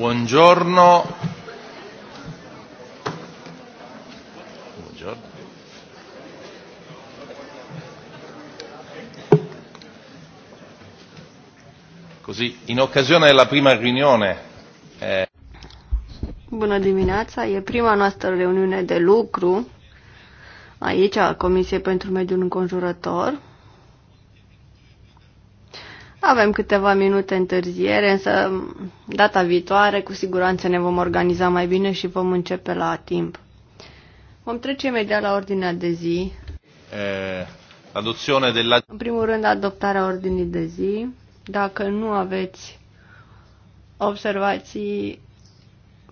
Buongiorno. Buongiorno. Così, in occasione della prima riunione. Eh... Bună dimineața, e prima noastră reuniune de lucru aici, a Comisiei pentru Mediul Înconjurător. Avem câteva minute întârziere, însă data viitoare cu siguranță ne vom organiza mai bine și vom începe la timp. Vom trece imediat la ordinea de zi. E, eh, adopțiune de la... În primul rând, adoptarea ordinii de zi. Dacă nu aveți observații,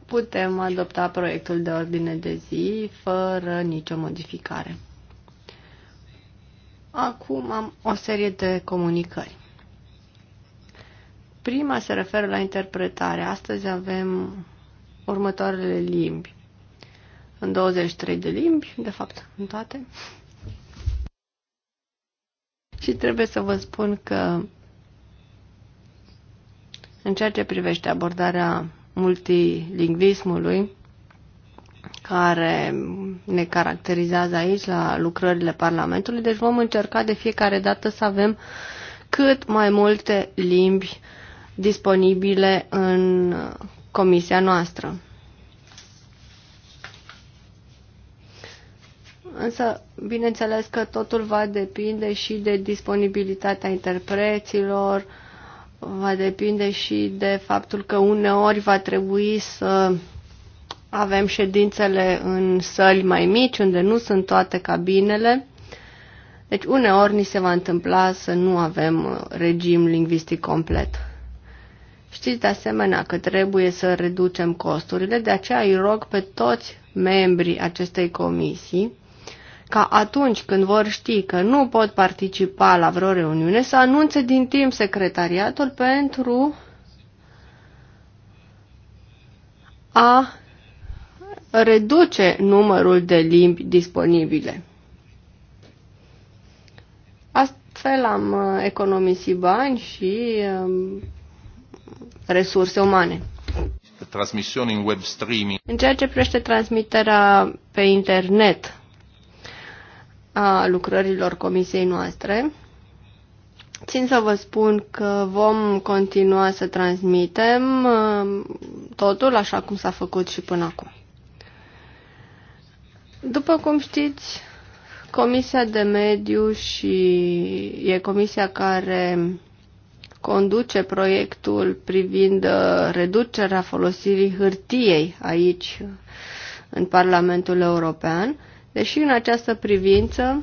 putem adopta proiectul de ordine de zi fără nicio modificare. Acum am o serie de comunicări. Prima se referă la interpretare. Astăzi avem următoarele limbi. În 23 de limbi, de fapt, în toate. Și trebuie să vă spun că în ceea ce privește abordarea multilingvismului, care ne caracterizează aici la lucrările Parlamentului, deci vom încerca de fiecare dată să avem cât mai multe limbi disponibile în comisia noastră. Însă, bineînțeles că totul va depinde și de disponibilitatea interpreților, va depinde și de faptul că uneori va trebui să avem ședințele în săli mai mici, unde nu sunt toate cabinele. Deci uneori ni se va întâmpla să nu avem regim lingvistic complet. Știți de asemenea că trebuie să reducem costurile, de aceea îi rog pe toți membrii acestei comisii ca atunci când vor ști că nu pot participa la vreo reuniune să anunțe din timp secretariatul pentru a reduce numărul de limbi disponibile. Astfel am uh, economisit bani și um, resurse umane. în web streaming. În ceea ce privește transmiterea pe internet a lucrărilor comisiei noastre, Țin să vă spun că vom continua să transmitem uh, totul așa cum s-a făcut și până acum. După cum știți, Comisia de Mediu și e comisia care conduce proiectul privind uh, reducerea folosirii hârtiei aici în Parlamentul European, deși în această privință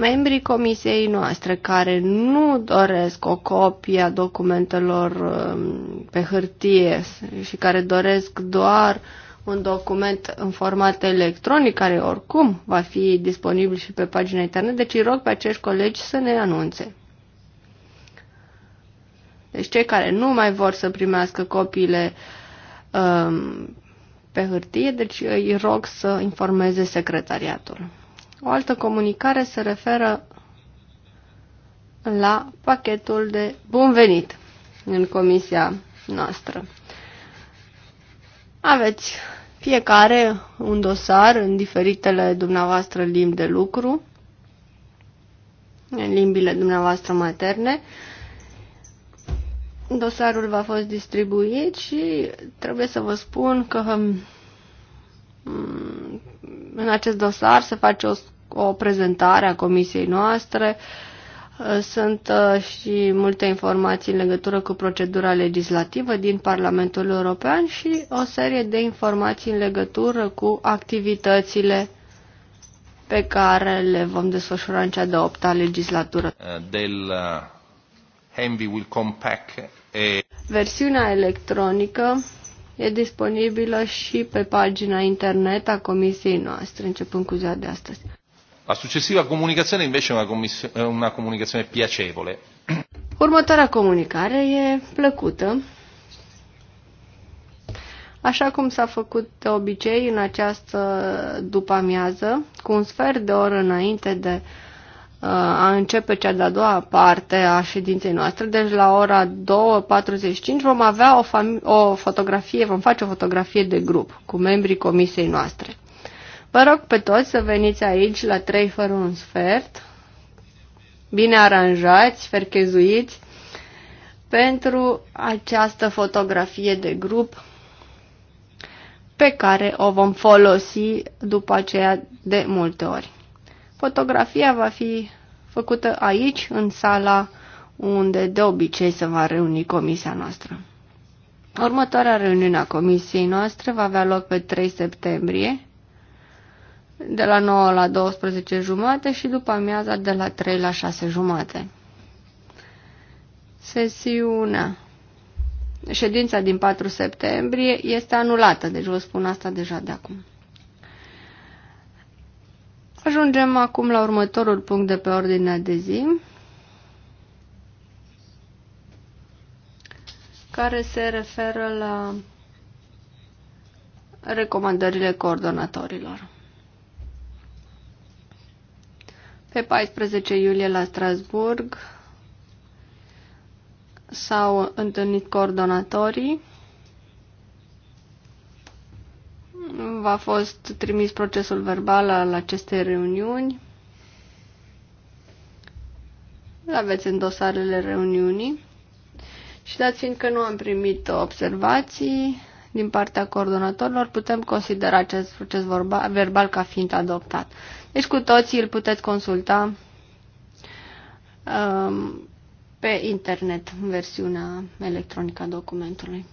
membrii comisiei noastre care nu doresc o copie a documentelor um, pe hârtie și care doresc doar uh, un document în format electronic, care oricum va fi disponibil și pe pagina internet, deci îi rog pe acești colegi să ne anunțe. Deci cei care nu mai vor să primească copiile um, pe hârtie, deci îi rog să informeze secretariatul. O altă comunicare se referă la pachetul de bun venit în comisia noastră. Aveți fiecare un dosar în diferitele dumneavoastră limbi de lucru, în limbile dumneavoastră materne. Dosarul va fost distribuit și trebuie să vă spun că mm, în acest dosar se face o, o prezentare a comisiei noastre, uh, Uh, sunt uh, și multe informații în legătură cu procedura legislativă din Parlamentul European și o serie de informații în legătură cu activitățile pe care le vom desfășura în cea de opta legislatură. Uh, del, uh, will compact a... Eh, Versiunea electronică e disponibilă și pe pagina internet a comisiei noastre, începând cu ziua de astăzi. La successiva comunicazione invece è una, una comunicazione piacevole. Următoarea comunicare e plăcută. Așa cum s-a făcut de obicei în această după-amiază, cu un sfert de oră înainte de uh, a începe cea de-a doua parte a ședinței noastre, deci la ora 2.45 vom avea o, o fotografie, vom face o fotografie de grup cu membrii comisiei noastre. Vă rog pe toți să veniți aici la trei fără un sfert, bine aranjați, ferchezuiți, pentru această fotografie de grup pe care o vom folosi după aceea de multe ori. Fotografia va fi făcută aici, în sala unde de obicei se va reuni comisia noastră. Următoarea reuniune a comisiei noastre va avea loc pe 3 septembrie de la 9 la 12 jumate și după amiaza de la 3 la 6 jumate. Sesiunea. Ședința din 4 septembrie este anulată, deci vă spun asta deja de acum. Ajungem acum la următorul punct de pe ordinea de zi, care se referă la recomandările coordonatorilor. pe 14 iulie la Strasburg s-au întâlnit coordonatorii. V-a fost trimis procesul verbal al acestei reuniuni. l aveți în dosarele reuniunii. Și dat fiind că nu am primit observații din partea coordonatorilor, putem considera acest proces verbal ca fiind adoptat. Deci cu toții îl puteți consulta um, pe internet, în versiunea electronică a documentului.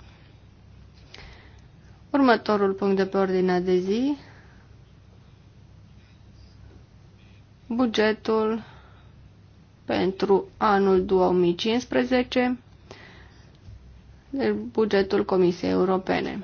Următorul punct de pe ordinea de zi, bugetul pentru anul 2015, bugetul Comisiei Europene.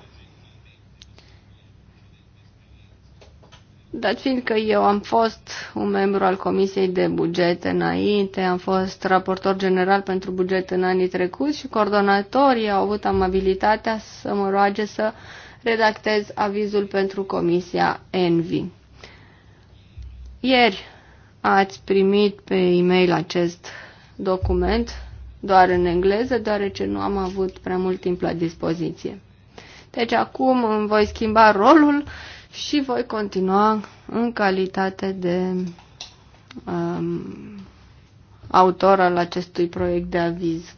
Dat fiindcă eu am fost un membru al Comisiei de Bugete înainte, am fost raportor general pentru buget în anii trecuți și coordonatorii au avut amabilitatea să mă roage să redactez avizul pentru Comisia Envi. Ieri ați primit pe e-mail acest document, doar în engleză, deoarece nu am avut prea mult timp la dispoziție. Deci acum îmi voi schimba rolul și voi continua în calitate de um, autor al acestui proiect de aviz.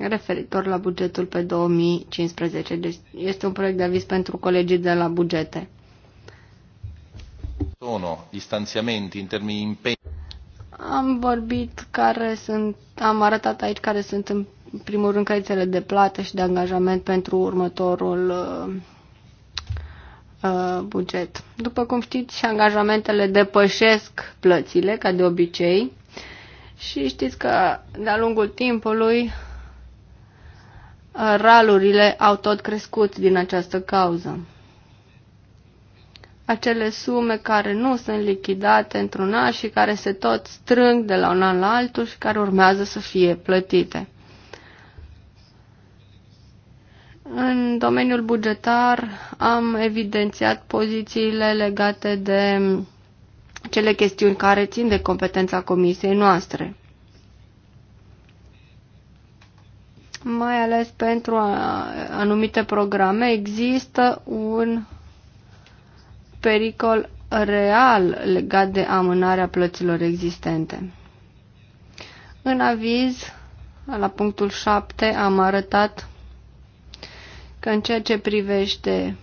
referitor la bugetul pe 2015. Deci este un proiect de aviz pentru colegii de la bugete. Sono distanțiamenti în termeni impegni. Am vorbit care sunt, am arătat aici care sunt primul rând, creditele de plată și de angajament pentru următorul uh, uh buget. După cum știți, angajamentele depășesc plățile, ca de obicei, și știți că de-a lungul timpului ralurile au tot crescut din această cauză. Acele sume care nu sunt lichidate într-un an și care se tot strâng de la un an la altul și care urmează să fie plătite. În domeniul bugetar am evidențiat pozițiile legate de cele chestiuni care țin de competența comisiei noastre. Mai ales pentru anumite programe există un pericol real legat de amânarea plăților existente. În aviz, la punctul 7, am arătat că în ceea ce privește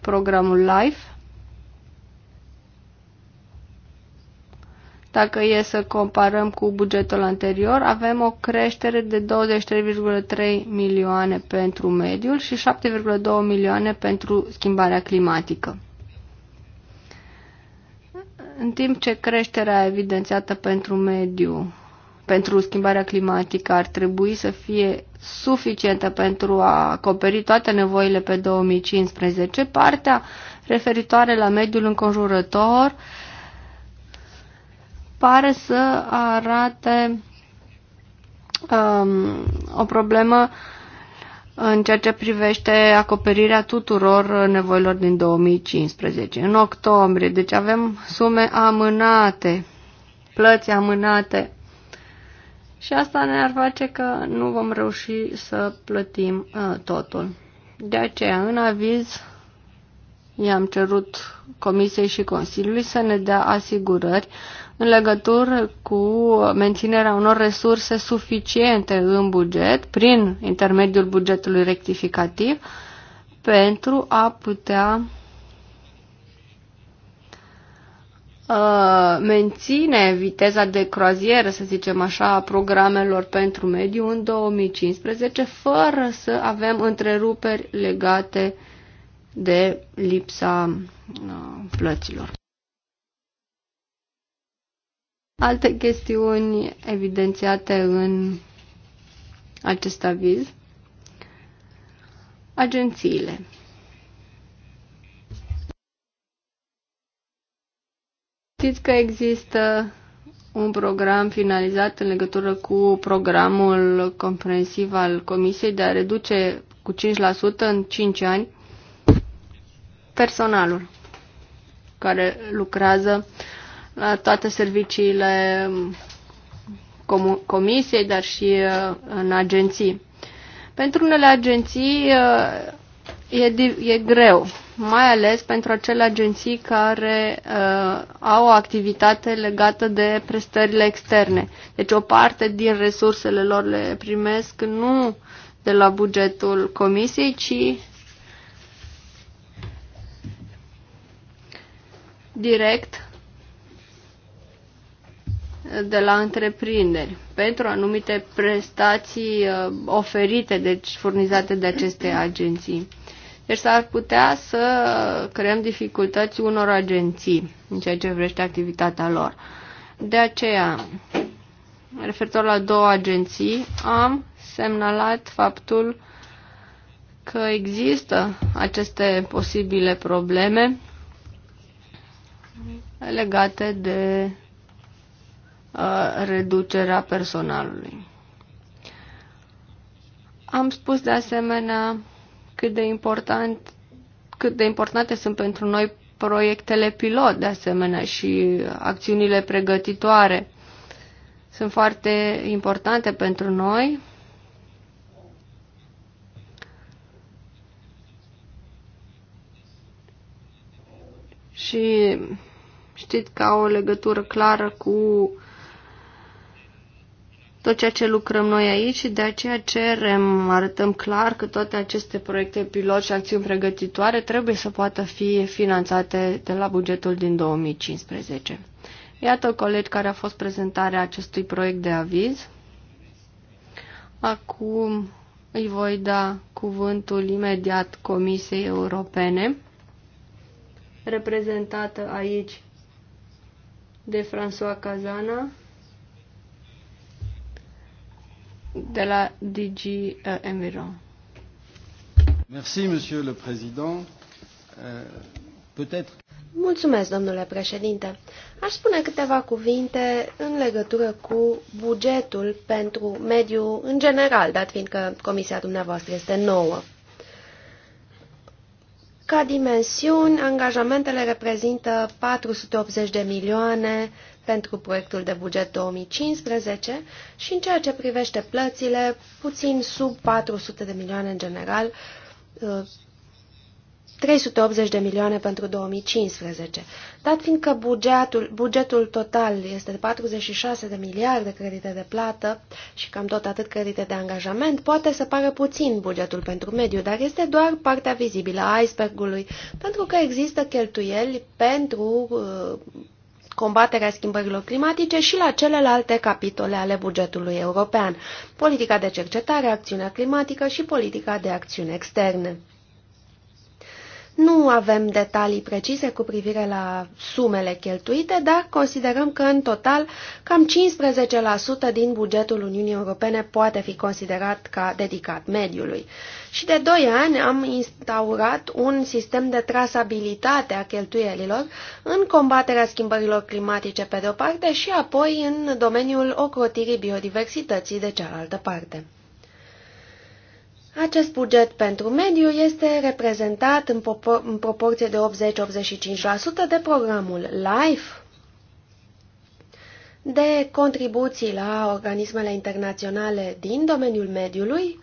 programul LIFE, dacă e să comparăm cu bugetul anterior, avem o creștere de 23,3 milioane pentru mediul și 7,2 milioane pentru schimbarea climatică. În timp ce creșterea evidențiată pentru mediu, pentru schimbarea climatică ar trebui să fie suficientă pentru a acoperi toate nevoile pe 2015. Partea referitoare la mediul înconjurător pare să arate um, o problemă în ceea ce privește acoperirea tuturor nevoilor din 2015. În octombrie, deci avem sume amânate, plăți amânate și asta ne-ar face că nu vom reuși să plătim uh, totul. De aceea, în aviz, i-am cerut Comisiei și Consiliului să ne dea asigurări în legătură cu menținerea unor resurse suficiente în buget, prin intermediul bugetului rectificativ, pentru a putea Uh, menține viteza de croazieră, să zicem așa, a programelor pentru mediu în 2015, fără să avem întreruperi legate de lipsa uh, plăților. Alte chestiuni evidențiate în acest aviz. Agențiile. Știți că există un program finalizat în legătură cu programul comprensiv al Comisiei de a reduce cu 5% în 5 ani personalul care lucrează la toate serviciile comisiei, dar și uh, în agenții. Pentru unele agenții uh, e, e greu mai ales pentru acele agenții care uh, au o activitate legată de prestările externe. Deci o parte din resursele lor le primesc nu de la bugetul comisiei, ci direct de la întreprinderi pentru anumite prestații uh, oferite, deci furnizate de aceste agenții. Deci s-ar putea să creăm dificultăți unor agenții în ceea ce vrește activitatea lor. De aceea, referitor la două agenții, am semnalat faptul că există aceste posibile probleme legate de uh, reducerea personalului. Am spus de asemenea cât de, important, cât de importante sunt pentru noi proiectele pilot, de asemenea, și acțiunile pregătitoare sunt foarte importante pentru noi. Și știți că au o legătură clară cu tot ceea ce lucrăm noi aici și de aceea cerem, arătăm clar că toate aceste proiecte pilot și acțiuni pregătitoare trebuie să poată fi finanțate de la bugetul din 2015. Iată, colegi, care a fost prezentarea acestui proiect de aviz. Acum îi voi da cuvântul imediat Comisiei Europene, reprezentată aici de François Cazana, de la DG uh, Enviro. Merci, monsieur le président. Euh, peut-être... Mulțumesc, domnule președinte. Aș spune câteva cuvinte în legătură cu bugetul pentru mediu în general, dat fiindcă comisia dumneavoastră este nouă. Ca dimensiuni, angajamentele reprezintă 480 de milioane pentru proiectul de buget 2015 și în ceea ce privește plățile, puțin sub 400 de milioane în general, 380 uh, de milioane pentru 2015. Dat fiindcă bugetul, bugetul total este de 46 de miliarde credite de plată și cam tot atât credite de angajament, poate să pară puțin bugetul pentru mediu, dar este doar partea vizibilă a icebergului, pentru că există cheltuieli pentru uh, combaterea schimbărilor climatice și la celelalte capitole ale bugetului european, politica de cercetare, acțiunea climatică și politica de acțiune externe. Nu avem detalii precise cu privire la sumele cheltuite, dar considerăm că în total cam 15% din bugetul Uniunii Europene poate fi considerat ca dedicat mediului. Și de 2 ani am instaurat un sistem de trasabilitate a cheltuielilor în combaterea schimbărilor climatice pe de o parte și apoi în domeniul ocrotirii biodiversității de cealaltă parte. Acest buget pentru mediu este reprezentat în, în proporție de 80-85% de programul LIFE, de contribuții la organismele internaționale din domeniul mediului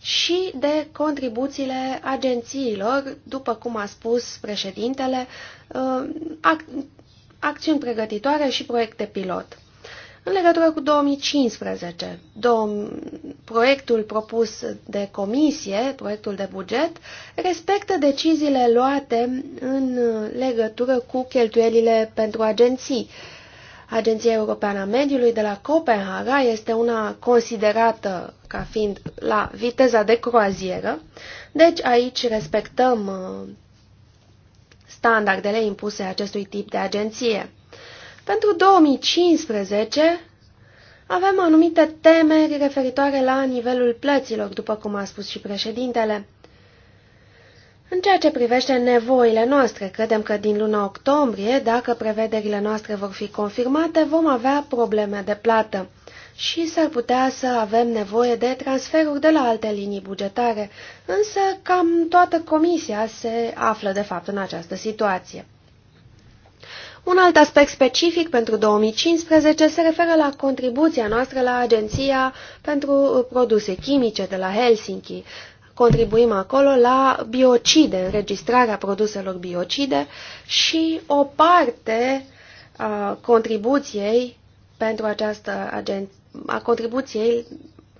și de contribuțiile agențiilor, după cum a spus președintele, uh, ac acțiuni pregătitoare și proiecte pilot. În legătură cu 2015, dom proiectul propus de comisie, proiectul de buget, respectă deciziile luate în legătură cu cheltuielile pentru agenții. Agenția Europeană a Mediului de la Copenhaga este una considerată ca fiind la viteza de croazieră, deci aici respectăm uh, standardele impuse acestui tip de agenție. Pentru 2015 avem anumite temeri referitoare la nivelul plăților, după cum a spus și președintele. În ceea ce privește nevoile noastre, credem că din luna octombrie, dacă prevederile noastre vor fi confirmate, vom avea probleme de plată și s-ar putea să avem nevoie de transferuri de la alte linii bugetare, însă cam toată comisia se află de fapt în această situație. Un alt aspect specific pentru 2015 se referă la contribuția noastră la Agenția pentru uh, Produse Chimice de la Helsinki. Contribuim acolo la biocide, înregistrarea produselor biocide și o parte a contribuției pentru această agen a contribuției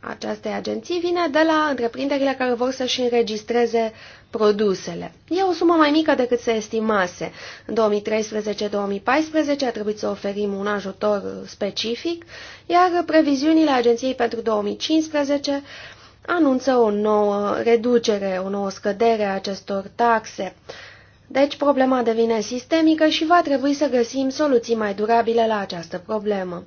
acestei agenții vine de la întreprinderile care vor să-și înregistreze produsele. E o sumă mai mică decât se estimase. În 2013-2014 a trebuit să oferim un ajutor specific, iar previziunile Agenției pentru 2015 anunță o nouă reducere, o nouă scădere a acestor taxe. Deci problema devine sistemică și va trebui să găsim soluții mai durabile la această problemă.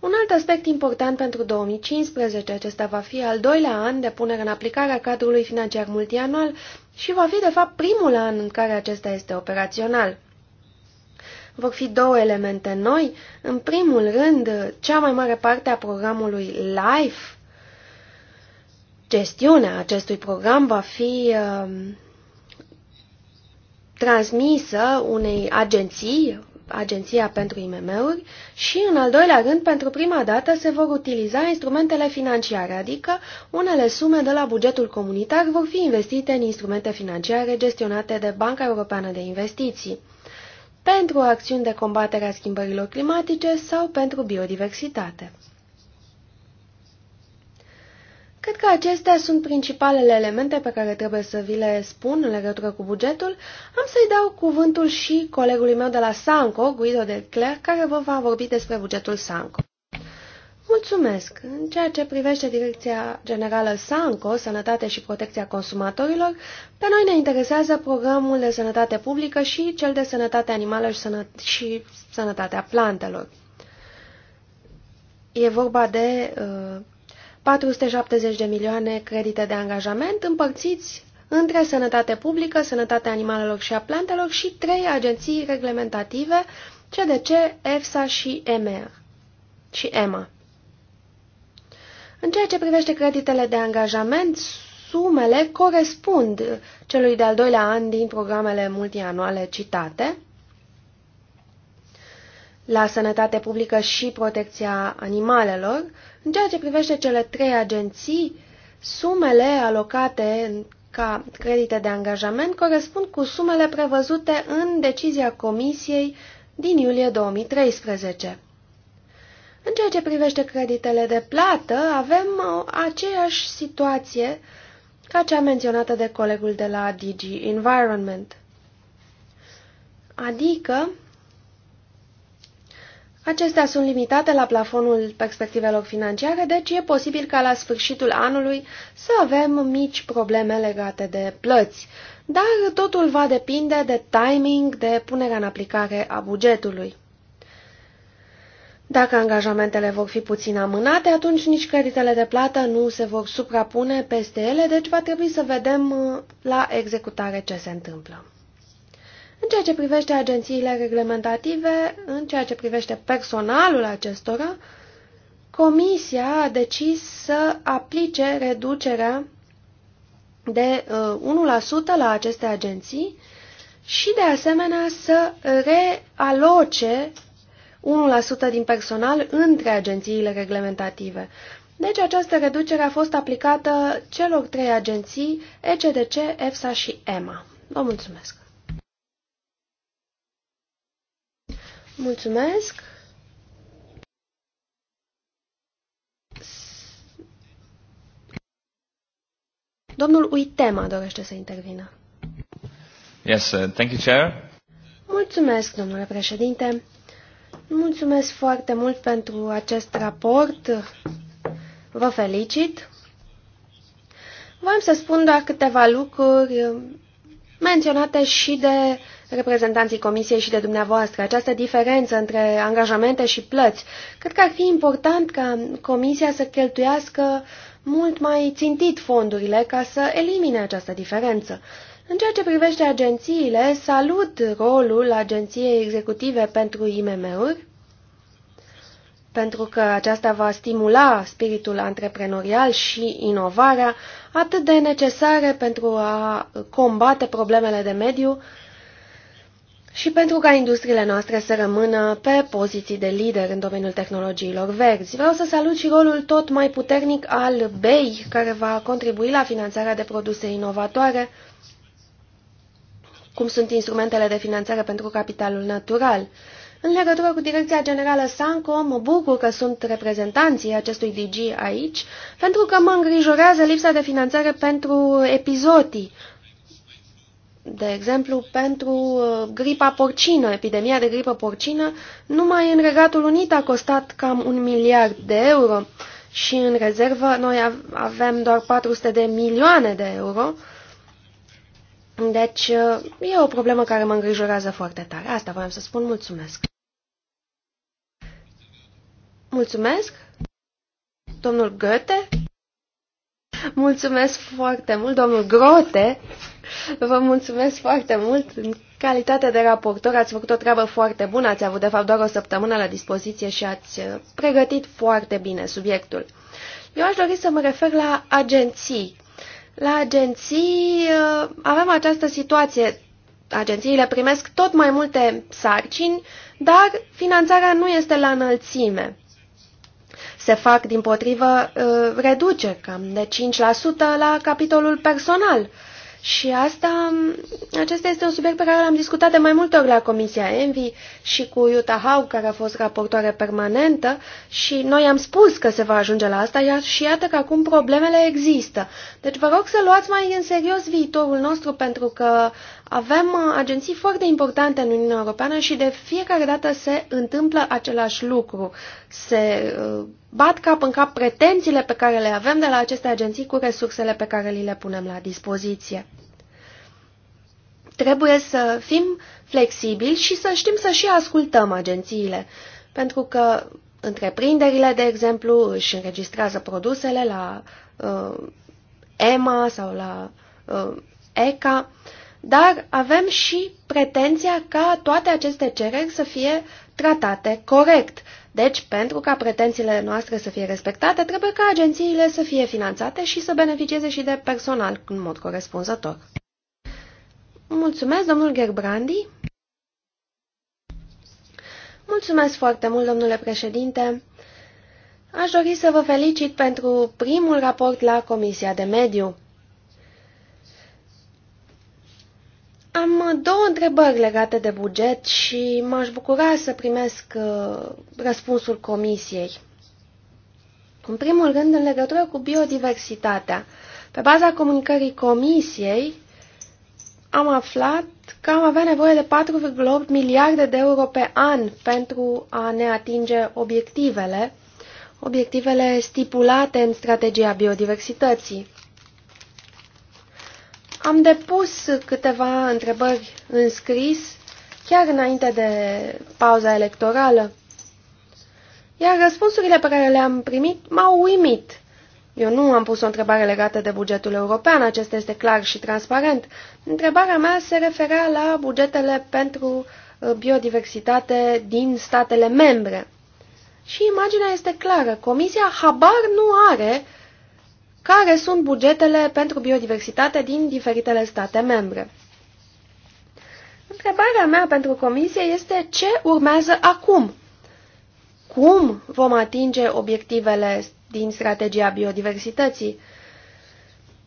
Un alt aspect important pentru 2015, acesta va fi al doilea an de punere în aplicare a cadrului financiar multianual și va fi, de fapt, primul an în care acesta este operațional. Vor fi două elemente noi. În primul rând, cea mai mare parte a programului LIFE, gestiunea acestui program va fi uh, transmisă unei agenții Agenția pentru IMM-uri și, în al doilea rând, pentru prima dată se vor utiliza instrumentele financiare, adică unele sume de la bugetul comunitar vor fi investite în instrumente financiare gestionate de Banca Europeană de Investiții, pentru acțiuni de combatere a schimbărilor climatice sau pentru biodiversitate. Cred că acestea sunt principalele elemente pe care trebuie să vi le spun în legătură cu bugetul. Am să-i dau cuvântul și colegului meu de la Sanco, Guido de Clerc, care vă va vorbi despre bugetul Sanco. Mulțumesc! În ceea ce privește Direcția Generală Sanco, Sănătate și Protecția Consumatorilor, pe noi ne interesează programul de sănătate publică și cel de sănătate animală și, sănă și sănătatea plantelor. E vorba de uh, 470 de milioane credite de angajament împărțiți între sănătate publică, sănătatea animalelor și a plantelor și trei agenții reglementative, CDC, EFSA și EMEA. Și EMA. În ceea ce privește creditele de angajament, sumele corespund celui de-al doilea an din programele multianuale citate, la sănătate publică și protecția animalelor. În ceea ce privește cele trei agenții, sumele alocate ca credite de angajament corespund cu sumele prevăzute în decizia Comisiei din iulie 2013. În ceea ce privește creditele de plată, avem aceeași situație ca cea menționată de colegul de la DG Environment. Adică, Acestea sunt limitate la plafonul perspectivelor financiare, deci e posibil ca la sfârșitul anului să avem mici probleme legate de plăți, dar totul va depinde de timing, de punerea în aplicare a bugetului. Dacă angajamentele vor fi puțin amânate, atunci nici creditele de plată nu se vor suprapune peste ele, deci va trebui să vedem uh, la executare ce se întâmplă. În ceea ce privește agențiile reglementative, în ceea ce privește personalul acestora, Comisia a decis să aplice reducerea de 1% uh, la aceste agenții și de asemenea să realoce 1% din personal între agențiile reglementative. Deci această reducere a fost aplicată celor trei agenții ECDC, EFSA și EMA. Vă mulțumesc! Mulțumesc. Domnul Uitema dorește să intervină. Yes, uh, thank you, Chair. Mulțumesc, domnule președinte. Mulțumesc foarte mult pentru acest raport. Vă felicit. Vreau să spun doar câteva lucruri menționate și de reprezentanții Comisiei și de dumneavoastră, această diferență între angajamente și plăți. Cred că ar fi important ca Comisia să cheltuiască mult mai țintit fondurile ca să elimine această diferență. În ceea ce privește agențiile, salut rolul Agenției Executive pentru IMM-uri, pentru că aceasta va stimula spiritul antreprenorial și inovarea atât de necesare pentru a combate problemele de mediu, și pentru ca industriile noastre să rămână pe poziții de lider în domeniul tehnologiilor verzi. Vreau să salut și rolul tot mai puternic al BEI, care va contribui la finanțarea de produse inovatoare, cum sunt instrumentele de finanțare pentru capitalul natural. În legătură cu Direcția Generală Sanco, mă bucur că sunt reprezentanții acestui DG aici, pentru că mă îngrijorează lipsa de finanțare pentru episodii, de exemplu, pentru uh, gripa porcină, epidemia de gripă porcină, numai în Regatul Unit a costat cam un miliard de euro și în rezervă noi avem doar 400 de milioane de euro. Deci uh, e o problemă care mă îngrijorează foarte tare. Asta voiam să spun. Mulțumesc. Mulțumesc. Domnul Goethe. Mulțumesc foarte mult, domnul Grote. Vă mulțumesc foarte mult. În calitate de raportor ați făcut o treabă foarte bună. Ați avut, de fapt, doar o săptămână la dispoziție și ați uh, pregătit foarte bine subiectul. Eu aș dori să mă refer la agenții. La agenții uh, avem această situație. Agențiile primesc tot mai multe sarcini, dar finanțarea nu este la înălțime. Se fac, din potrivă, uh, reduce cam de 5% la capitolul personal. Și asta, um, acesta este un subiect pe care l-am discutat de mai multe ori la Comisia Envi și cu Iuta Hau care a fost raportoare permanentă și noi am spus că se va ajunge la asta iar și iată că acum problemele există. Deci vă rog să luați mai în serios viitorul nostru pentru că avem uh, agenții foarte importante în Uniunea Europeană și de fiecare dată se întâmplă același lucru. Se uh, bat cap în cap pretențiile pe care le avem de la aceste agenții cu resursele pe care li le punem la dispoziție. Trebuie să fim flexibili și să știm să și ascultăm agențiile, pentru că întreprinderile, de exemplu, își înregistrează produsele la uh, EMA sau la uh, ECA, dar avem și pretenția ca toate aceste cereri să fie tratate corect. Deci, pentru ca pretențiile noastre să fie respectate, trebuie ca agențiile să fie finanțate și să beneficieze și de personal în mod corespunzător. Mulțumesc, domnul Gerbrandi. Mulțumesc foarte mult, domnule președinte. Aș dori să vă felicit pentru primul raport la Comisia de Mediu. Am două întrebări legate de buget și m-aș bucura să primesc uh, răspunsul comisiei. În primul rând, în legătură cu biodiversitatea. Pe baza comunicării comisiei, am aflat că am avea nevoie de 4,8 miliarde de euro pe an pentru a ne atinge obiectivele, obiectivele stipulate în strategia biodiversității. Am depus câteva întrebări în scris, chiar înainte de pauza electorală, iar răspunsurile pe care le-am primit m-au uimit. Eu nu am pus o întrebare legată de bugetul european, acesta este clar și transparent. Întrebarea mea se referea la bugetele pentru uh, biodiversitate din statele membre. Și imaginea este clară. Comisia habar nu are care sunt bugetele pentru biodiversitate din diferitele state membre. Întrebarea mea pentru comisie este ce urmează acum? Cum vom atinge obiectivele din strategia biodiversității?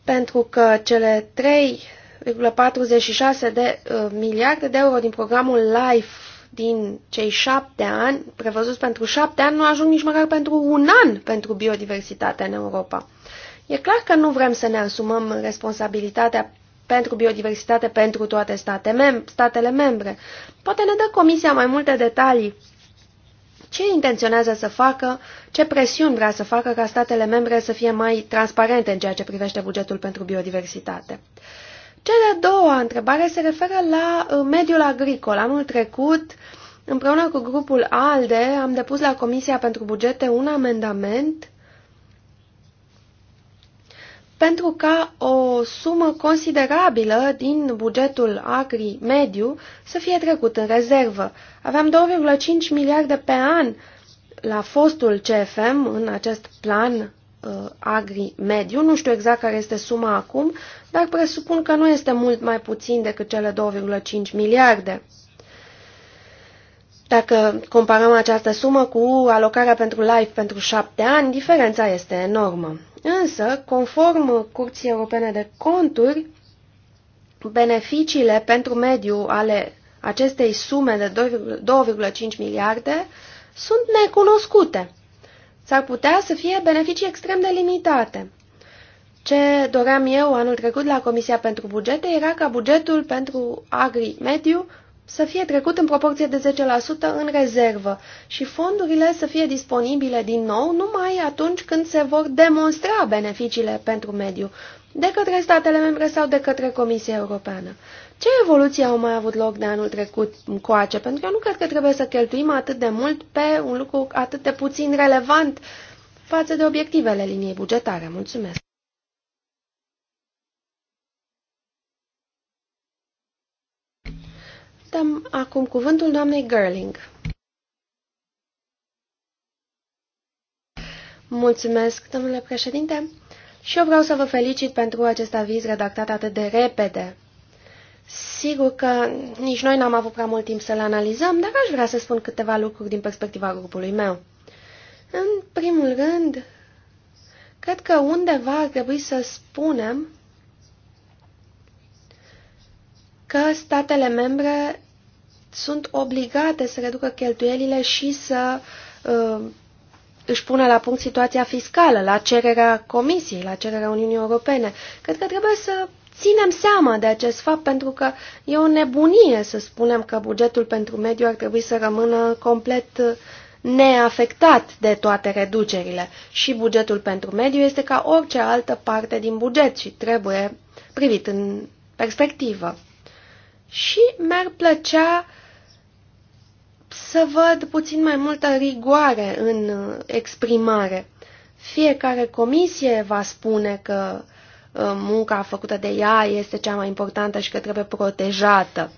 Pentru că cele 3,46 de uh, miliarde de euro din programul LIFE din cei șapte ani, prevăzut pentru șapte ani, nu ajung nici măcar pentru un an pentru biodiversitate în Europa. E clar că nu vrem să ne asumăm responsabilitatea pentru biodiversitate pentru toate state mem statele membre. Poate ne dă Comisia mai multe detalii. Ce intenționează să facă, ce presiuni vrea să facă ca statele membre să fie mai transparente în ceea ce privește bugetul pentru biodiversitate. Cea de-a doua întrebare se referă la uh, mediul agricol. Anul trecut, împreună cu grupul ALDE, am depus la Comisia pentru Bugete un amendament pentru ca o sumă considerabilă din bugetul agri-mediu să fie trecut în rezervă. Aveam 2,5 miliarde pe an la fostul CFM în acest plan uh, agri-mediu. Nu știu exact care este suma acum, dar presupun că nu este mult mai puțin decât cele 2,5 miliarde. Dacă comparăm această sumă cu alocarea pentru LIFE pentru șapte ani, diferența este enormă. Însă, conform Curții Europene de Conturi, beneficiile pentru mediu ale acestei sume de 2,5 miliarde sunt necunoscute. S-ar putea să fie beneficii extrem de limitate. Ce doream eu anul trecut la Comisia pentru Bugete era ca bugetul pentru agri-mediu să fie trecut în proporție de 10% în rezervă și fondurile să fie disponibile din nou numai atunci când se vor demonstra beneficiile pentru mediu, de către statele membre sau de către Comisia Europeană. Ce evoluții au mai avut loc de anul trecut În coace Pentru că eu nu cred că trebuie să cheltuim atât de mult pe un lucru atât de puțin relevant față de obiectivele liniei bugetare. Mulțumesc! Dăm acum cuvântul doamnei Gerling. Mulțumesc, domnule președinte, și eu vreau să vă felicit pentru acest aviz redactat atât de repede. Sigur că nici noi n-am avut prea mult timp să-l analizăm, dar aș vrea să spun câteva lucruri din perspectiva grupului meu. În primul rând, cred că undeva ar trebui să spunem că statele membre sunt obligate să reducă cheltuielile și să uh, își pună la punct situația fiscală, la cererea Comisiei, la cererea Uniunii Europene. Cred că trebuie să ținem seama de acest fapt pentru că e o nebunie să spunem că bugetul pentru mediu ar trebui să rămână complet uh, neafectat de toate reducerile. Și bugetul pentru mediu este ca orice altă parte din buget și trebuie privit în perspectivă și mi-ar plăcea să văd puțin mai multă rigoare în uh, exprimare. Fiecare comisie va spune că uh, munca făcută de ea este cea mai importantă și că trebuie protejată.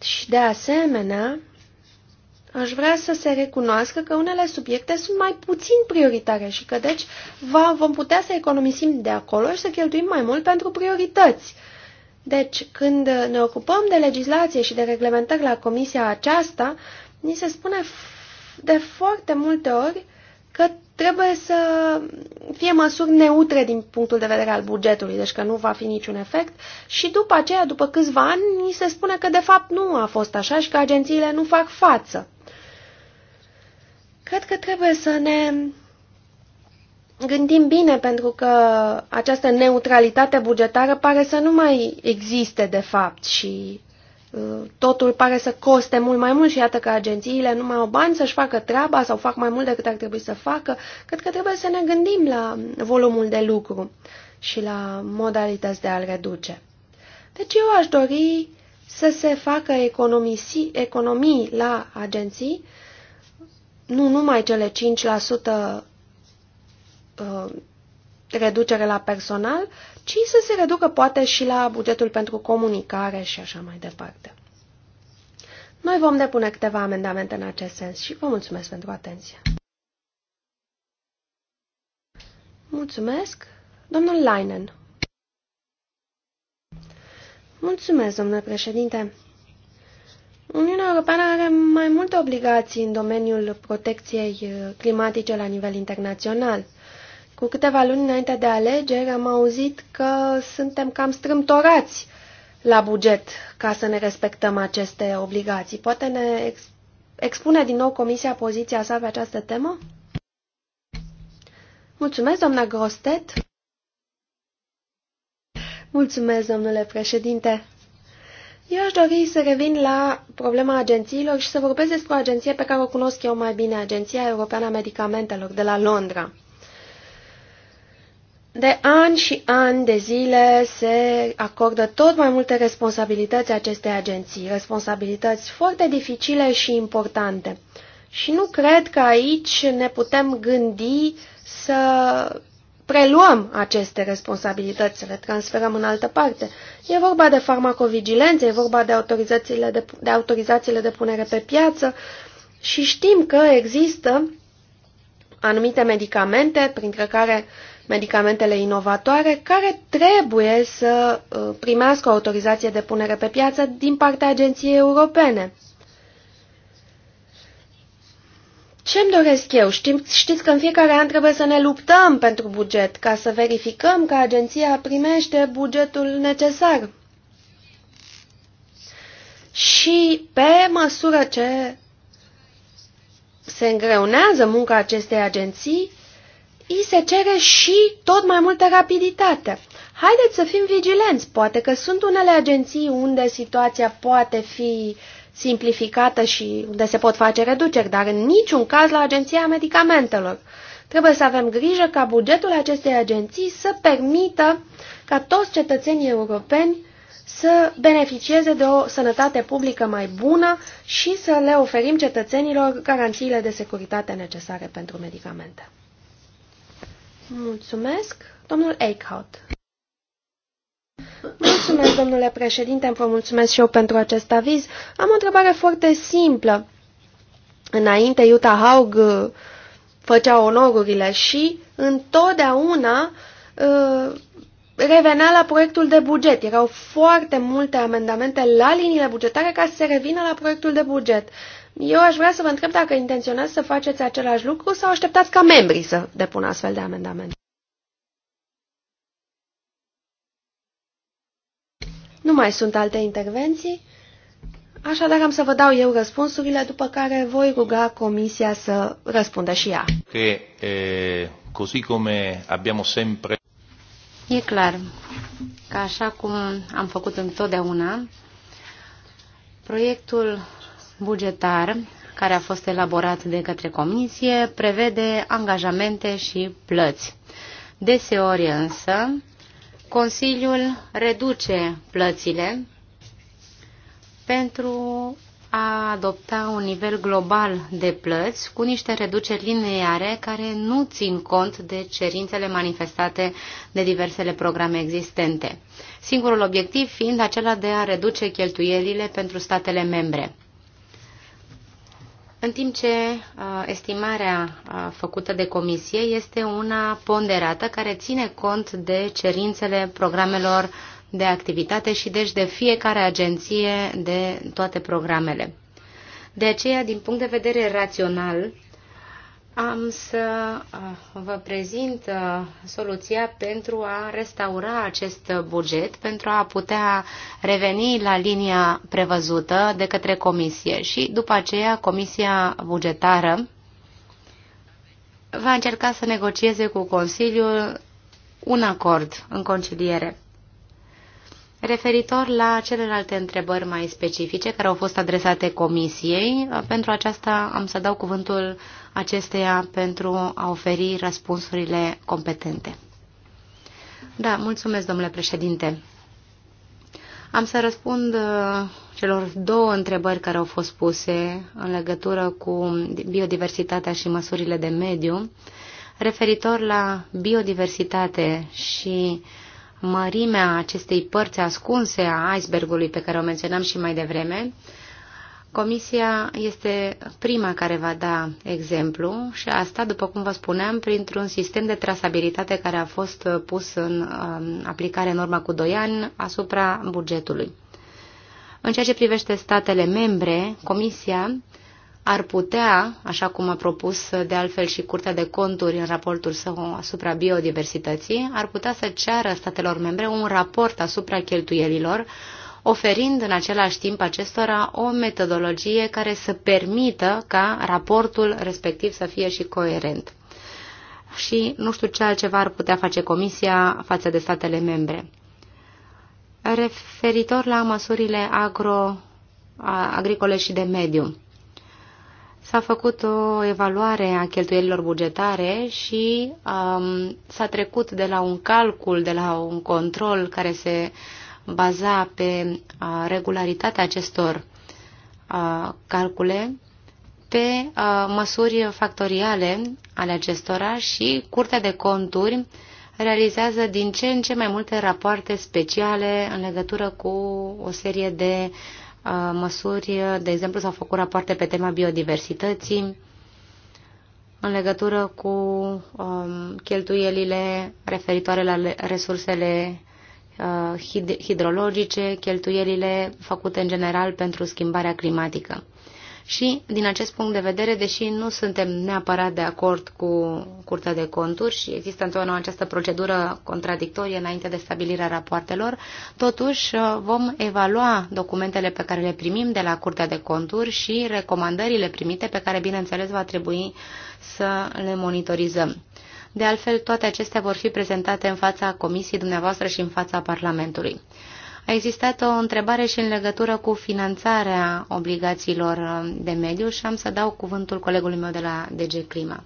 Și de asemenea, aș vrea să se recunoască că unele subiecte sunt mai puțin prioritare și că deci va, vom putea să economisim de acolo și să cheltuim mai mult pentru priorități. Uh, deci, când ne ocupăm de legislație și de reglementări la comisia aceasta, ni se spune de foarte multe ori că trebuie să fie măsuri neutre din punctul de vedere al bugetului, deci că nu va fi niciun efect și după aceea, după câțiva ani, ni se spune că de fapt nu a fost așa și că agențiile nu fac față. Cred că trebuie să ne gândim bine pentru că această neutralitate bugetară pare să nu mai existe de fapt și uh, totul pare să coste mult mai mult și iată că agențiile nu mai au bani să-și facă treaba sau fac mai mult decât ar trebui să facă, cred că trebuie să ne gândim la volumul de lucru și la modalități de a-l reduce. Deci eu aș dori să se facă economii, economii la agenții, nu numai cele Uh, reducere la personal, ci să se reducă poate și la bugetul pentru comunicare și așa mai departe. Noi vom depune câteva amendamente în acest sens și vă mulțumesc pentru atenție. Mulțumesc, domnul Leinen. Mulțumesc, domnule președinte. Uniunea Europeană are mai multe obligații în domeniul protecției uh, climatice la nivel internațional – cu câteva luni înainte de alegeri am auzit că suntem cam strâmtorați la buget ca să ne respectăm aceste obligații. Poate ne expune din nou Comisia poziția sa pe această temă? Mulțumesc, doamna Grostet. Mulțumesc, domnule președinte. Eu aș dori să revin la problema agențiilor și să vorbesc despre o agenție pe care o cunosc eu mai bine, Agenția Europeană a Medicamentelor de la Londra. De ani și ani de zile se acordă tot mai multe responsabilități acestei agenții, responsabilități foarte dificile și importante. Și nu cred că aici ne putem gândi să preluăm aceste responsabilități, să le transferăm în altă parte. E vorba de farmacovigilență, e vorba de autorizațiile de, de, autorizațiile de punere pe piață și știm că există anumite medicamente, printre care medicamentele inovatoare care trebuie să uh, primească o autorizație de punere pe piață din partea Agenției Europene. ce îmi doresc eu? Știți, știți că în fiecare an trebuie să ne luptăm pentru buget, ca să verificăm că agenția primește bugetul necesar. Și pe măsură ce se îngreunează munca acestei agenții, îi se cere și tot mai multă rapiditate. Haideți să fim vigilenți, poate că sunt unele agenții unde situația poate fi simplificată și unde se pot face reduceri, dar în niciun caz la Agenția Medicamentelor. Trebuie să avem grijă ca bugetul acestei agenții să permită ca toți cetățenii europeni să beneficieze de o sănătate publică mai bună și să le oferim cetățenilor garanțiile de securitate necesare pentru medicamente. Mulțumesc. Domnul Eichhout. Mulțumesc, domnule președinte, îmi mulțumesc și eu pentru acest aviz. Am o întrebare foarte simplă. Înainte, iuta Haug uh, făcea onorurile și întotdeauna uh, revenea la proiectul de buget. Erau foarte multe amendamente la liniile bugetare ca să se revină la proiectul de buget. Eu aș vrea să vă întreb dacă intenționați să faceți același lucru sau așteptați ca membrii să depună astfel de amendamente. Nu mai sunt alte intervenții, așadar am să vă dau eu răspunsurile, după care voi ruga Comisia să răspundă și ea. Că, e, così come abbiamo sempre... E clar că așa cum am făcut întotdeauna, proiectul bugetar care a fost elaborat de către comisie prevede angajamente și plăți. Deseori însă, Consiliul reduce plățile pentru a adopta un nivel global de plăți cu niște reduceri lineare care nu țin cont de cerințele manifestate de diversele programe existente, singurul obiectiv fiind acela de a reduce cheltuielile pentru statele membre în timp ce uh, estimarea uh, făcută de comisie este una ponderată care ține cont de cerințele programelor de activitate și deci de fiecare agenție de toate programele. De aceea, din punct de vedere rațional, am să uh, vă prezint uh, soluția pentru a restaura acest buget, pentru a putea reveni la linia prevăzută de către comisie și după aceea comisia bugetară va încerca să negocieze cu Consiliul un acord în conciliere. Referitor la celelalte întrebări mai specifice care au fost adresate comisiei, uh, pentru aceasta am să dau cuvântul acesteia pentru a oferi răspunsurile competente. Da, mulțumesc, domnule președinte. Am să răspund uh, celor două întrebări care au fost puse în legătură cu biodiversitatea și măsurile de mediu, referitor la biodiversitate și mărimea acestei părți ascunse a icebergului pe care o menționam și mai devreme, uh, Comisia este prima care va da exemplu și asta, după cum vă spuneam, printr-un sistem de trasabilitate care a fost pus în um, aplicare în urmă cu 2 ani asupra bugetului. În ceea ce privește statele membre, Comisia ar putea, așa cum a propus de altfel și Curtea de Conturi în raportul său asupra biodiversității, ar putea să ceară statelor membre un raport asupra cheltuielilor oferind în același timp acestora o metodologie care să permită ca raportul respectiv să fie și coerent. Și nu știu ce altceva ar putea face Comisia față de statele membre. Referitor la măsurile agro, agricole și de mediu. S-a făcut o evaluare a cheltuielilor bugetare și um, s-a trecut de la un calcul, de la un control care se uh, baza pe regularitatea acestor calcule pe măsuri factoriale ale acestora și Curtea de Conturi realizează din ce în ce mai multe rapoarte speciale în legătură cu o serie de măsuri. De exemplu, s-au făcut rapoarte pe tema biodiversității, în legătură cu um, cheltuielile referitoare la resursele Uh, hidrologice, cheltuielile făcute în general pentru schimbarea climatică. Și, din acest punct de vedere, deși nu suntem neapărat de acord cu Curtea de Conturi și există întotdeauna această procedură contradictorie înainte de stabilirea rapoartelor, totuși uh, vom evalua documentele pe care le primim de la Curtea de Conturi și recomandările primite pe care, bineînțeles, va trebui să le monitorizăm. De altfel, toate acestea vor fi prezentate în fața Comisiei dumneavoastră și în fața Parlamentului. A existat o întrebare și în legătură cu finanțarea obligațiilor de mediu și am să dau cuvântul colegului meu de la DG Clima.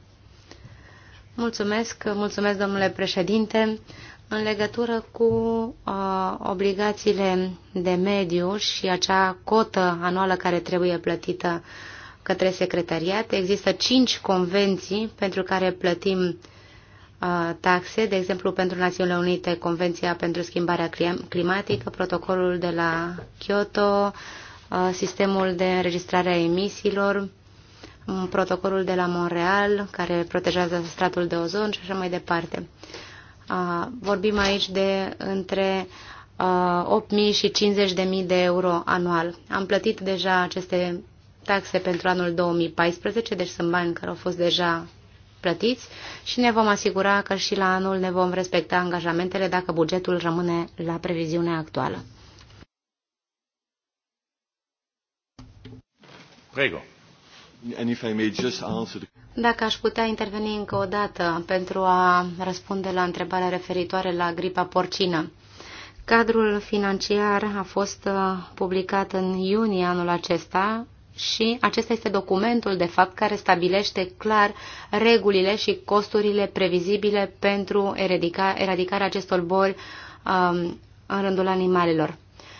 Mulțumesc, mulțumesc domnule președinte. În legătură cu uh, obligațiile de mediu și acea cotă anuală care trebuie plătită către secretariat, există cinci convenții pentru care plătim taxe, de exemplu pentru Națiunile Unite, Convenția pentru Schimbarea Climatică, protocolul de la Kyoto, sistemul de înregistrare a emisiilor, protocolul de la Montreal, care protejează stratul de ozon și așa mai departe. Vorbim aici de între 8.000 și 50.000 de euro anual. Am plătit deja aceste taxe pentru anul 2014, deci sunt bani care au fost deja plătiți și ne vom asigura că și la anul ne vom respecta angajamentele dacă bugetul rămâne la previziunea actuală. Prego. Dacă aș putea interveni încă o dată pentru a răspunde la întrebarea referitoare la gripa porcină. Cadrul financiar a fost uh, publicat în iunie anul acesta și acesta este documentul, de fapt, care stabilește clar regulile și costurile previzibile pentru eradica, eradicarea acestor boli um, în rândul animalelor.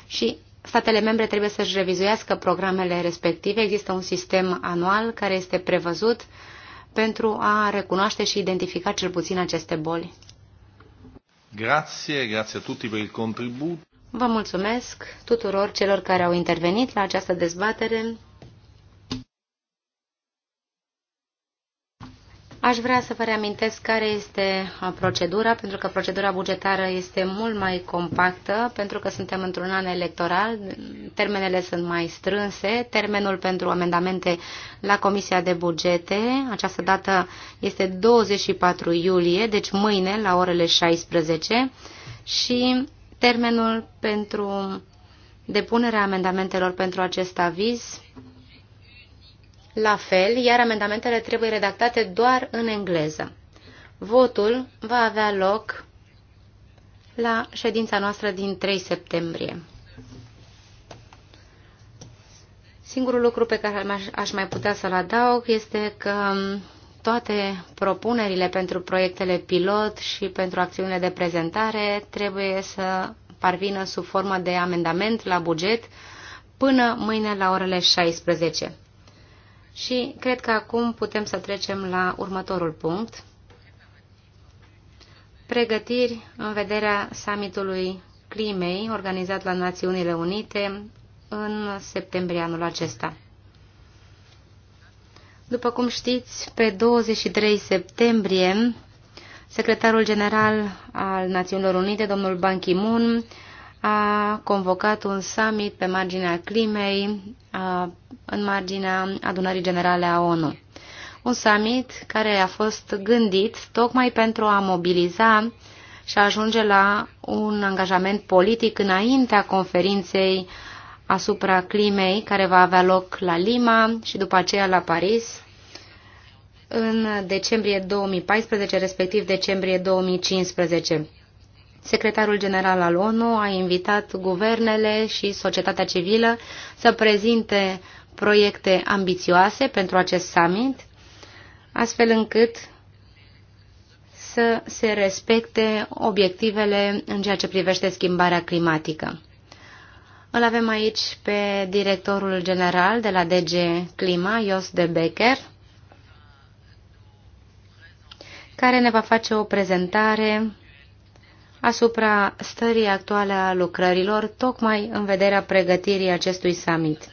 Și statele membre trebuie să-și revizuiască programele respective. Există un sistem anual care este prevăzut pentru a recunoaște și identifica cel puțin aceste boli. Grazie, grazie a tutti per il contributo. Vă mulțumesc tuturor celor care au intervenit la această dezbatere. Aș vrea să vă reamintesc care este procedura, pentru că procedura bugetară este mult mai compactă, pentru că suntem într-un an electoral, termenele sunt mai strânse, termenul pentru amendamente la Comisia de Bugete, această dată este 24 iulie, deci mâine la orele 16, și termenul pentru depunerea amendamentelor pentru acest aviz la fel, iar amendamentele trebuie redactate doar în engleză. Votul va avea loc la ședința noastră din 3 septembrie. Singurul lucru pe care aș mai putea să-l adaug este că um, toate propunerile pentru proiectele pilot și pentru acțiunile de prezentare trebuie să parvină sub formă de amendament la buget până mâine la orele 16. Și cred că acum putem să trecem la următorul punct. Pregătiri în vederea summitului climei organizat la Națiunile Unite în septembrie anul acesta. După cum știți, pe 23 septembrie, secretarul general al Națiunilor Unite, domnul Ban Ki-moon, a convocat un summit pe marginea climei, în marginea adunării generale a ONU. Un summit care a fost gândit tocmai pentru a mobiliza și a ajunge la un angajament politic înaintea conferinței asupra climei care va avea loc la Lima și după aceea la Paris în decembrie 2014, respectiv decembrie 2015. Secretarul General al ONU a invitat guvernele și societatea civilă să prezinte proiecte ambițioase pentru acest summit, astfel încât să se respecte obiectivele în ceea ce privește schimbarea climatică. Îl avem aici pe directorul general de la DG Clima, Jos de Becker, care ne va face o prezentare asupra stării actuale a lucrărilor, tocmai în vederea pregătirii acestui summit.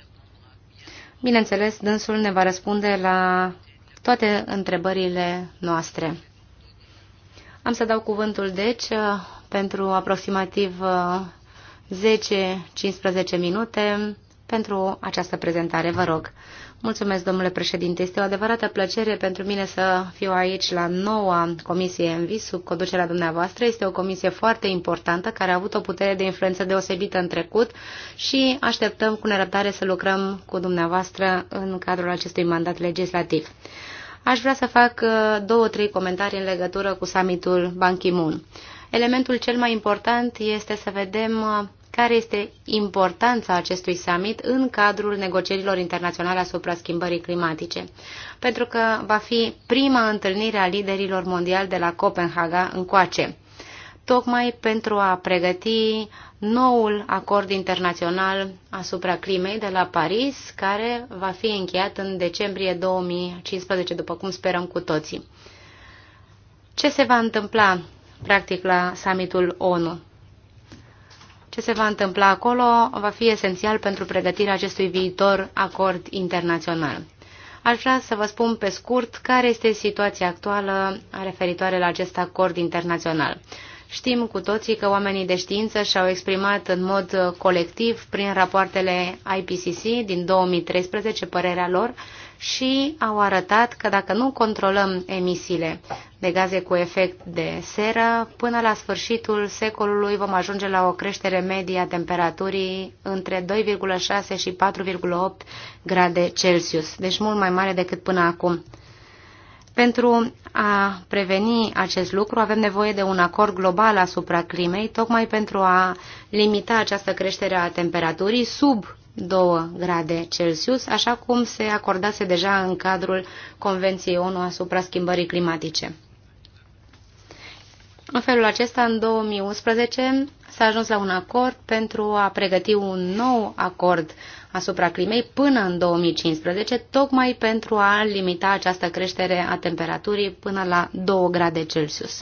Bineînțeles, dânsul ne va răspunde la toate întrebările noastre. Am să dau cuvântul, deci, pentru aproximativ 10-15 minute pentru această prezentare. Vă rog. Mulțumesc, domnule președinte. Este o adevărată plăcere pentru mine să fiu aici la noua comisie ENVI sub conducerea dumneavoastră. Este o comisie foarte importantă care a avut o putere de influență deosebită în trecut și așteptăm cu nerăbdare să lucrăm cu dumneavoastră în cadrul acestui mandat legislativ. Aș vrea să fac uh, două, trei comentarii în legătură cu summitul Ban Ki-moon. Elementul cel mai important este să vedem uh, care este importanța acestui summit în cadrul negocierilor internaționale asupra schimbării climatice, pentru că va fi prima întâlnire a liderilor mondiali de la Copenhaga încoace, tocmai pentru a pregăti noul acord internațional asupra climei de la Paris, care va fi încheiat în decembrie 2015, după cum sperăm cu toții. Ce se va întâmpla, practic, la summitul ONU? Ce se va întâmpla acolo va fi esențial pentru pregătirea acestui viitor acord internațional. Aș vrea să vă spun pe scurt care este situația actuală referitoare la acest acord internațional. Știm cu toții că oamenii de știință și-au exprimat în mod colectiv prin rapoartele IPCC din 2013 părerea lor și au arătat că dacă nu controlăm emisiile de gaze cu efect de seră, până la sfârșitul secolului vom ajunge la o creștere medie a temperaturii între 2,6 și 4,8 grade Celsius, deci mult mai mare decât până acum. Pentru a preveni acest lucru avem nevoie de un acord global asupra climei, tocmai pentru a limita această creștere a temperaturii sub 2 grade Celsius, așa cum se acordase deja în cadrul Convenției ONU asupra schimbării climatice. În felul acesta, în 2011, s-a ajuns la un acord pentru a pregăti un nou acord asupra climei până în 2015, tocmai pentru a limita această creștere a temperaturii până la 2 grade Celsius.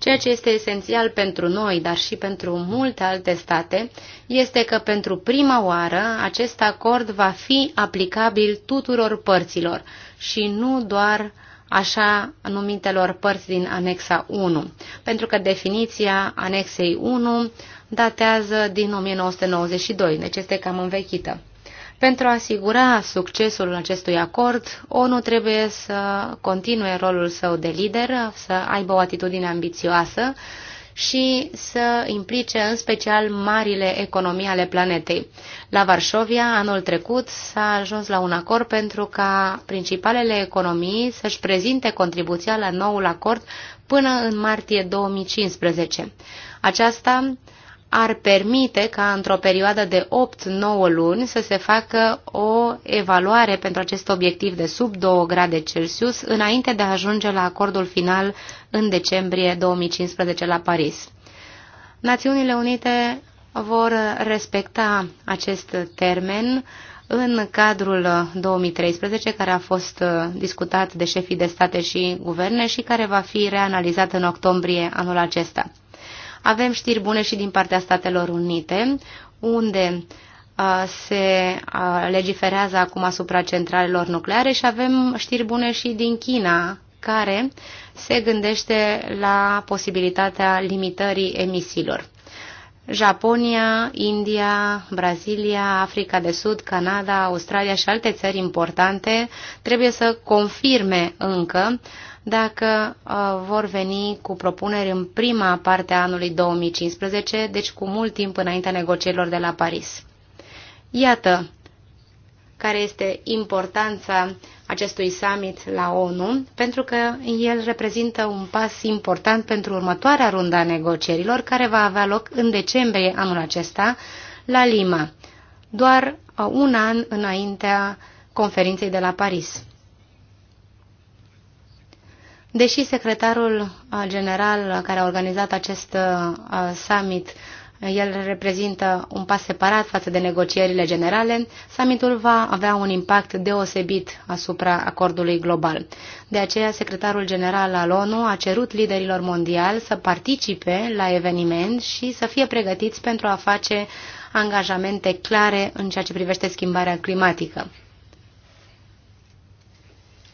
Ceea ce este esențial pentru noi, dar și pentru multe alte state, este că pentru prima oară acest acord va fi aplicabil tuturor părților și nu doar așa numitelor părți din anexa 1, pentru că definiția anexei 1 datează din 1992, deci este cam învechită. Pentru a asigura succesul acestui acord, ONU trebuie să continue rolul său de lider, să aibă o atitudine ambițioasă și să implice în special marile economii ale planetei. La Varșovia, anul trecut, s-a ajuns la un acord pentru ca principalele economii să-și prezinte contribuția la noul acord până în martie 2015. Aceasta ar permite ca într-o perioadă de 8-9 luni să se facă o evaluare pentru acest obiectiv de sub 2 grade Celsius înainte de a ajunge la acordul final în decembrie 2015 la Paris. Națiunile Unite vor respecta acest termen în cadrul 2013, care a fost discutat de șefii de state și guverne și care va fi reanalizat în octombrie anul acesta. Avem știri bune și din partea Statelor Unite, unde se legiferează acum asupra centralelor nucleare și avem știri bune și din China, care se gândește la posibilitatea limitării emisiilor. Japonia, India, Brazilia, Africa de Sud, Canada, Australia și alte țări importante trebuie să confirme încă uh, dacă uh, vor veni cu propuneri în prima parte a anului 2015, deci cu mult timp înaintea negocierilor de la Paris. Iată care este importanța acestui summit la ONU, pentru că el reprezintă un pas important pentru următoarea rundă a negocierilor, care va avea loc în decembrie anul acesta la Lima, doar uh, un an înaintea conferinței de la Paris. Deși secretarul uh, general care a organizat acest uh, summit el reprezintă un pas separat față de negocierile generale, summitul va avea un impact deosebit asupra acordului global. De aceea, secretarul general al ONU a cerut liderilor mondiali să participe la eveniment și să fie pregătiți pentru a face angajamente clare în ceea ce privește schimbarea climatică.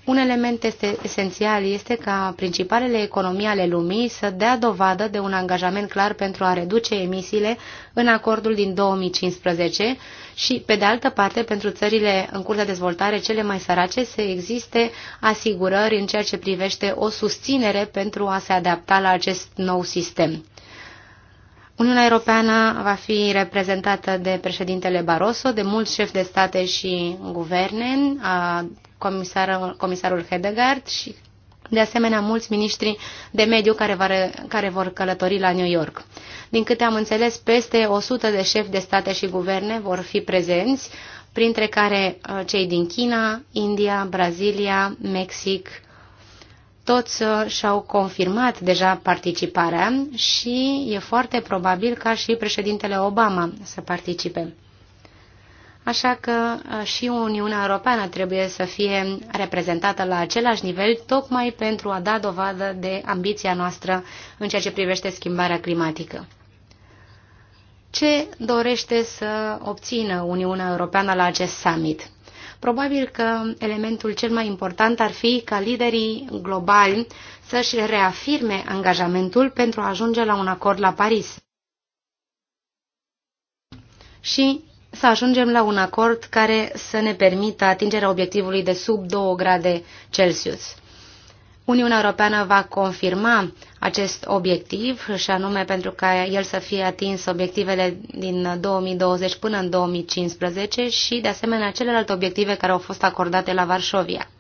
Un element este esențial este ca principalele economii ale lumii să dea dovadă de un angajament clar pentru a reduce emisiile în acordul din 2015 și, pe de altă parte, pentru țările în curs de dezvoltare cele mai sărace să existe asigurări în ceea ce privește o susținere pentru a se adapta la acest nou sistem. Uniunea Europeană va fi reprezentată de președintele Barroso, de mulți șefi de state și guverne, a comisarul, comisarul Hedegaard și de asemenea mulți miniștri de mediu care, va, care vor călători la New York. Din câte am înțeles, peste 100 de șefi de state și guverne vor fi prezenți, printre care uh, cei din China, India, Brazilia, Mexic, toți uh, și-au confirmat deja participarea și e foarte probabil ca și președintele Obama să participe. Așa că uh, și Uniunea Europeană trebuie să fie reprezentată la același nivel, tocmai pentru a da dovadă de ambiția noastră în ceea ce privește schimbarea climatică. Ce dorește să obțină Uniunea Europeană la acest summit? Probabil că elementul cel mai important ar fi ca liderii globali să-și reafirme angajamentul pentru a ajunge la un acord la Paris. Și să ajungem la un acord care să ne permită atingerea obiectivului de sub 2 grade Celsius. Uniunea Europeană va confirma acest obiectiv și anume pentru ca el să fie atins obiectivele din 2020 până în 2015 și de asemenea celelalte obiective care au fost acordate la Varșovia.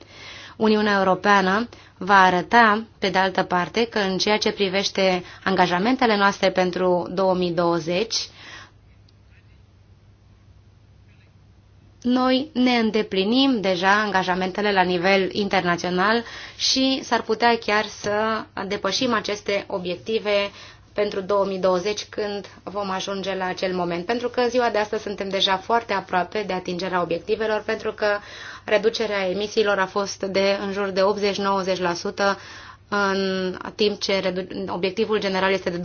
Uniunea Europeană va arăta, pe de altă parte, că în ceea ce privește angajamentele noastre pentru 2020, noi ne îndeplinim deja angajamentele la nivel internațional și s-ar putea chiar să depășim aceste obiective pentru 2020 când vom ajunge la acel moment. Pentru că în ziua de astăzi suntem deja foarte aproape de atingerea obiectivelor, pentru că reducerea emisiilor a fost de în jur de 80-90% în timp ce obiectivul general este de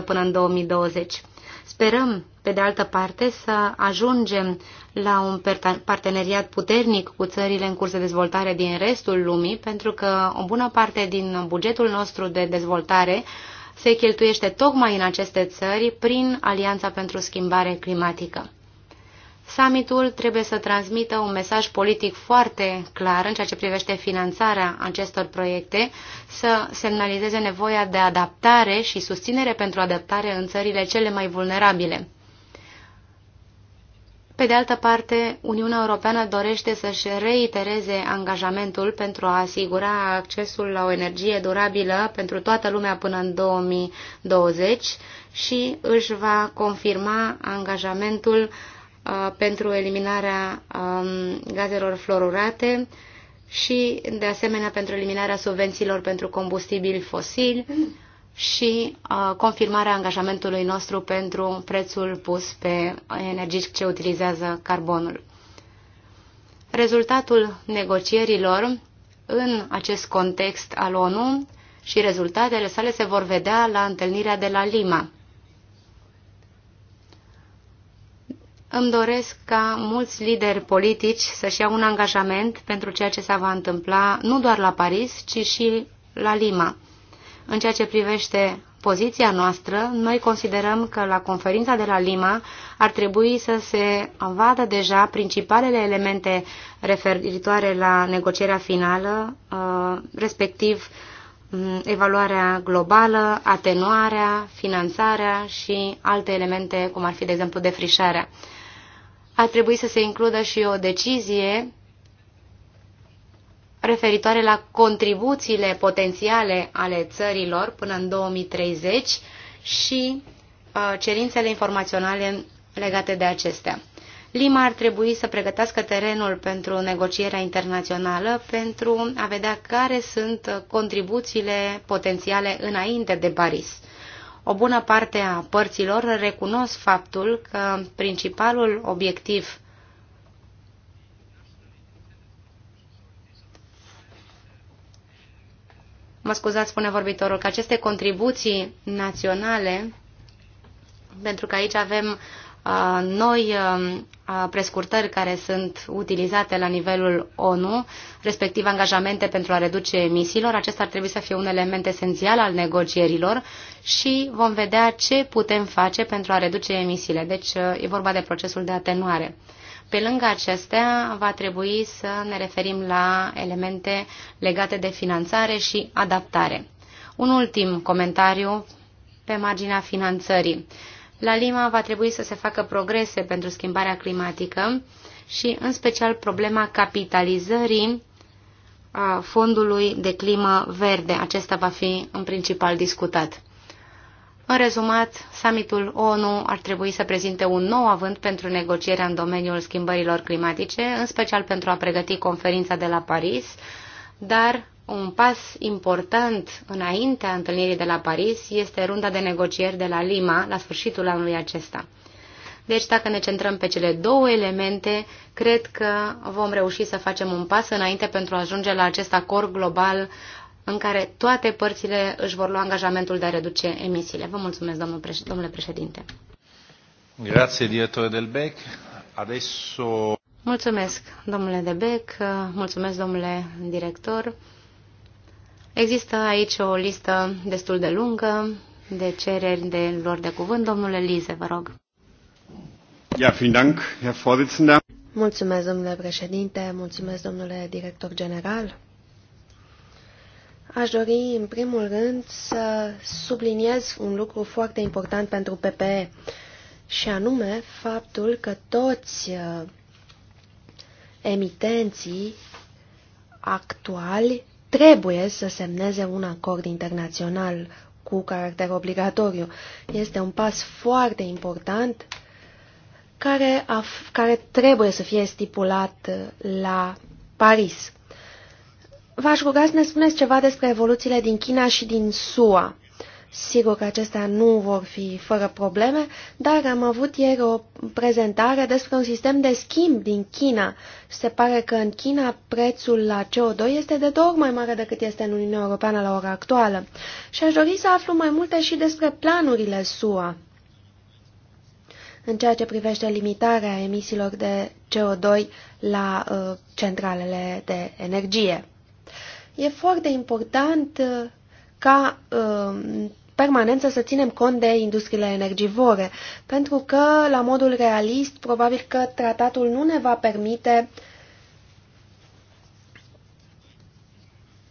20% până în 2020. Sperăm, pe de altă parte, să ajungem la un parteneriat puternic cu țările în curs de dezvoltare din restul lumii, pentru că o bună parte din bugetul nostru de dezvoltare se cheltuiește tocmai în aceste țări prin Alianța pentru Schimbare Climatică. Summitul trebuie să transmită un mesaj politic foarte clar în ceea ce privește finanțarea acestor proiecte, să semnalizeze nevoia de adaptare și susținere pentru adaptare în țările cele mai vulnerabile. Pe de altă parte, Uniunea Europeană dorește să-și reitereze angajamentul pentru a asigura accesul la o energie durabilă pentru toată lumea până în 2020 și își va confirma angajamentul pentru eliminarea gazelor fluorurate și, de asemenea, pentru eliminarea subvențiilor pentru combustibili fosili și confirmarea angajamentului nostru pentru prețul pus pe energii ce utilizează carbonul. Rezultatul negocierilor în acest context al ONU și rezultatele sale se vor vedea la întâlnirea de la Lima Îmi doresc ca mulți lideri politici să-și iau un angajament pentru ceea ce se va întâmpla nu doar la Paris, ci și la Lima. În ceea ce privește poziția noastră, noi considerăm că la conferința de la Lima ar trebui să se vadă deja principalele elemente referitoare la negocierea finală, uh, respectiv mm, evaluarea globală, atenuarea, finanțarea și alte elemente, cum ar fi, de exemplu, defrișarea ar trebui să se includă și o decizie referitoare la contribuțiile potențiale ale țărilor până în 2030 și uh, cerințele informaționale legate de acestea. Lima ar trebui să pregătească terenul pentru negocierea internațională pentru a vedea care sunt contribuțiile potențiale înainte de Paris. O bună parte a părților recunosc faptul că principalul obiectiv mă scuzați, spune vorbitorul, că aceste contribuții naționale, pentru că aici avem noi prescurtări care sunt utilizate la nivelul ONU, respectiv angajamente pentru a reduce emisiilor. Acesta ar trebui să fie un element esențial al negocierilor și vom vedea ce putem face pentru a reduce emisiile. Deci e vorba de procesul de atenuare. Pe lângă acestea, va trebui să ne referim la elemente legate de finanțare și adaptare. Un ultim comentariu pe marginea finanțării. La Lima va trebui să se facă progrese pentru schimbarea climatică și, în special, problema capitalizării a fondului de climă verde. Acesta va fi, în principal, discutat. În rezumat, summitul ONU ar trebui să prezinte un nou avânt pentru negocierea în domeniul schimbărilor climatice, în special pentru a pregăti conferința de la Paris, dar un pas important înaintea întâlnirii de la Paris este runda de negocieri de la Lima la sfârșitul anului acesta. Deci dacă ne centrăm pe cele două elemente, cred că vom reuși să facem un pas înainte pentru a ajunge la acest acord global în care toate părțile își vor lua angajamentul de a reduce emisiile. Vă mulțumesc, domnule președinte. Grazie, direttore Del Bec. Adesso... Mulțumesc, domnule De Bec, mulțumesc, domnule director. Există aici o listă destul de lungă de cereri de lor de cuvânt. Domnule Lize, vă rog. Ja, vielen Dank, Herr Vorsitzender. Mulțumesc, domnule președinte, mulțumesc, domnule director general. Aș dori, în primul rând, să subliniez un lucru foarte important pentru PPE, și anume faptul că toți uh, emitenții actuali trebuie să semneze un acord internațional cu caracter obligatoriu. Este un pas foarte important care, a, care trebuie să fie stipulat uh, la Paris. V-aș ruga să ne spuneți ceva despre evoluțiile din China și din SUA. Sigur că acestea nu vor fi fără probleme, dar am avut ieri o prezentare despre un sistem de schimb din China. Se pare că în China prețul la CO2 este de două ori mai mare decât este în Uniunea Europeană la ora actuală. Și aș dori să aflu mai multe și despre planurile SUA în ceea ce privește limitarea emisiilor de CO2 la uh, centralele de energie. E foarte important uh, ca uh, permanență să ținem cont de industriile energivore, pentru că, la modul realist, probabil că tratatul nu ne va permite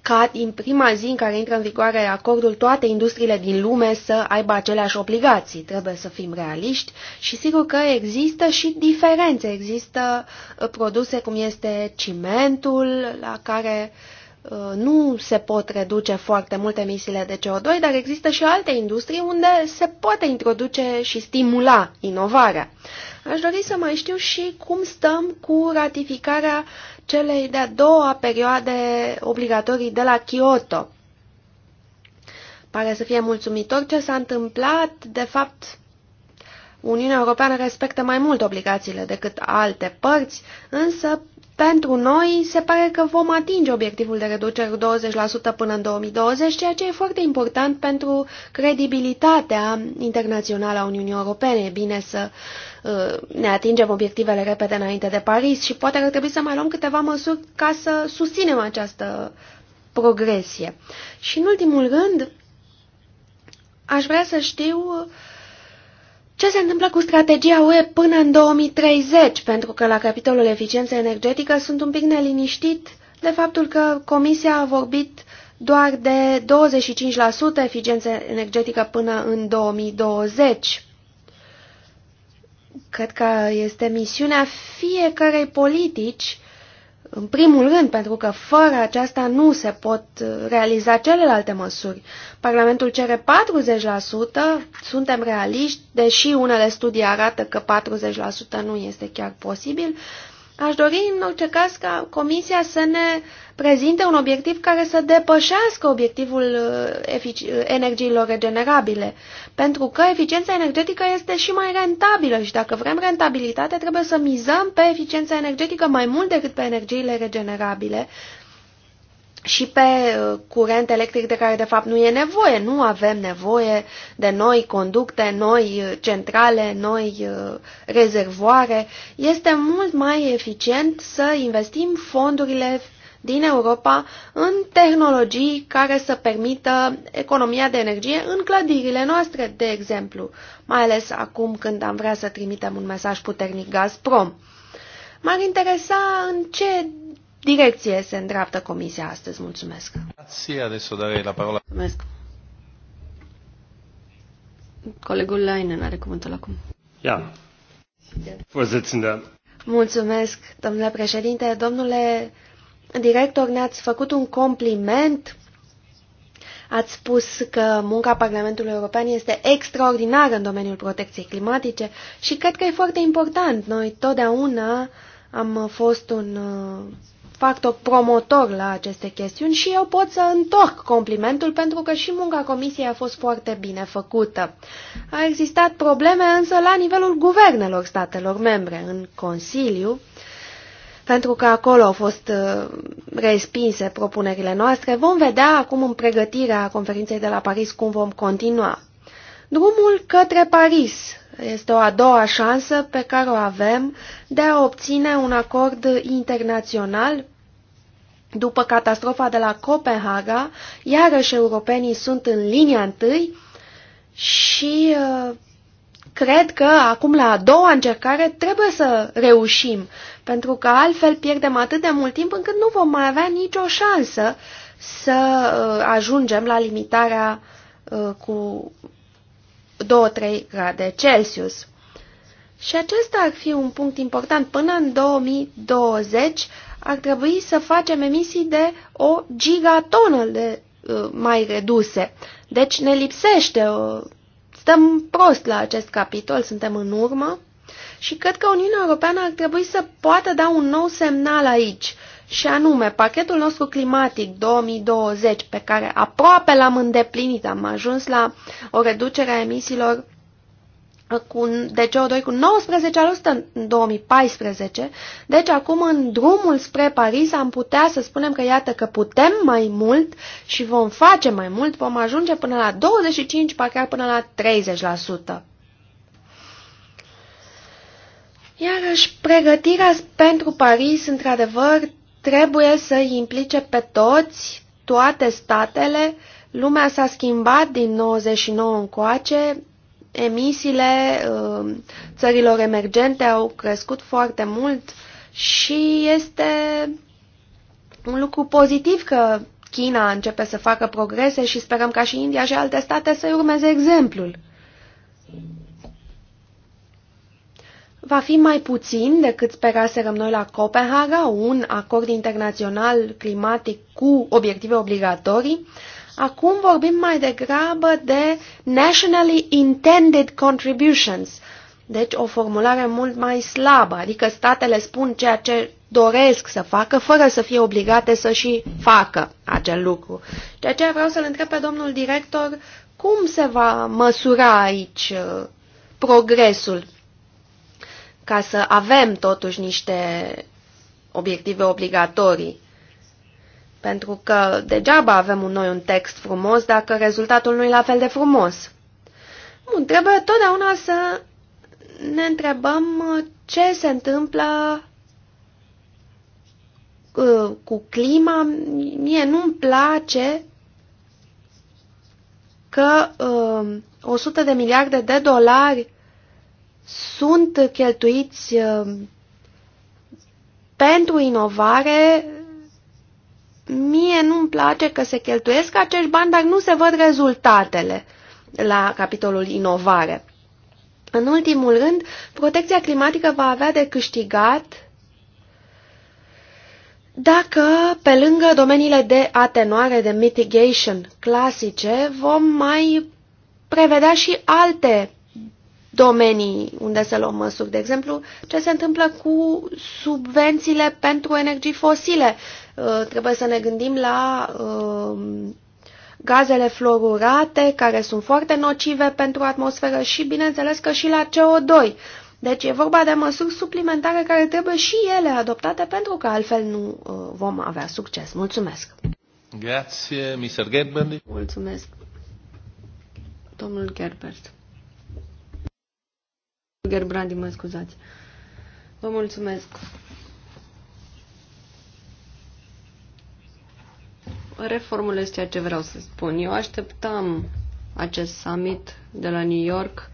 ca în prima zi în care intră în vigoare acordul, toate industriile din lume să aibă aceleași obligații. Trebuie să fim realiști și sigur că există și diferențe. Există produse cum este cimentul, la care uh, Uh, nu se pot reduce foarte mult emisiile de CO2, dar există și alte industrii unde se poate introduce și stimula inovarea. Aș dori să mai știu și cum stăm cu ratificarea celei de-a doua perioade obligatorii de la Kyoto. Pare să fie mulțumitor ce s-a întâmplat. De fapt, Uniunea Europeană respectă mai mult obligațiile decât alte părți, însă pentru noi, se pare că vom atinge obiectivul de reducere cu 20% până în 2020, ceea ce e foarte important pentru credibilitatea internațională a Uniunii Europene. E bine să uh, ne atingem obiectivele repede înainte de Paris și poate că ar trebui să mai luăm câteva măsuri ca să susținem această progresie. Și în ultimul rând, aș vrea să știu uh, ce se întâmplă cu strategia UE până în 2030? Pentru că la capitolul eficiență energetică sunt un pic neliniștit de faptul că Comisia a vorbit doar de 25% eficiență energetică până în 2020. Cred că este misiunea fiecarei politici în primul rând, pentru că fără aceasta nu se pot realiza celelalte măsuri. Parlamentul cere 40%, suntem realiști, deși unele studii arată că 40% nu este chiar posibil, Aș dori în orice caz ca Comisia să ne prezinte un obiectiv care să depășească obiectivul uh, uh, energiilor regenerabile, pentru că eficiența energetică este și mai rentabilă și dacă vrem rentabilitate trebuie să mizăm pe eficiența energetică mai mult decât pe energiile regenerabile și pe uh, curent electric de care de fapt nu e nevoie. Nu avem nevoie de noi conducte, noi uh, centrale, noi uh, rezervoare. Este mult mai eficient să investim fondurile din Europa în tehnologii care să permită economia de energie în clădirile noastre, de exemplu, mai ales acum când am vrea să trimitem un mesaj puternic Gazprom. M-ar interesa în ce direcție se îndreaptă Comisia astăzi. Mulțumesc! Mulțumesc! Colegul Leinen are cuvântul acum. Ia. Yeah. Mulțumesc, domnule președinte. Domnule director, ne-ați făcut un compliment. Ați spus că munca Parlamentului European este extraordinară în domeniul protecției climatice și cred că e foarte important. Noi totdeauna am fost un uh, factor promotor la aceste chestiuni și eu pot să întorc complimentul pentru că și munca comisiei a fost foarte bine făcută. A existat probleme însă la nivelul guvernelor statelor membre, în Consiliu, pentru că acolo au fost uh, respinse propunerile noastre. Vom vedea acum în pregătirea conferinței de la Paris cum vom continua. Drumul către Paris este o a doua șansă pe care o avem de a obține un acord internațional după catastrofa de la Copenhaga, iarăși europenii sunt în linia întâi și uh, cred că acum la a doua încercare trebuie să reușim, pentru că altfel pierdem atât de mult timp încât nu vom mai avea nicio șansă să uh, ajungem la limitarea uh, cu 2-3 grade Celsius. Și acesta ar fi un punct important. Până în 2020 ar trebui să facem emisii de o gigatonă de uh, mai reduse. Deci ne lipsește, uh, stăm prost la acest capitol, suntem în urmă și cred că Uniunea Europeană ar trebui să poată da un nou semnal aici, și anume pachetul nostru climatic 2020, pe care aproape l-am îndeplinit, am ajuns la o reducere a emisiilor cu, de CO2 cu 19% în 2014. Deci acum în drumul spre Paris am putea să spunem că iată că putem mai mult și vom face mai mult, vom ajunge până la 25, pa chiar până la 30%. Iarăși, pregătirea pentru Paris, într-adevăr, trebuie să implice pe toți, toate statele. Lumea s-a schimbat din 99 încoace, emisiile uh, țărilor emergente au crescut foarte mult și este un lucru pozitiv că China începe să facă progrese și sperăm ca și India și alte state să-i urmeze exemplul. Va fi mai puțin decât speraserăm noi la Copenhaga, un acord internațional climatic cu obiective obligatorii, Acum vorbim mai degrabă de nationally intended contributions, deci o formulare mult mai slabă, adică statele spun ceea ce doresc să facă fără să fie obligate să și facă acel lucru. De aceea vreau să-l întreb pe domnul director cum se va măsura aici uh, progresul ca să avem totuși niște obiective obligatorii. Pentru că degeaba avem un noi un text frumos dacă rezultatul nu e la fel de frumos. Nu, trebuie totdeauna să ne întrebăm uh, ce se întâmplă uh, cu clima. Mie nu-mi place că uh, 100 de miliarde de dolari sunt cheltuiți uh, pentru inovare mie nu-mi place că se cheltuiesc acești bani, dar nu se văd rezultatele la capitolul inovare. În ultimul rând, protecția climatică va avea de câștigat dacă, pe lângă domeniile de atenuare, de mitigation clasice, vom mai prevedea și alte domenii unde să luăm măsuri. De exemplu, ce se întâmplă cu subvențiile pentru energii fosile. Uh, trebuie să ne gândim la uh, gazele fluorurate, care sunt foarte nocive pentru atmosferă și, bineînțeles, că și la CO2. Deci e vorba de măsuri suplimentare care trebuie și ele adoptate pentru că altfel nu uh, vom avea succes. Mulțumesc! Grazie, Mr. Gerbert. Mulțumesc, domnul Gerbert. Gerbrandi, mă scuzați. Vă mulțumesc. reformulez ceea ce vreau să spun. Eu așteptam acest summit de la New York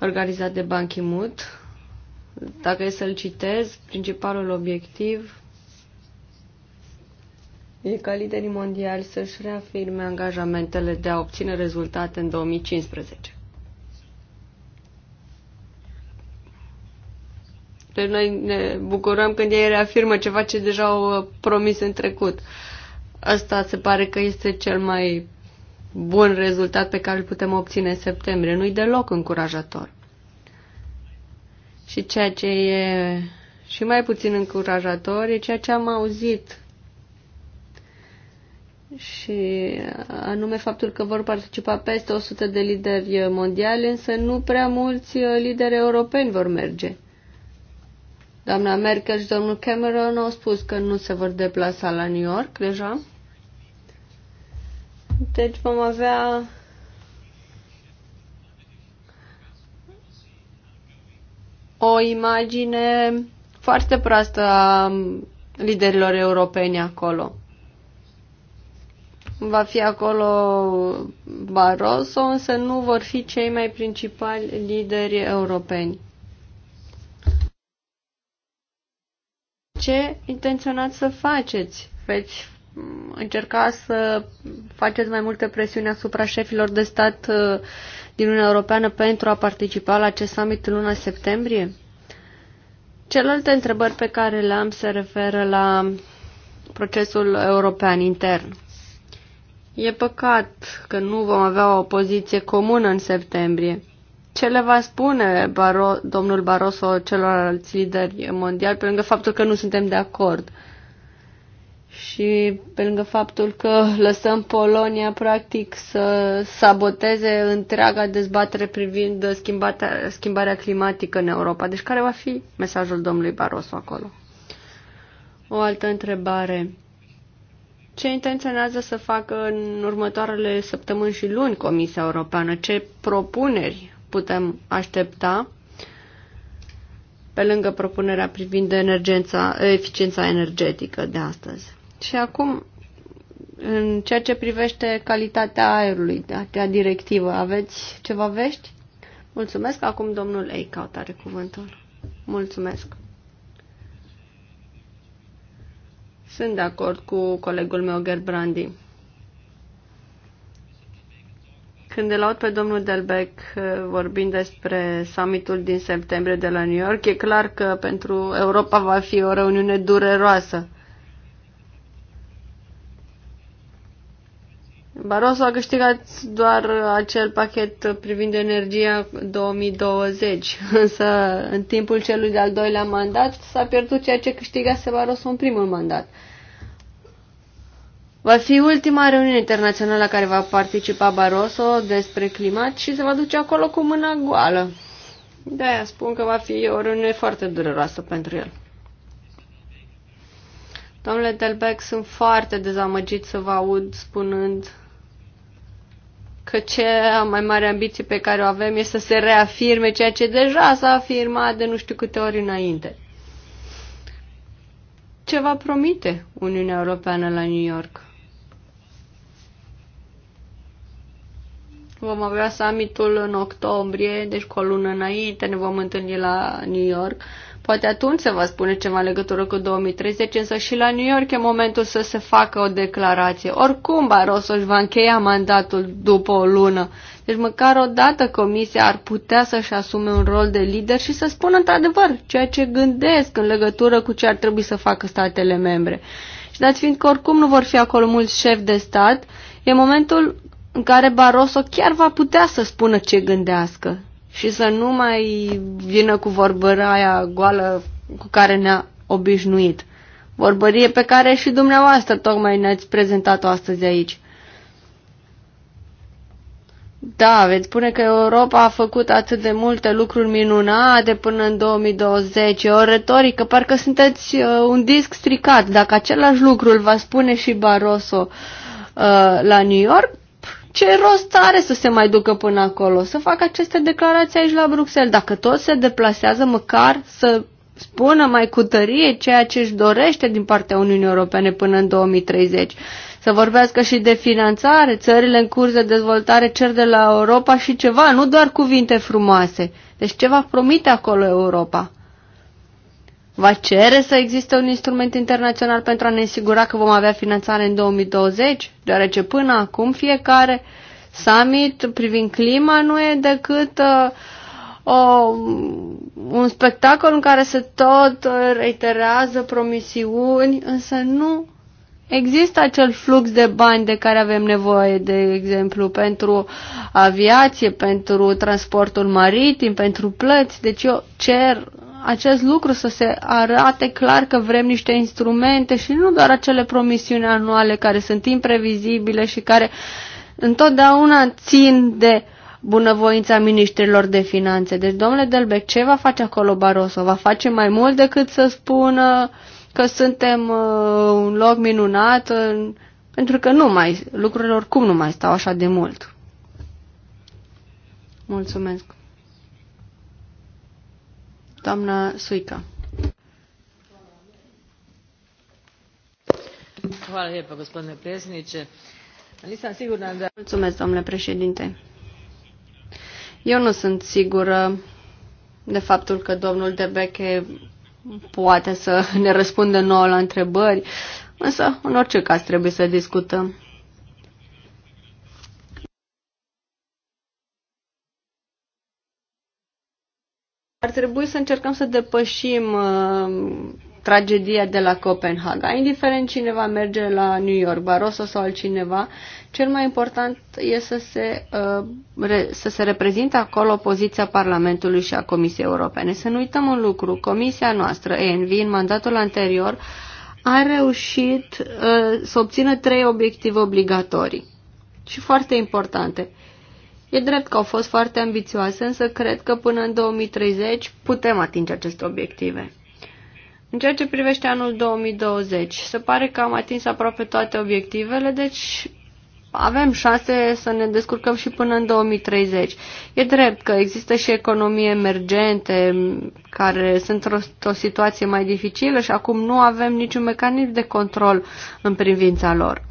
organizat de Ban Ki-moon. Dacă e să-l citez, principalul obiectiv e ca liderii mondiali să-și reafirme angajamentele de a obține rezultate în 2015. Deci noi ne bucurăm când ei reafirmă ceva ce deja au promis în trecut. Uh, Asta se pare că este cel mai bun rezultat pe care îl putem obține în septembrie. Nu-i deloc încurajator. Și ceea ce e și mai puțin încurajator e ceea ce am auzit și anume faptul că vor participa peste 100 de lideri mondiali, însă nu prea mulți uh, lideri europeni vor merge. Doamna Merkel și domnul Cameron au spus că nu se vor deplasa la New York deja. Deci vom avea o imagine foarte proastă a liderilor europeni acolo. Va fi acolo Barroso, însă nu vor fi cei mai principali lideri europeni. ce intenționați să faceți? Veți încerca să faceți mai multe presiuni asupra șefilor de stat uh, din Uniunea Europeană pentru a participa la acest summit în luna septembrie? Celelalte întrebări pe care le-am se referă la procesul european intern. E păcat că nu vom avea o poziție comună în septembrie ce le va spune Baro, domnul Barroso celorlalți lideri mondiali, pe lângă faptul că nu suntem de acord și pe lângă faptul că lăsăm Polonia practic să saboteze întreaga dezbatere privind schimbarea, schimbarea climatică în Europa. Deci care va fi mesajul domnului Barroso acolo? O altă întrebare. Ce intenționează să facă în următoarele săptămâni și luni Comisia Europeană? Ce propuneri putem aștepta pe lângă propunerea privind emergența, eficiența energetică de astăzi. Și acum, în ceea ce privește calitatea aerului, acea directivă, aveți ceva vești? Mulțumesc. Acum domnul Eicaut are cuvântul. Mulțumesc. Sunt de acord cu colegul meu Gerbrandi. Când îl aud pe domnul Delbec uh, vorbind despre summitul din septembrie de la New York, e clar că pentru Europa va fi o reuniune dureroasă. Barroso a câștigat doar acel pachet privind energia 2020, însă în timpul celui de-al doilea mandat s-a pierdut ceea ce câștigase Barroso în primul mandat. Va fi ultima reuniune internațională la care va participa Barroso despre climat și se va duce acolo cu mâna goală. De-aia spun că va fi o reuniune foarte dureroasă pentru el. Domnule Delbec, sunt foarte dezamăgit să vă aud spunând că cea mai mare ambiție pe care o avem este să se reafirme ceea ce deja s-a afirmat de nu știu câte ori înainte. Ce va promite Uniunea Europeană la New York? Vom avea summitul în octombrie, deci cu o lună înainte ne vom întâlni la New York. Poate atunci se va spune ceva în legătură cu 2030, însă și la New York e momentul să se facă o declarație. Oricum, Barroso își va încheia mandatul după o lună. Deci măcar o dată comisia ar putea să-și asume un rol de lider și să spună într-adevăr ceea ce gândesc în legătură cu ce ar trebui să facă statele membre. Și dați fiind că oricum nu vor fi acolo mulți șefi de stat, e momentul în care Barroso chiar va putea să spună ce gândească și să nu mai vină cu vorbăra aia goală cu care ne-a obișnuit. Vorbărie pe care și dumneavoastră tocmai ne-ați prezentat-o astăzi aici. Da, veți spune că Europa a făcut atât de multe lucruri minunate până în 2020. E o retorică, parcă sunteți uh, un disc stricat. Dacă același lucru îl va spune și Barroso uh, la New York, ce rost are să se mai ducă până acolo? Să facă aceste declarații aici la Bruxelles. Dacă tot se deplasează, măcar să spună mai cu tărie ceea ce își dorește din partea Uniunii Europene până în 2030. Să vorbească și de finanțare, țările în curs de dezvoltare cer de la Europa și ceva, nu doar cuvinte frumoase. Deci ceva promite acolo Europa va cere să existe un instrument internațional pentru a ne asigura că vom avea finanțare în 2020? Deoarece până acum fiecare summit privind clima nu e decât uh, o, un spectacol în care se tot reiterează promisiuni, însă nu există acel flux de bani de care avem nevoie, de exemplu, pentru aviație, pentru transportul maritim, pentru plăți. Deci eu cer acest lucru să se arate clar că vrem niște instrumente și nu doar acele promisiuni anuale care sunt imprevizibile și care întotdeauna țin de bunăvoința ministrilor de finanțe. Deci, domnule Delbec, ce va face acolo Barroso? Va face mai mult decât să spună că suntem uh, un loc minunat, uh, pentru că nu mai, lucrurile oricum nu mai stau așa de mult. Mulțumesc. Doamna Suica. Hvala gospodine predsjedniče. Nisam sigurna da... Mulțumesc, domnule președinte. Eu nu sunt sigură de faptul că domnul de Beche poate să ne răspundă nouă la întrebări, însă, în orice caz, trebuie să discutăm. Ar trebui să încercăm să depășim uh, tragedia de la Copenhaga. Indiferent cineva merge la New York, Barroso sau altcineva, cel mai important e să se, uh, re, să se reprezinte acolo poziția Parlamentului și a Comisiei Europene. Să nu uităm un lucru, Comisia noastră, ENV, în mandatul anterior, a reușit uh, să obțină trei obiective obligatorii și foarte importante. E drept că au fost foarte ambițioase, însă cred că până în 2030 putem atinge aceste obiective. În ceea ce privește anul 2020, se pare că am atins aproape toate obiectivele, deci avem șanse să ne descurcăm și până în 2030. E drept că există și economii emergente care sunt într-o situație mai dificilă și acum nu avem niciun mecanism de control în privința lor.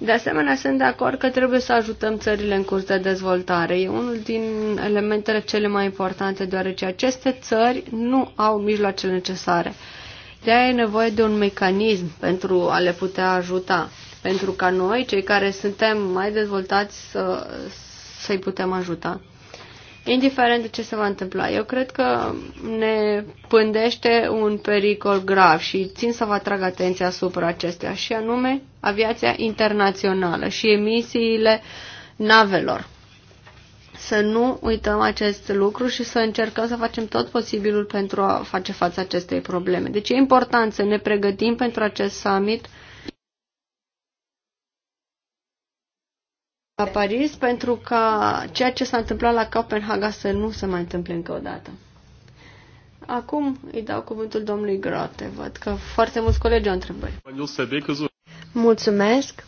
De asemenea, sunt de acord că trebuie să ajutăm țările în curs de dezvoltare. E unul din elementele cele mai importante, deoarece aceste țări nu au mijloacele necesare. De aia e nevoie de un mecanism pentru a le putea ajuta, pentru ca noi, cei care suntem mai dezvoltați, să, să-i putem ajuta indiferent de ce se va întâmpla. Eu cred că ne pândește un pericol grav și țin să vă atrag atenția asupra acestea, și anume aviația internațională și emisiile navelor. Să nu uităm acest lucru și să încercăm să facem tot posibilul pentru a face față acestei probleme. Deci e important să ne pregătim pentru acest summit la Paris pentru ca ceea ce s-a întâmplat la Copenhaga să nu se mai întâmple încă o dată. Acum îi dau cuvântul domnului Grote. Văd că foarte mulți colegi au întrebări. Mulțumesc.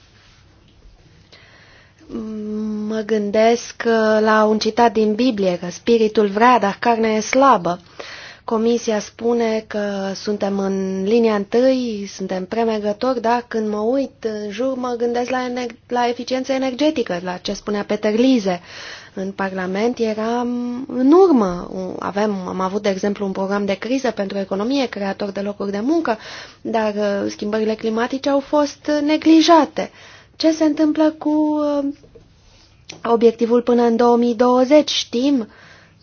Mă gândesc uh, la un citat din Biblie, că spiritul vrea, dar carnea e slabă. Uh, Comisia spune că suntem în linia întâi, suntem premergători, dar când mă uit în jur, mă gândesc la, ener la eficiență energetică, la ce spunea Peter Lize. În Parlament eram în urmă. Avem, am avut, de exemplu, un program de criză pentru economie, creator de locuri de muncă, dar uh, schimbările climatice au fost neglijate. Ce se întâmplă cu uh, obiectivul până în 2020? Știm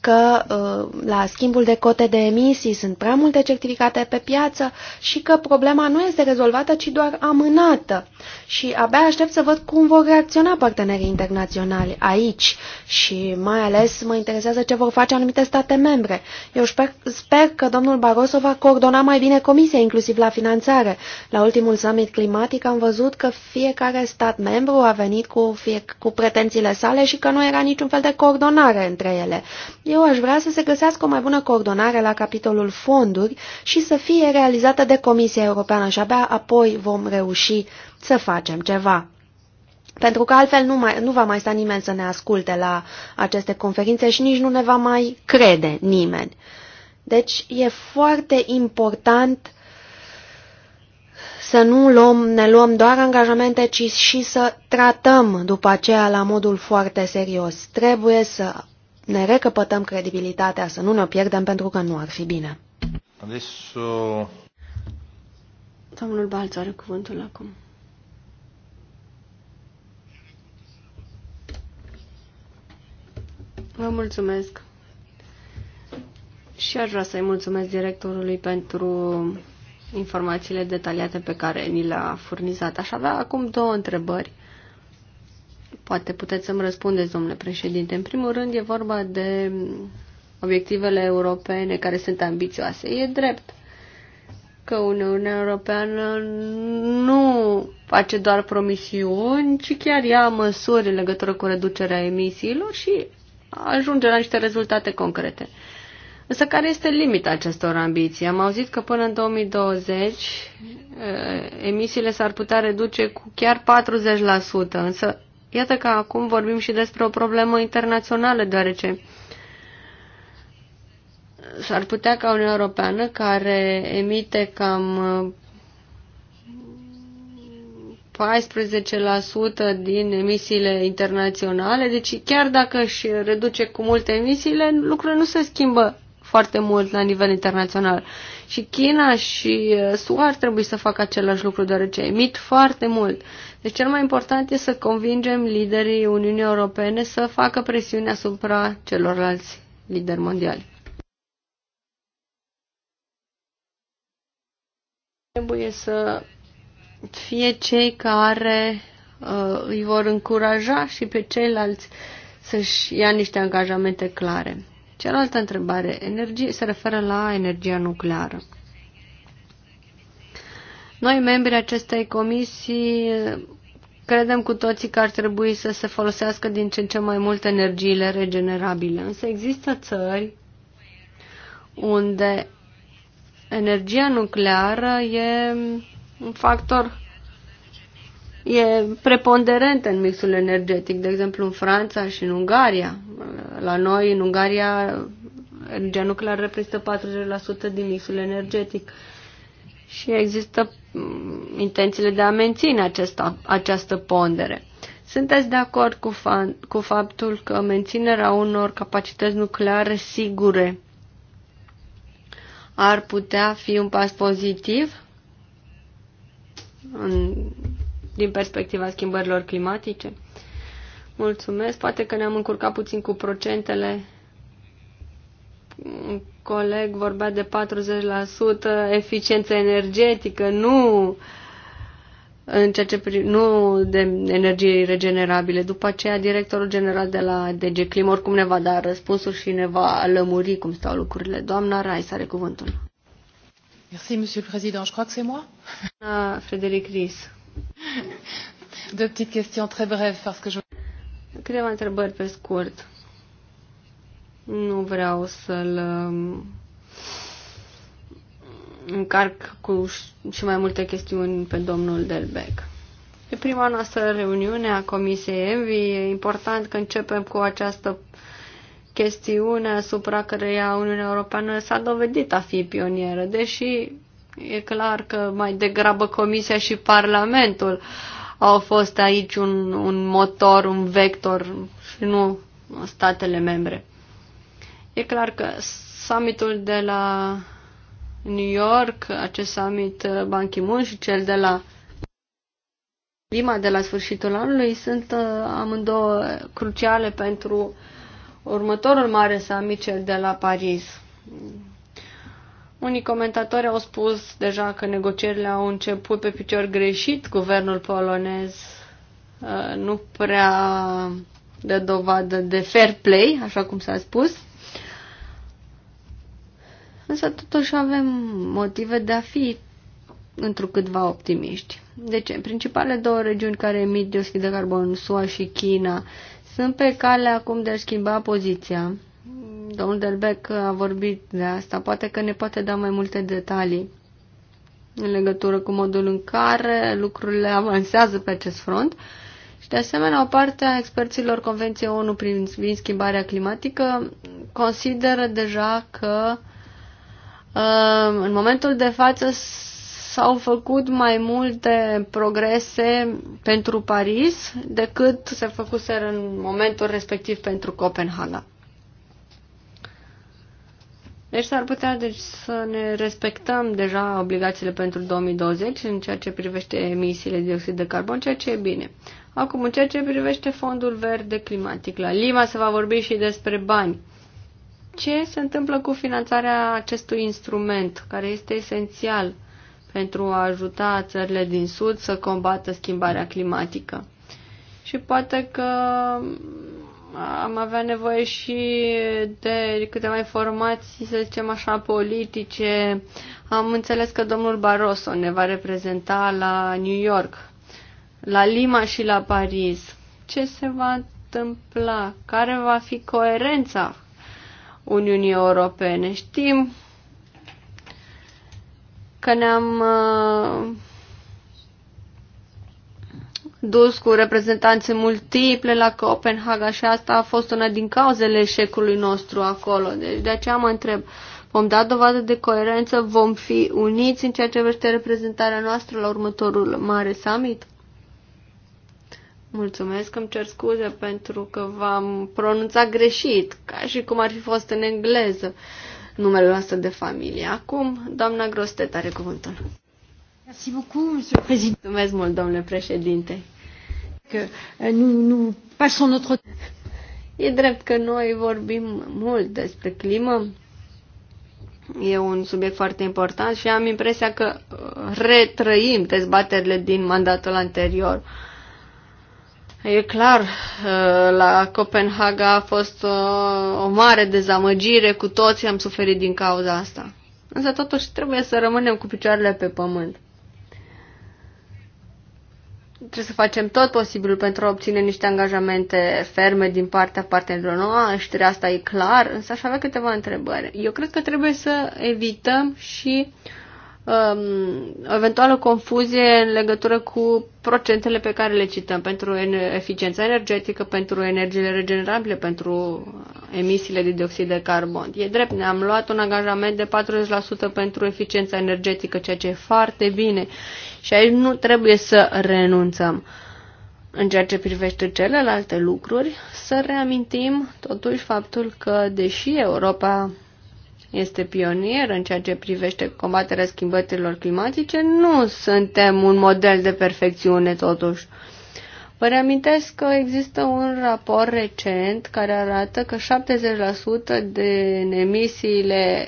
că uh, la schimbul de cote de emisii sunt prea multe certificate pe piață și că problema nu este rezolvată, ci doar amânată. Și abia aștept să văd cum vor reacționa partenerii internaționali aici și mai ales mă interesează ce vor face anumite state membre. Eu sper, sper că domnul Barroso va coordona mai bine comisia, inclusiv la finanțare. La ultimul summit climatic am văzut că fiecare stat membru a venit cu, fie, cu pretențiile sale și că nu era niciun fel de coordonare între ele. Eu eu aș vrea să se găsească o mai bună coordonare la capitolul fonduri și să fie realizată de Comisia Europeană și abia apoi vom reuși să facem ceva. Pentru că altfel nu, mai, nu va mai sta nimeni să ne asculte la aceste conferințe și nici nu ne va mai crede nimeni. Deci e foarte important să nu luăm, ne luăm doar angajamente, ci și să tratăm după aceea la modul foarte serios. Trebuie să ne recăpătăm credibilitatea, să nu ne-o pierdem pentru că nu ar fi bine. Adesso... Domnul Balțu are cuvântul acum. Vă mulțumesc. Și aș vrea să-i mulțumesc directorului pentru informațiile detaliate pe care ni le-a furnizat. Aș avea acum două întrebări. Poate puteți să-mi răspundeți, domnule președinte. În primul rând, e vorba de obiectivele europene care sunt ambițioase. E drept că Uniunea Europeană nu face doar promisiuni, ci chiar ia măsuri în legătură cu reducerea emisiilor și ajunge la niște rezultate concrete. Însă care este limita acestor ambiții? Am auzit că până în 2020 eh, emisiile s-ar putea reduce cu chiar 40%, însă Iată că acum vorbim și despre o problemă internațională, deoarece s-ar putea ca Uniunea Europeană, care emite cam 14% din emisiile internaționale, deci chiar dacă își reduce cu multe emisiile, lucrurile nu se schimbă foarte mult la nivel internațional. Și China și uh, SUA ar trebui să facă același lucru, deoarece emit foarte mult. Deci cel mai important este să convingem liderii Uniunii Europene să facă presiune asupra celorlalți lideri mondiali. Trebuie să fie cei care uh, îi vor încuraja și pe ceilalți să-și ia niște angajamente clare. Cealaltă întrebare energie, se referă la energia nucleară. Noi, membrii acestei comisii, credem cu toții că ar trebui să se folosească din ce în ce mai mult energiile regenerabile, însă există țări unde energia nucleară e un factor e preponderent în mixul energetic, de exemplu în Franța și în Ungaria. La noi, în Ungaria, energia nucleară reprezintă 40% din mixul energetic și există mm, intențiile de a menține acesta, această pondere. Sunteți de acord cu, fa- cu faptul că menținerea unor capacități nucleare sigure ar putea fi un pas pozitiv în din perspectiva schimbărilor climatice? Mulțumesc. Poate că ne-am încurcat puțin cu procentele. Un coleg vorbea de 40% eficiență energetică, nu în ceea ce nu de energie regenerabile. După aceea, directorul general de la DG Clim oricum ne va da răspunsuri și ne va lămuri cum stau lucrurile. Doamna Rais are cuvântul. Merci, Monsieur le Président. Je crois que c'est moi. Frédéric Ries. Deux petites questions très brèves, parce que je... Câteva întrebări pe scurt. Nu vreau să-l um, încarc cu și mai multe chestiuni pe domnul Delbec. E prima noastră reuniune a Comisiei Envi. E important că începem cu această chestiune asupra căreia Uniunea Europeană s-a dovedit a fi pionieră, deși E clar că mai degrabă Comisia și Parlamentul au fost aici un, un motor, un vector și nu statele membre. E clar că summitul de la New York, acest summit uh, Ban Ki-moon și cel de la Lima de la sfârșitul anului sunt uh, amândouă cruciale pentru următorul mare summit, cel de la Paris. Unii comentatori au spus deja că negocierile au început pe picior greșit. Guvernul polonez uh, nu prea dă dovadă de fair play, așa cum s-a spus. Însă totuși avem motive de a fi întrucâtva optimiști. Deci, principalele două regiuni care emit dioxid de carbon, SUA și China, sunt pe cale acum de a schimba poziția Domnul Delbec a vorbit de asta. Poate că ne poate da mai multe detalii în legătură cu modul în care lucrurile avansează pe acest front. Și, de asemenea, o parte a experților Convenției ONU privind schimbarea climatică consideră deja că uh, în momentul de față s-au făcut mai multe progrese pentru Paris decât se făcuseră în momentul respectiv pentru Copenhaga. Deci s-ar putea deci, să ne respectăm deja obligațiile pentru 2020 în ceea ce privește emisiile de dioxid de carbon, ceea ce e bine. Acum, în ceea ce privește fondul verde climatic, la Lima se va vorbi și despre bani. Ce se întâmplă cu finanțarea acestui instrument, care este esențial pentru a ajuta țările din Sud să combată schimbarea climatică? Și poate că am avea nevoie și de câteva informații, să zicem așa, politice. Am înțeles că domnul Barroso ne va reprezenta la New York, la Lima și la Paris. Ce se va întâmpla? Care va fi coerența Uniunii Europene? Știm că ne-am uh, dus cu reprezentanțe multiple la Copenhaga și asta a fost una din cauzele eșecului nostru acolo. Deci de aceea mă întreb, vom da dovadă de coerență, vom fi uniți în ceea ce privește reprezentarea noastră la următorul mare summit? Mulțumesc, îmi cer scuze pentru că v-am pronunțat greșit, ca și cum ar fi fost în engleză numele noastră de familie. Acum, doamna Grostet are cuvântul. Mulțumesc mult, domnule președinte. Că eh, nu, nu pasăm notre... E drept că noi vorbim mult despre climă. E un subiect foarte important și am impresia că eh, retrăim dezbaterile din mandatul anterior. E clar, eh, la Copenhaga a fost o, o mare dezamăgire, cu toții am suferit din cauza asta. Însă totuși trebuie să rămânem cu picioarele pe pământ trebuie să facem tot posibilul pentru a obține niște angajamente ferme din partea partenerilor noștri, asta e clar, însă aș avea câteva întrebări. Eu cred că trebuie să evităm și uh, um, eventuală confuzie în legătură cu procentele pe care le cităm pentru eficiența energetică, pentru energiile regenerabile, pentru emisiile de dioxid de carbon. E drept, ne-am luat un angajament de 40% pentru eficiența energetică, ceea ce e foarte bine și aici nu trebuie să renunțăm. În ceea ce privește celelalte lucruri, să reamintim totuși faptul că, deși Europa este pionier în ceea ce privește combaterea schimbărilor climatice, nu suntem un model de perfecțiune totuși. Vă reamintesc că există un raport recent care arată că 70% din emisiile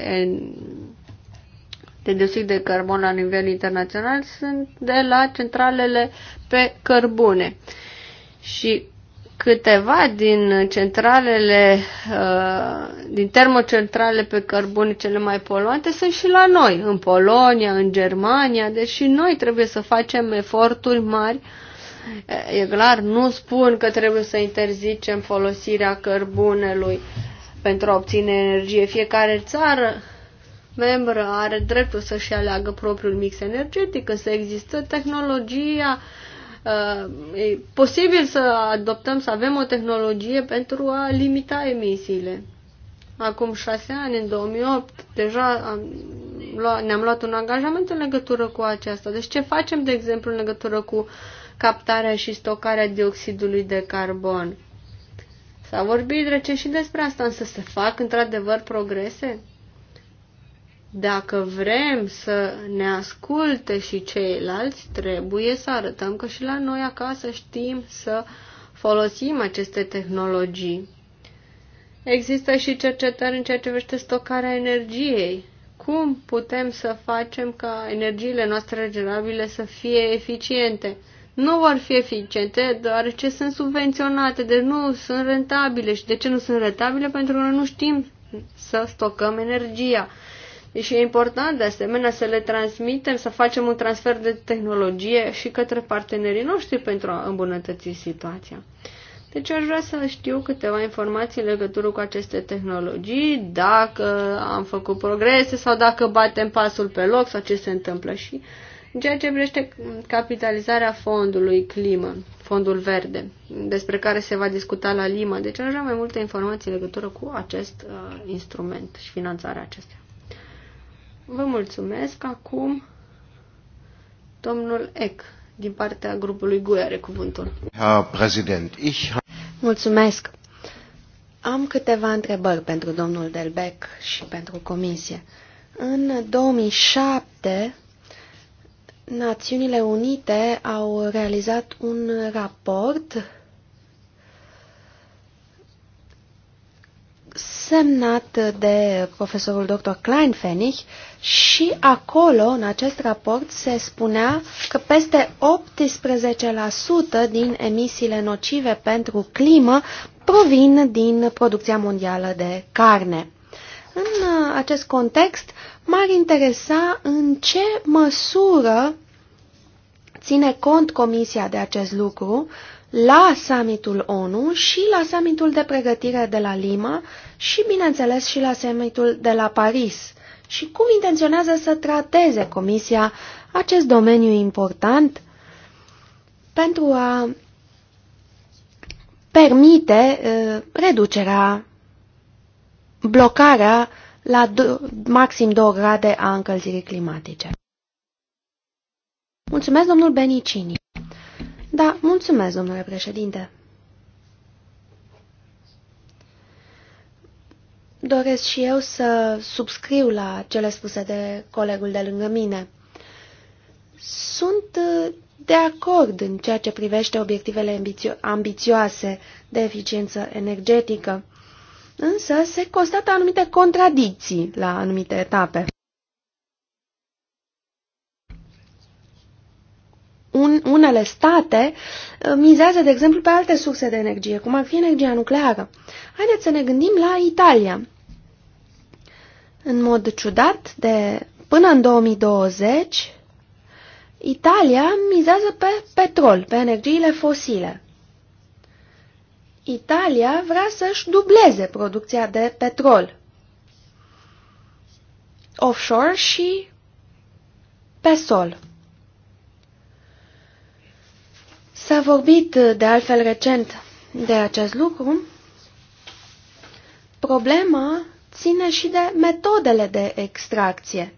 de dioxid de carbon la nivel internațional sunt de la centralele pe cărbune. Și câteva din centralele, uh, din termocentralele pe cărbune cele mai poluante sunt și la noi, în Polonia, în Germania, deci și noi trebuie să facem eforturi mari. E clar, nu spun că trebuie să interzicem folosirea cărbunelui pentru a obține energie. Fiecare țară membră are dreptul să-și aleagă propriul mix energetic, să există tehnologia uh, Uh, e posibil să adoptăm, să avem o tehnologie pentru a limita emisiile. Acum șase ani, în 2008, deja am luat, ne-am luat un angajament în legătură cu aceasta. Deci ce facem, de exemplu, în legătură cu captarea și stocarea dioxidului de carbon? S-a vorbit rece și despre asta, însă se fac într-adevăr progrese? Dacă vrem să ne asculte și ceilalți, trebuie să arătăm că și la noi acasă știm să folosim aceste tehnologii. Există și cercetări în ceea ce vește stocarea energiei. Cum putem să facem ca energiile noastre regenerabile să fie eficiente? Nu vor fi eficiente deoarece sunt subvenționate, deci nu sunt rentabile. Și de ce nu sunt rentabile? Pentru că noi nu știm să stocăm energia. Și deci e important de asemenea să le transmitem, să facem un transfer de tehnologie și către partenerii noștri pentru a îmbunătăți situația. Deci aș vrea să știu câteva informații în legătură cu aceste tehnologii, dacă am făcut progrese sau dacă batem pasul pe loc sau ce se întâmplă și în ceea ce privește capitalizarea fondului climă, fondul verde, despre care se va discuta la Lima. Deci aș vrea mai multe informații în legătură cu acest uh, instrument și finanțarea acestea. Vă mulțumesc. Acum, domnul Eck, din partea grupului GUE, are cuvântul. ich... Mulțumesc. Am câteva întrebări pentru domnul Delbec și pentru comisie. În 2007, Națiunile Unite au realizat un raport semnat de profesorul dr. Kleinfenich și acolo, în acest raport, se spunea că peste 18% din emisiile nocive pentru climă provin din producția mondială de carne. În uh, acest context, m-ar interesa în ce măsură ține cont Comisia de acest lucru la summitul ONU și la summitul de pregătire de la Lima și, bineînțeles, și la summitul de la Paris – și cum intenționează să trateze Comisia acest domeniu important pentru a permite uh, reducerea, blocarea la do maxim 2 grade a încălzirii climatice. Mulțumesc, domnul Benicini. Da, mulțumesc, domnule președinte. Doresc și eu să subscriu la cele spuse de colegul de lângă mine. Sunt uh, de acord în ceea ce privește obiectivele ambițioase de eficiență energetică, însă se constată anumite contradicții la anumite etape. un, unele state uh, mizează, de exemplu, pe alte surse de energie, cum ar fi energia nucleară. Haideți să ne gândim la Italia. În mod ciudat, de până în 2020, Italia mizează pe petrol, pe energiile fosile. Italia vrea să-și dubleze producția de petrol offshore și pe sol. S-a vorbit uh, de altfel recent de acest lucru. Problema ține și de metodele de extracție.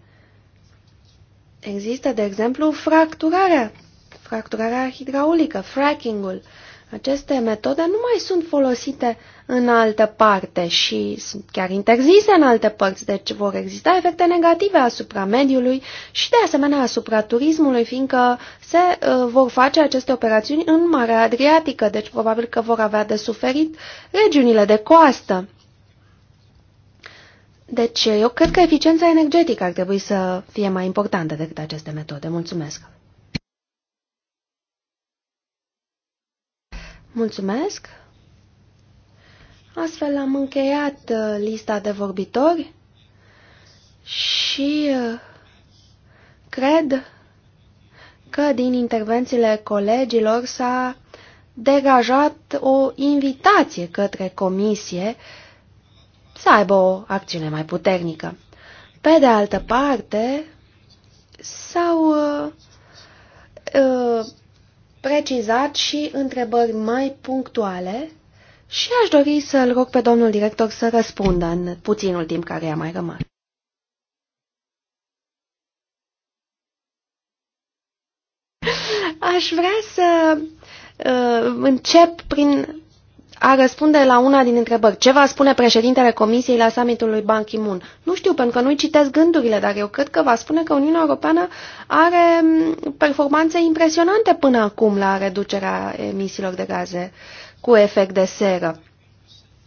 Există, de exemplu, fracturarea, fracturarea hidraulică, fracking-ul. Aceste metode nu mai sunt folosite în altă parte și sunt chiar interzise în alte părți, deci vor exista efecte negative asupra mediului și de asemenea asupra turismului, fiindcă se uh, vor face aceste operațiuni în Marea Adriatică, deci probabil că vor avea de suferit regiunile de coastă. Deci eu cred că eficiența energetică ar trebui să fie mai importantă decât aceste metode. Mulțumesc! Mulțumesc! Astfel am încheiat uh, lista de vorbitori și uh, cred că din intervențiile colegilor s-a degajat o invitație către comisie să aibă o acțiune mai puternică. Pe de altă parte, s-au uh, uh, precizat și întrebări mai punctuale și aș dori să-l rog pe domnul director să răspundă în puținul timp care a mai rămas. Aș vrea să uh, încep prin a răspunde la una din întrebări. Ce va spune președintele Comisiei la summitul lui Ban Ki-moon? Nu știu, pentru că nu-i citesc gândurile, dar eu cred că va spune că Uniunea Europeană are mm, performanțe impresionante până acum la reducerea emisiilor de gaze cu efect de seră.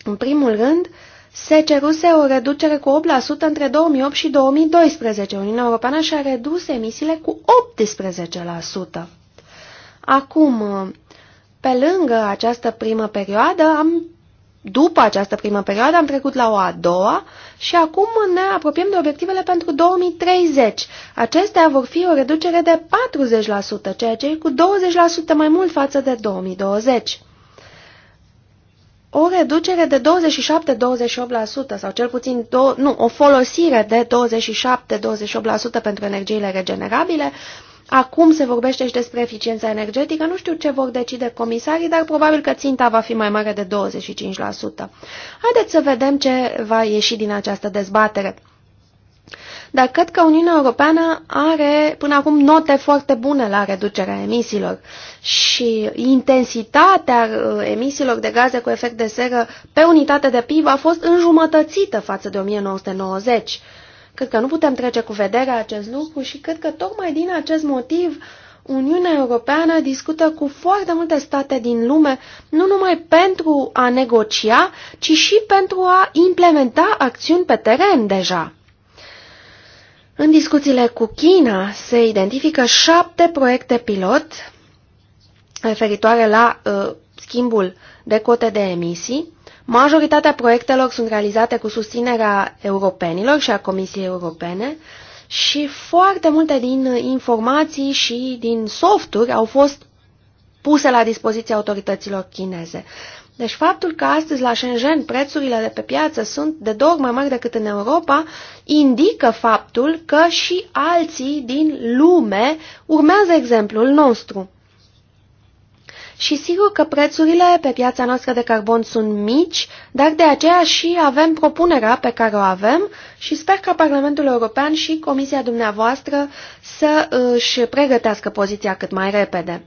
În primul rând, se ceruse o reducere cu 8% între 2008 și 2012. Uniunea Europeană și-a redus emisiile cu 18%. Acum, pe lângă această primă perioadă, am, după această primă perioadă am trecut la o a doua și acum ne apropiem de obiectivele pentru 2030. Acestea vor fi o reducere de 40%, ceea ce e cu 20% mai mult față de 2020 o reducere de 27-28% sau cel puțin do nu, o folosire de 27-28% pentru energiile regenerabile. Acum se vorbește și despre eficiența energetică, nu știu ce vor decide comisarii, dar probabil că ținta va fi mai mare de 25%. Haideți să vedem ce va ieși din această dezbatere dar cred că Uniunea Europeană are până acum note foarte bune la reducerea emisiilor și intensitatea uh, emisiilor de gaze cu efect de seră pe unitate de PIB a fost înjumătățită față de 1990. Cred că nu putem trece cu vederea acest lucru și cred că tocmai din acest motiv Uniunea Europeană discută cu foarte multe state din lume, nu numai pentru a negocia, ci și pentru a implementa acțiuni pe teren deja. În discuțiile cu China se identifică șapte proiecte pilot referitoare la uh, schimbul de cote de emisii. Majoritatea proiectelor sunt realizate cu susținerea europenilor și a Comisiei Europene și foarte multe din informații și din softuri au fost puse la dispoziția autorităților chineze. Deci faptul că astăzi la Shenzhen prețurile de pe piață sunt de două ori mai mari decât în Europa indică faptul că și alții din lume urmează exemplul nostru. Și sigur că prețurile pe piața noastră de carbon sunt mici, dar de aceea și avem propunerea pe care o avem și sper ca Parlamentul European și Comisia dumneavoastră să își pregătească poziția cât mai repede.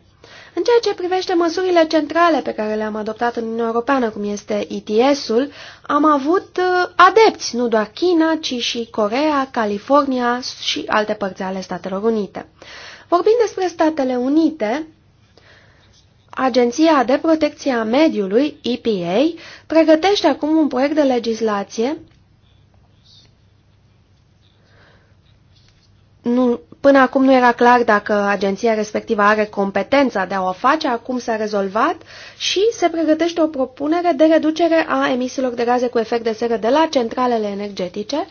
În ceea ce privește măsurile centrale pe care le-am adoptat în Uniunea Europeană, cum este ETS-ul, am avut uh, adepți, nu doar China, ci și Corea, California și alte părți ale Statelor Unite. Vorbind despre Statele Unite, Agenția de Protecție a Mediului, EPA, pregătește acum un proiect de legislație nu Până acum nu era clar dacă agenția respectivă are competența de a o face, acum s-a rezolvat și se pregătește o propunere de reducere a emisiilor de gaze cu efect de seră de la centralele energetice,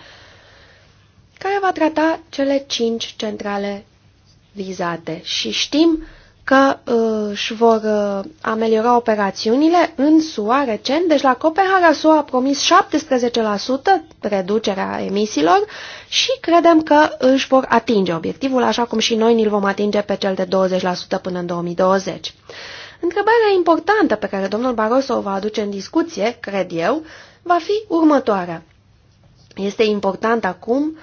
care va trata cele cinci centrale vizate. Și știm că uh, își vor uh, ameliora operațiunile în SUA recent. Deci la Copenhaga SUA a promis 17% reducerea emisiilor și credem că își vor atinge obiectivul, așa cum și noi ni-l vom atinge pe cel de 20% până în 2020. Întrebarea importantă pe care domnul Barroso o va aduce în discuție, cred eu, va fi următoarea. Este important acum uh,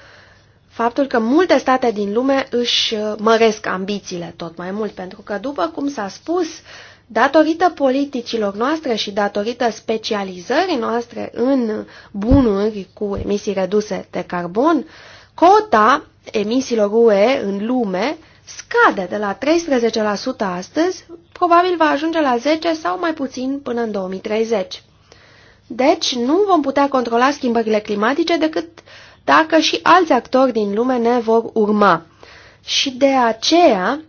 faptul că multe state din lume își uh, măresc ambițiile tot mai mult, pentru că, după cum s-a spus, datorită politicilor noastre și datorită specializării noastre în bunuri cu emisii reduse de carbon, cota emisiilor UE în lume scade de la 13% astăzi, probabil va ajunge la 10 sau mai puțin până în 2030. Deci, nu vom putea controla schimbările climatice decât uh, dacă și alți actori din lume ne vor urma. Și de aceea,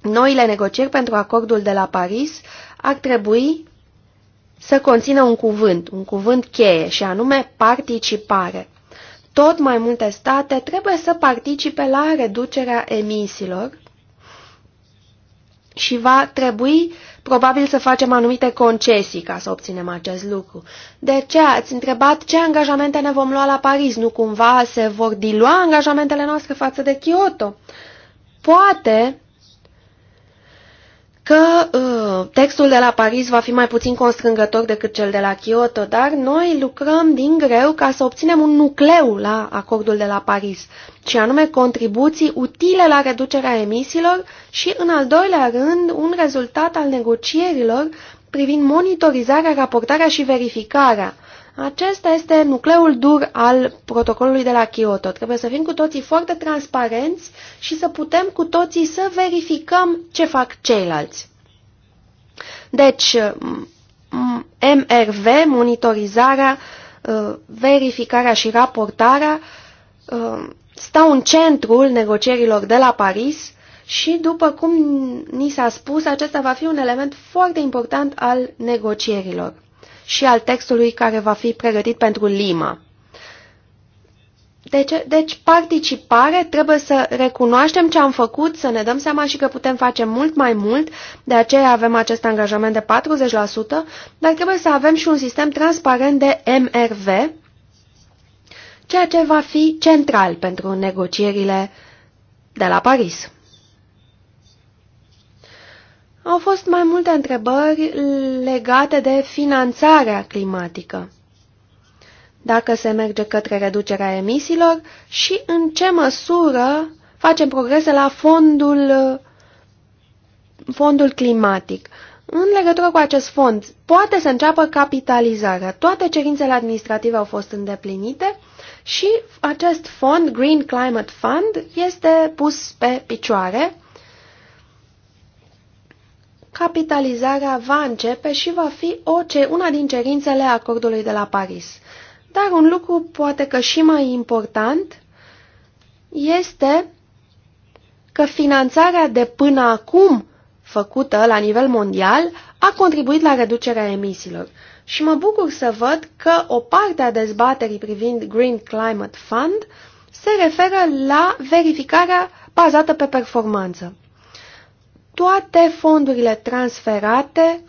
noile negocieri pentru acordul de la Paris ar trebui să conțină un cuvânt, un cuvânt cheie, și anume participare. Tot mai multe state trebuie să participe la reducerea emisiilor și va trebui probabil să facem anumite concesii ca să obținem acest lucru. De ce ați întrebat ce angajamente ne vom lua la Paris? Nu cumva se vor dilua angajamentele noastre față de Kyoto? Poate că uh, textul de la Paris va fi mai puțin constrângător decât cel de la Kyoto, dar noi lucrăm din greu ca să obținem un nucleu la acordul de la Paris, și anume contribuții utile la reducerea emisiilor și, în al doilea rând, un rezultat al negocierilor privind monitorizarea, raportarea și verificarea acesta este nucleul dur al protocolului de la Kyoto. Trebuie să fim cu toții foarte transparenți și să putem cu toții să verificăm ce fac ceilalți. Deci, MRV, monitorizarea, uh, verificarea și raportarea, uh, stau în centrul negocierilor de la Paris și, după cum ni s-a spus, acesta va fi un element foarte important al negocierilor și al textului care va fi pregătit pentru Lima. Deci, deci participare trebuie să recunoaștem ce am făcut, să ne dăm seama și că putem face mult mai mult, de aceea avem acest angajament de 40%, dar trebuie să avem și un sistem transparent de MRV, ceea ce va fi central pentru negocierile de la Paris. Au fost mai multe întrebări legate de finanțarea climatică. Dacă se merge către reducerea emisiilor și în ce măsură facem progrese la fondul, fondul climatic. În legătură cu acest fond, poate să înceapă capitalizarea. Toate cerințele administrative au fost îndeplinite și acest fond, Green Climate Fund, este pus pe picioare capitalizarea va începe și va fi o, ce, una din cerințele acordului de la Paris. Dar un lucru poate că și mai important este că finanțarea de până acum făcută la nivel mondial a contribuit la reducerea emisiilor. Și mă bucur să văd că o parte a dezbaterii privind Green Climate Fund se referă la verificarea bazată pe performanță toate fondurile transferate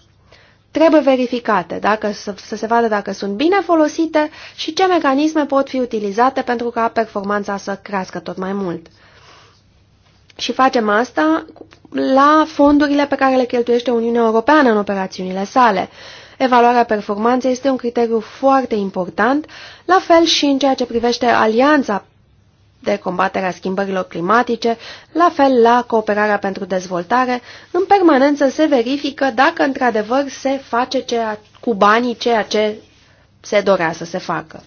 trebuie verificate, dacă, să, să se vadă dacă sunt bine folosite și ce mecanisme pot fi utilizate pentru ca performanța să crească tot mai mult. Și facem asta la fondurile pe care le cheltuiește Uniunea Europeană în operațiunile sale. Evaluarea performanței este un criteriu foarte important, la fel și în ceea ce privește alianța de combatere a schimbărilor climatice, la fel la cooperarea pentru dezvoltare, în permanență se verifică dacă într-adevăr se face ceea, cu banii ceea ce se dorea să se facă.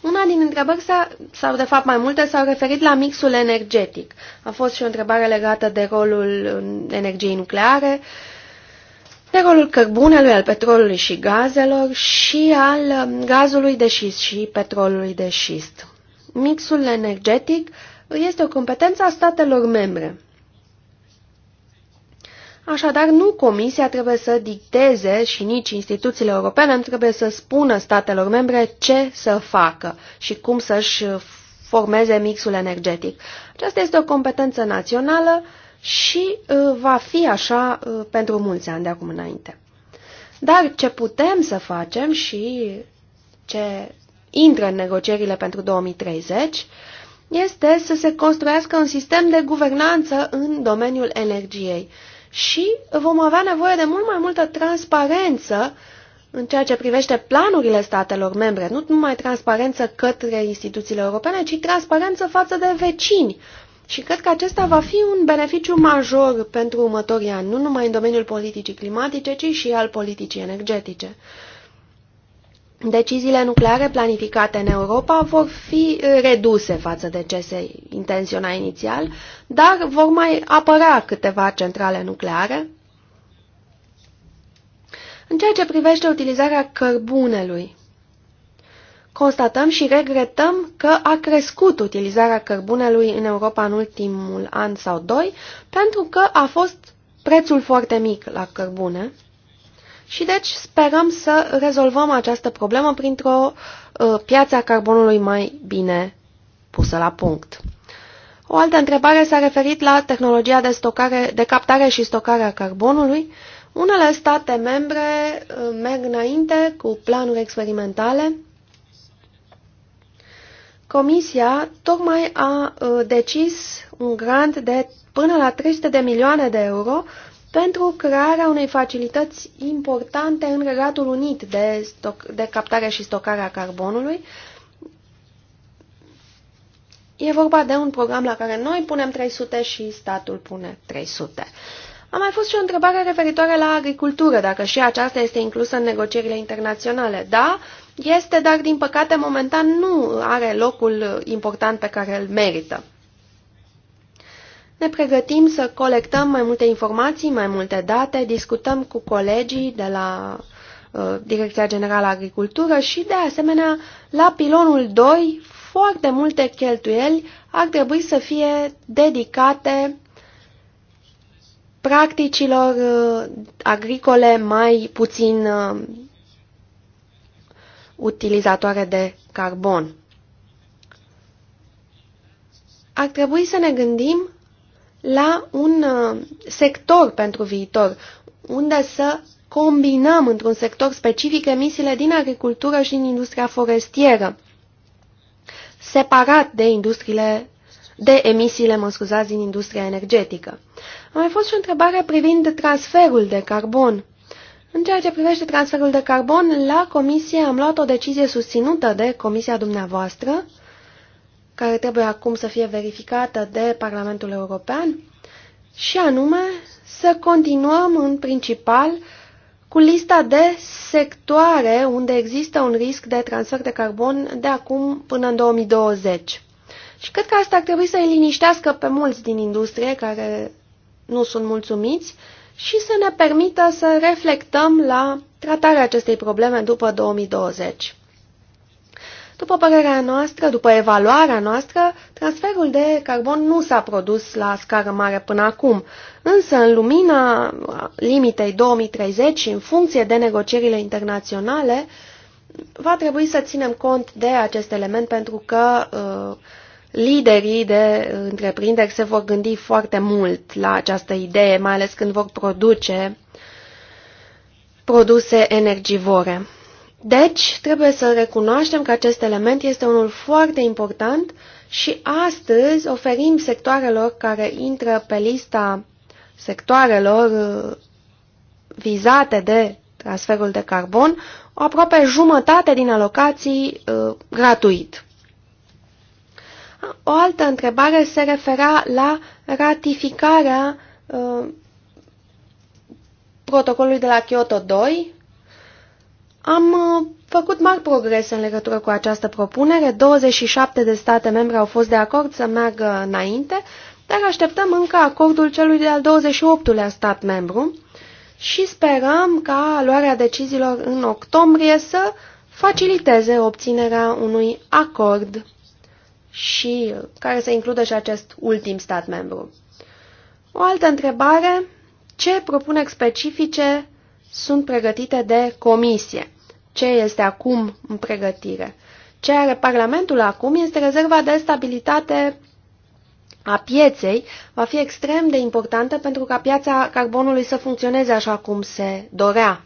Una din întrebări, sau de fapt mai multe, s-au referit la mixul energetic. A fost și o întrebare legată de rolul energiei nucleare, uh, pe rolul cărbunelui, al petrolului și gazelor și al um, gazului de șist și petrolului de șist. Mixul energetic este o competență a statelor membre. Așadar, nu Comisia trebuie să dicteze și nici instituțiile europene nu trebuie să spună statelor membre ce să facă și cum să-și formeze mixul energetic. Aceasta este o competență națională și uh, va fi așa uh, pentru mulți ani de acum înainte. Dar ce putem să facem și ce intră în negocierile pentru 2030 este să se construiască un sistem de guvernanță în domeniul energiei și vom avea nevoie de mult mai multă transparență în ceea ce privește planurile statelor membre, nu numai transparență către instituțiile europene, ci transparență față de vecini, și cred că acesta va fi un beneficiu major pentru următorii ani, nu numai în domeniul politicii climatice, ci și al politicii energetice. Deciziile nucleare planificate în Europa vor fi eh, reduse față de ce se intenționa inițial, dar vor mai apărea câteva centrale nucleare. În ceea ce privește utilizarea cărbunelui, Constatăm și regretăm că a crescut utilizarea cărbunelui în Europa în ultimul an sau doi, pentru că a fost prețul foarte mic la cărbune. Și deci sperăm să rezolvăm această problemă printr-o ă, piață a carbonului mai bine pusă la punct. O altă întrebare s-a referit la tehnologia de, stocare, de captare și stocare a carbonului. Unele state membre ă, merg înainte cu planuri experimentale Comisia tocmai a uh, decis un grant de până la 300 de milioane de euro pentru crearea unei facilități importante în Regatul Unit de, stoc, de captare și stocare a carbonului. E vorba de un program la care noi punem 300 și statul pune 300. A mai fost și o întrebare referitoare la agricultură, dacă și aceasta este inclusă în negocierile internaționale. Da, uh, este, dar din păcate momentan nu are locul important pe care îl merită. Ne pregătim să colectăm mai multe informații, mai multe date, discutăm cu colegii de la uh, Direcția Generală Agricultură și, de asemenea, la pilonul 2, foarte multe cheltuieli ar trebui să fie dedicate practicilor uh, agricole mai puțin uh, utilizatoare de carbon. Ar trebui să ne gândim la un uh, sector pentru viitor, unde să combinăm într-un sector specific emisiile din agricultură și din industria forestieră, separat de industriile de emisiile, mă scuzați, din industria energetică. A mai fost și o întrebare privind transferul de carbon. În ceea ce privește transferul de carbon, la comisie am luat o decizie susținută de comisia dumneavoastră, care trebuie acum să fie verificată de Parlamentul European, și anume să continuăm în principal cu lista de sectoare unde există un risc de transfer de carbon de acum până în 2020. Și cred că asta ar trebui să-i liniștească pe mulți din industrie care nu sunt mulțumiți, și să ne permită să reflectăm la tratarea acestei probleme după 2020. După părerea noastră, după evaluarea noastră, transferul de carbon nu s-a produs la scară mare până acum, însă în lumina limitei 2030 și în funcție de negocierile internaționale, va trebui să ținem cont de acest element pentru că uh, liderii de întreprinderi se vor gândi foarte mult la această idee, mai ales când vor produce produse energivore. Deci, trebuie să recunoaștem că acest element este unul foarte important și astăzi oferim sectoarelor care intră pe lista sectoarelor uh, vizate de transferul de carbon aproape jumătate din alocații uh, gratuit. O altă întrebare se refera la ratificarea uh, protocolului de la Kyoto 2. Am uh, făcut mari progrese în legătură cu această propunere. 27 de state membre au fost de acord să meargă înainte, dar așteptăm încă acordul celui de-al 28-lea stat membru și sperăm ca luarea deciziilor în octombrie să faciliteze obținerea unui acord și care să includă și acest ultim stat membru. O altă întrebare, ce propuneri specifice sunt pregătite de comisie? Ce este acum în pregătire? Ce are Parlamentul acum este rezerva de stabilitate a pieței, va fi extrem de importantă pentru ca piața carbonului să funcționeze așa cum se dorea.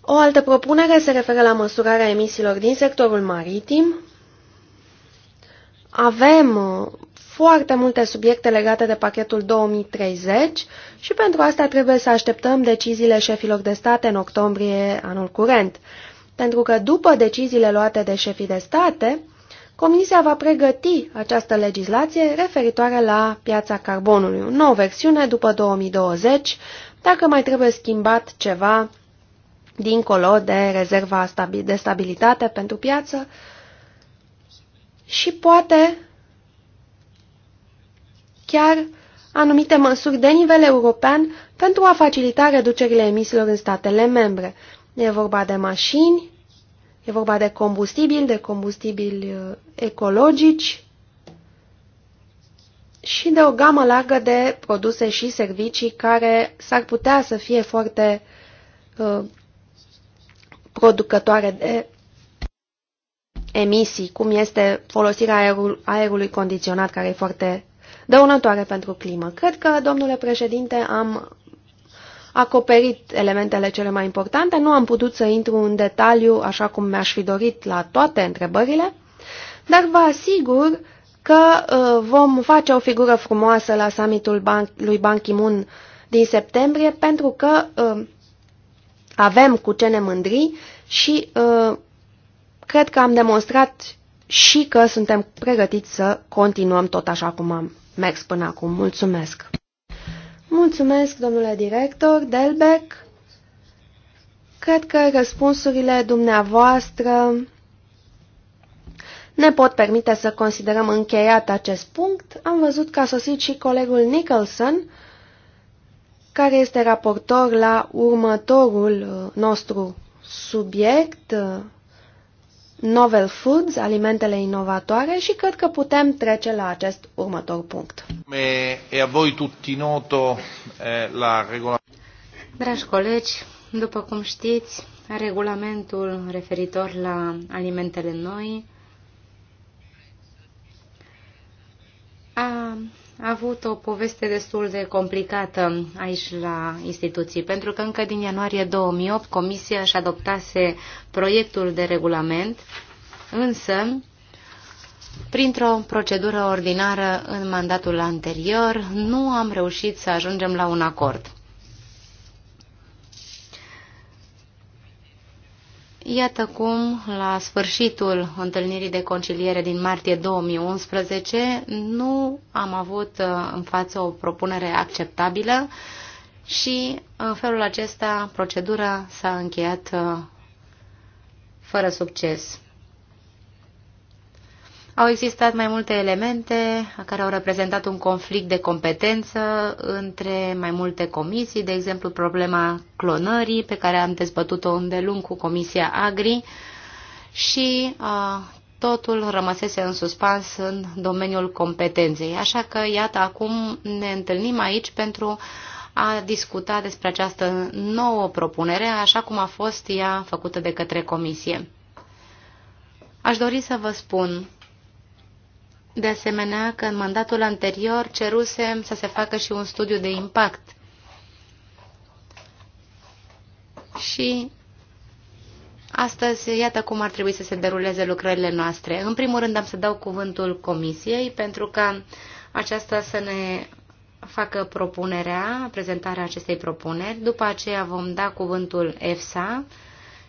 O altă propunere se referă la măsurarea emisiilor din sectorul maritim. Avem uh, foarte multe subiecte legate de pachetul 2030 și pentru asta trebuie să așteptăm deciziile șefilor de state în octombrie anul curent. Pentru că după deciziile luate de șefii de state, Comisia va pregăti această legislație referitoare la piața carbonului, o nouă versiune după 2020, dacă mai trebuie schimbat ceva dincolo de rezerva de stabilitate pentru piață și poate chiar anumite măsuri de nivel european pentru a facilita reducerile emisiilor în statele membre. E vorba de mașini, e vorba de combustibil, de combustibili uh, ecologici și de o gamă largă de produse și servicii care s-ar putea să fie foarte uh, producătoare de emisii, cum este folosirea aerul, aerului condiționat, care e foarte dăunătoare pentru climă. Cred că, domnule președinte, am acoperit elementele cele mai importante. Nu am putut să intru în detaliu așa cum mi-aș fi dorit la toate întrebările, dar vă asigur că uh, vom face o figură frumoasă la summitul lui Ban Ki-moon din septembrie, pentru că uh, avem cu ce ne mândri și uh, Cred că am demonstrat și că suntem pregătiți să continuăm tot așa cum am mers până acum. Mulțumesc! Mulțumesc, domnule director Delbec. Cred că răspunsurile dumneavoastră ne pot permite să considerăm încheiat acest punct. Am văzut că a sosit și colegul Nicholson, care este raportor la următorul uh, nostru subiect, uh, novel foods, alimentele inovatoare și cred că putem trece la acest următor punct. E a voi tutti noto eh, la regola... Dragi colegi, după cum știți, regulamentul referitor la alimentele noi a a avut o poveste destul de complicată aici la instituții, pentru că încă din ianuarie 2008 Comisia își adoptase proiectul de regulament, însă Printr-o procedură ordinară în mandatul anterior, nu am reușit să ajungem la un acord. Iată cum, la sfârșitul întâlnirii de conciliere din martie 2011, nu am avut uh, în față o propunere acceptabilă și, în felul acesta, procedura s-a încheiat uh, fără succes. Au existat mai multe elemente care au reprezentat un conflict de competență între mai multe comisii, de exemplu problema clonării pe care am dezbătut-o îndelung cu Comisia Agri și uh, totul rămăsese în suspans în domeniul competenței. Așa că, iată, acum ne întâlnim aici pentru a discuta despre această nouă propunere, așa cum a fost ea făcută de către Comisie. Aș dori să vă spun de asemenea că în mandatul anterior cerusem să se facă și un studiu de impact. Și astăzi, iată cum ar trebui să se deruleze lucrările noastre. În primul rând am să dau cuvântul comisiei pentru ca aceasta să ne facă propunerea, prezentarea acestei propuneri. După aceea vom da cuvântul EFSA,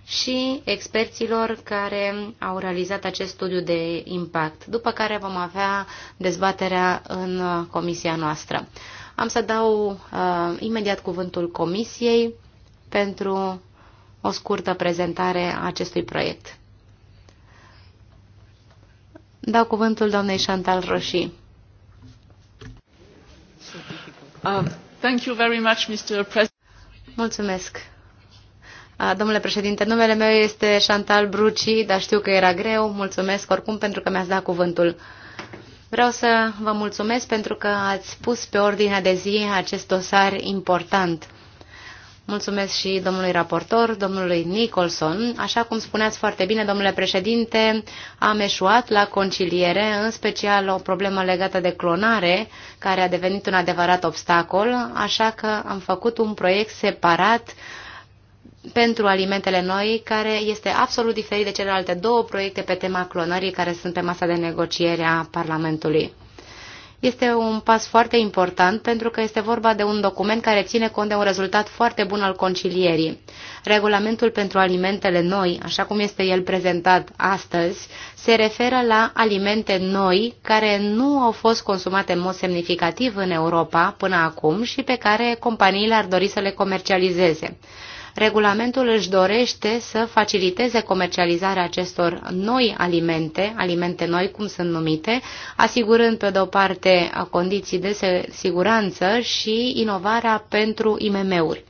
și experților care au realizat acest studiu de impact, după care vom avea dezbaterea în uh, comisia noastră. Am să dau uh, imediat cuvântul comisiei pentru o scurtă prezentare a acestui proiect. Dau cuvântul doamnei Chantal Roșii. Uh, thank you very much, Mr. President. Mulțumesc, Domnule președinte, numele meu este Chantal Bruci, dar știu că era greu. Mulțumesc oricum pentru că mi-ați dat cuvântul. Vreau să vă mulțumesc pentru că ați pus pe ordinea de zi acest dosar important. Mulțumesc și domnului raportor, domnului Nicholson. Așa cum spuneați foarte bine, domnule președinte, am eșuat la conciliere, în special o problemă legată de clonare, care a devenit un adevărat obstacol, așa că am făcut un proiect separat uh, pentru alimentele noi, care este absolut diferit de celelalte două proiecte pe tema clonării care sunt pe masa de negociere a Parlamentului. Este un pas foarte important pentru că este vorba de un document care ține cont de un rezultat foarte bun al concilierii. Regulamentul pentru alimentele noi, așa cum este el prezentat astăzi, se referă la alimente noi care nu au fost consumate în mod semnificativ în Europa până acum și pe care companiile ar dori să le comercializeze. Regulamentul își dorește să faciliteze comercializarea acestor noi alimente, alimente noi cum sunt numite, asigurând pe de o parte condiții de siguranță și inovarea pentru IMM-uri.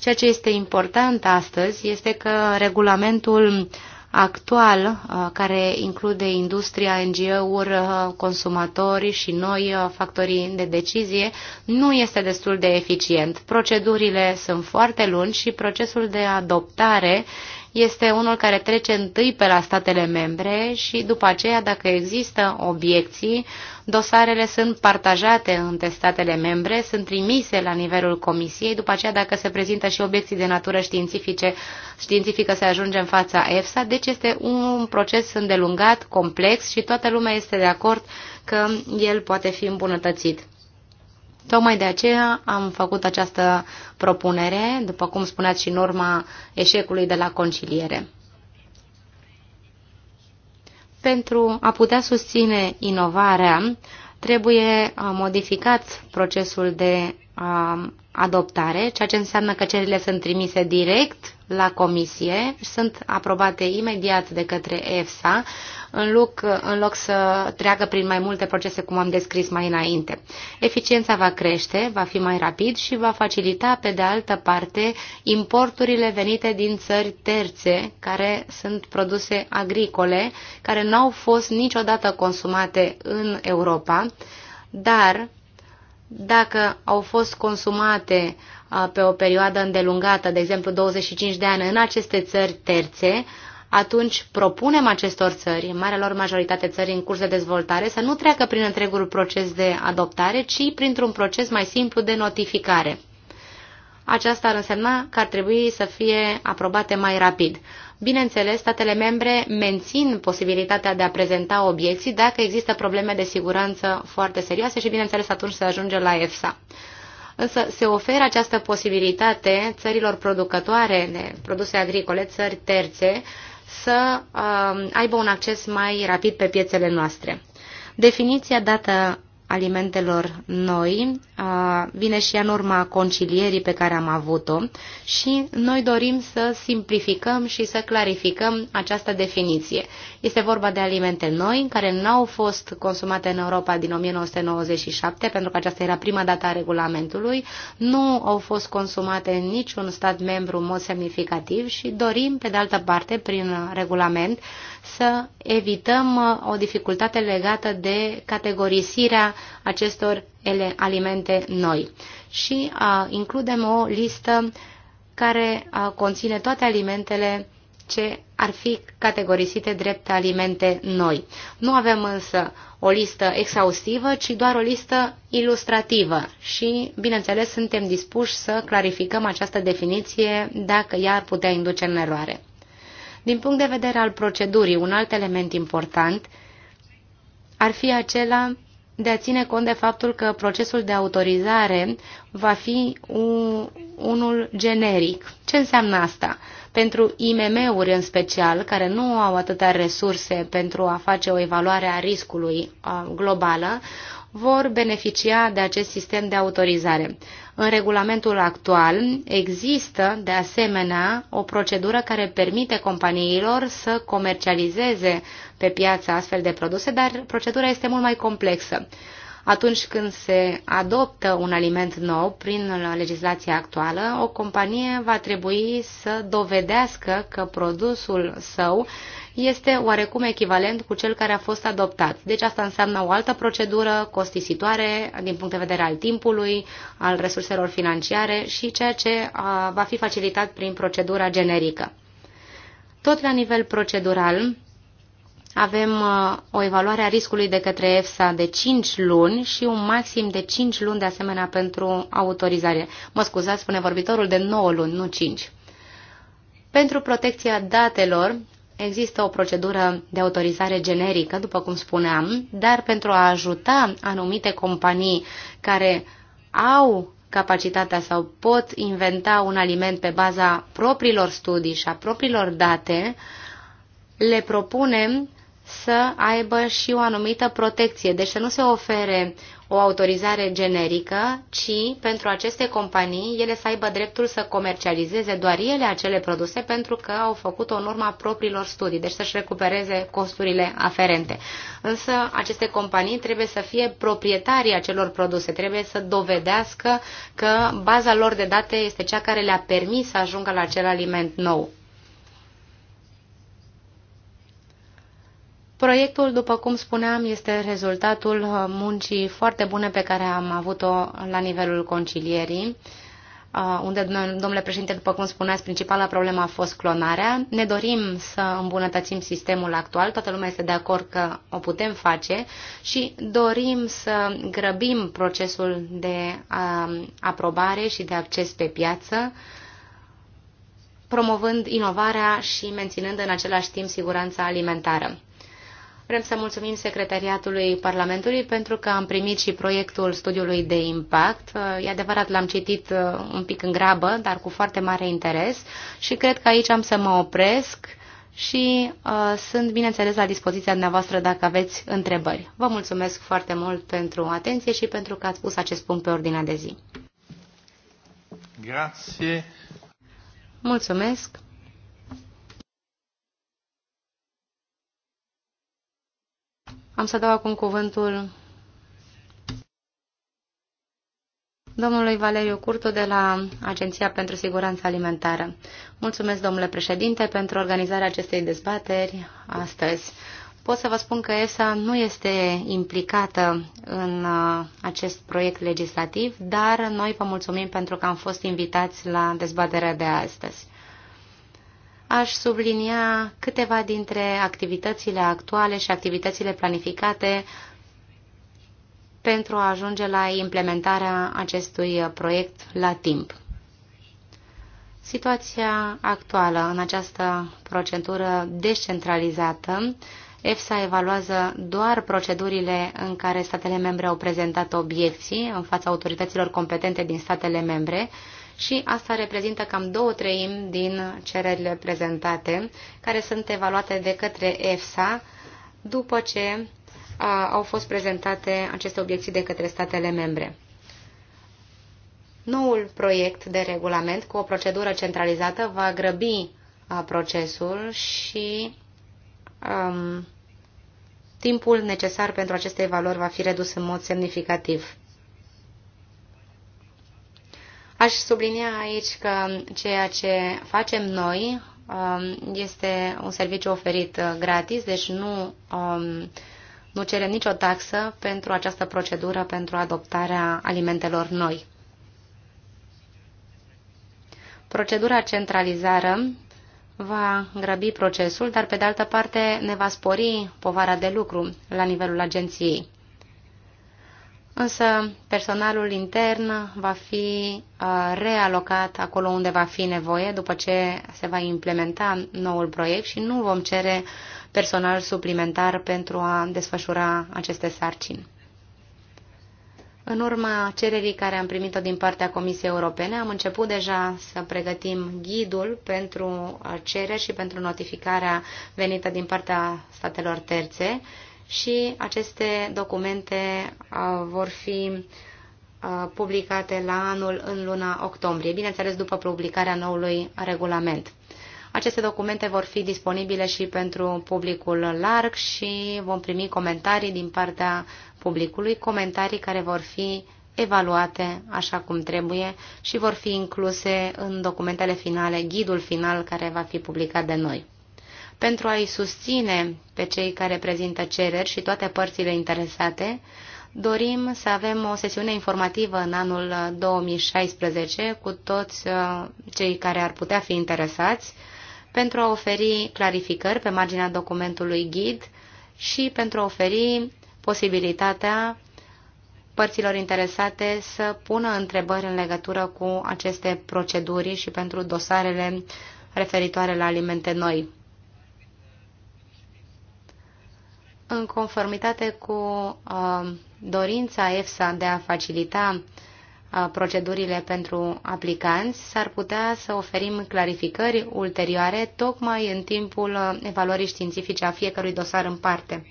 Ceea ce este important astăzi este că regulamentul actual, uh, care include industria, NGO-uri, uh, consumatori și noi, uh, factorii de decizie, nu este destul de eficient. Procedurile sunt foarte lungi și procesul de adoptare este unul care trece întâi pe la statele membre și după aceea, dacă există obiecții, dosarele sunt partajate între statele membre, sunt trimise la nivelul comisiei, după aceea, dacă se prezintă și obiecții de natură științifice, științifică, se ajunge în fața EFSA, deci este un proces îndelungat, complex și toată lumea este de acord că el poate fi îmbunătățit. Tocmai de aceea am făcut această propunere, după cum spuneați și în urma eșecului de la conciliere. Pentru a putea susține inovarea, trebuie uh, modificat procesul de uh, adoptare, ceea ce înseamnă că cererile sunt trimise direct la comisie, sunt aprobate imediat de către EFSA, în loc, în loc să treacă prin mai multe procese, cum am descris mai înainte. Eficiența va crește, va fi mai rapid și va facilita, pe de altă parte, importurile venite din țări terțe, care sunt produse agricole, care n-au fost niciodată consumate în Europa, dar dacă au fost consumate uh, pe o perioadă îndelungată, de exemplu 25 de ani, în aceste țări terțe, atunci propunem acestor țări, în marea lor majoritate țări în curs de dezvoltare, să nu treacă prin întregul proces de adoptare, ci printr-un proces mai simplu de notificare. Aceasta ar însemna că ar trebui să fie aprobate mai rapid. Bineînțeles, statele membre mențin posibilitatea de a prezenta obiecții dacă există probleme de siguranță foarte serioase și, bineînțeles, atunci se ajunge la EFSA. Însă se oferă această posibilitate țărilor producătoare de produse agricole, țări terțe, să um, aibă un acces mai rapid pe piețele noastre. Definiția dată alimentelor noi vine și în urma concilierii pe care am avut-o și noi dorim să simplificăm și să clarificăm această definiție. Este vorba de alimente noi care nu au fost consumate în Europa din 1997, pentru că aceasta era prima dată a regulamentului, nu au fost consumate în niciun stat membru în mod semnificativ și dorim, pe de altă parte, prin regulament, să evităm uh, o dificultate legată de categorisirea acestor ele alimente noi. Și a, uh, includem o listă care a, uh, conține toate alimentele ce ar fi categorisite drept alimente noi. Nu avem însă o listă exhaustivă, ci doar o listă ilustrativă și, bineînțeles, suntem dispuși să clarificăm această definiție dacă ea ar putea induce în eroare. Din punct de vedere al procedurii, un alt element important ar fi acela de a ține cont de faptul că procesul de autorizare va fi un, unul generic. Ce înseamnă asta? Pentru IMM-uri în special, care nu au atâtea resurse pentru a face o evaluare a riscului globală, vor beneficia de acest sistem de autorizare. În regulamentul actual există, de asemenea, o procedură care permite companiilor să comercializeze pe piață astfel de produse, dar procedura este mult mai complexă. Atunci când se adoptă un aliment nou prin legislația actuală, o companie va trebui să dovedească că produsul său este oarecum echivalent cu cel care a fost adoptat. Deci asta înseamnă o altă procedură costisitoare din punct de vedere al timpului, al resurselor financiare și ceea ce va fi facilitat prin procedura generică. Tot la nivel procedural, avem o evaluare a riscului de către EFSA de 5 luni și un maxim de 5 luni de asemenea pentru autorizare. Mă scuzați, spune vorbitorul, de 9 luni, nu 5. Pentru protecția datelor, există o procedură de autorizare generică, după cum spuneam, dar pentru a ajuta anumite companii care au capacitatea sau pot inventa un aliment pe baza propriilor studii și a propriilor date, le propunem să aibă și o anumită protecție, deci să nu se ofere o autorizare generică, ci pentru aceste companii ele să aibă dreptul să comercializeze doar ele acele produse pentru că au făcut-o în urma propriilor studii, deci să-și recupereze costurile aferente. Însă aceste companii trebuie să fie proprietarii acelor produse, trebuie să dovedească că baza lor de date este cea care le-a permis să ajungă la acel aliment nou. Proiectul, după cum spuneam, este rezultatul uh, muncii foarte bune pe care am avut-o la nivelul concilierii, uh, unde, domnule președinte, după cum spuneați, principala problemă a fost clonarea. Ne dorim să îmbunătățim sistemul actual, toată lumea este de acord că o putem face și dorim să grăbim procesul de uh, aprobare și de acces pe piață, promovând inovarea și menținând în același timp siguranța alimentară. Vrem să mulțumim Secretariatului Parlamentului pentru că am primit și proiectul studiului de impact. E adevărat, l-am citit uh, un pic în grabă, dar cu foarte mare interes și cred că aici am să mă opresc și uh, sunt, bineînțeles, la dispoziția dumneavoastră dacă aveți întrebări. Vă mulțumesc foarte mult pentru atenție și pentru că ați pus acest punct pe ordinea de zi. Grazie. Mulțumesc. Am să dau acum cuvântul domnului Valeriu Curtu de la Agenția pentru Siguranță Alimentară. Mulțumesc, domnule președinte, pentru organizarea acestei dezbateri astăzi. Pot să vă spun că ESA nu este implicată în uh, acest proiect legislativ, dar noi vă mulțumim pentru că am fost invitați la dezbaterea de astăzi aș sublinia câteva dintre activitățile actuale și activitățile planificate pentru a ajunge la implementarea acestui proiect la timp. Situația actuală în această procedură descentralizată, EFSA evaluează doar procedurile în care statele membre au prezentat obiecții în fața autorităților competente din statele membre, și asta reprezintă cam două treimi din cererile prezentate, care sunt evaluate de către EFSA după ce au fost prezentate aceste obiecții de către statele membre. Noul proiect de regulament cu o procedură centralizată va grăbi procesul și um, timpul necesar pentru aceste evaluări va fi redus în mod semnificativ. Aș sublinia aici că ceea ce facem noi um, este un serviciu oferit uh, gratis, deci nu, um, nu cerem nicio taxă pentru această procedură pentru adoptarea alimentelor noi. Procedura centralizară va grăbi procesul, dar pe de altă parte ne va spori povara de lucru la nivelul agenției însă personalul intern va fi uh, realocat acolo unde va fi nevoie după ce se va implementa noul proiect și nu vom cere personal suplimentar pentru a desfășura aceste sarcini. În urma cererii care am primit-o din partea Comisiei Europene, am început deja să pregătim ghidul pentru uh, cereri și pentru notificarea venită din partea statelor terțe și aceste documente uh, vor fi uh, publicate la anul în luna octombrie, bineînțeles după publicarea noului regulament. Aceste documente vor fi disponibile și pentru publicul larg și vom primi comentarii din partea publicului, comentarii care vor fi evaluate așa cum trebuie și vor fi incluse în documentele finale, ghidul final care va fi publicat de noi pentru a-i susține pe cei care prezintă cereri și toate părțile interesate, dorim să avem o sesiune informativă în anul 2016 cu toți uh, cei care ar putea fi interesați pentru a oferi clarificări pe marginea documentului ghid și pentru a oferi posibilitatea părților interesate să pună întrebări în legătură cu aceste proceduri și pentru dosarele referitoare la alimente noi. în conformitate cu uh, dorința EFSA de a facilita uh, procedurile pentru aplicanți, s-ar putea să oferim clarificări ulterioare tocmai în timpul uh, evaluării științifice a fiecărui dosar în parte.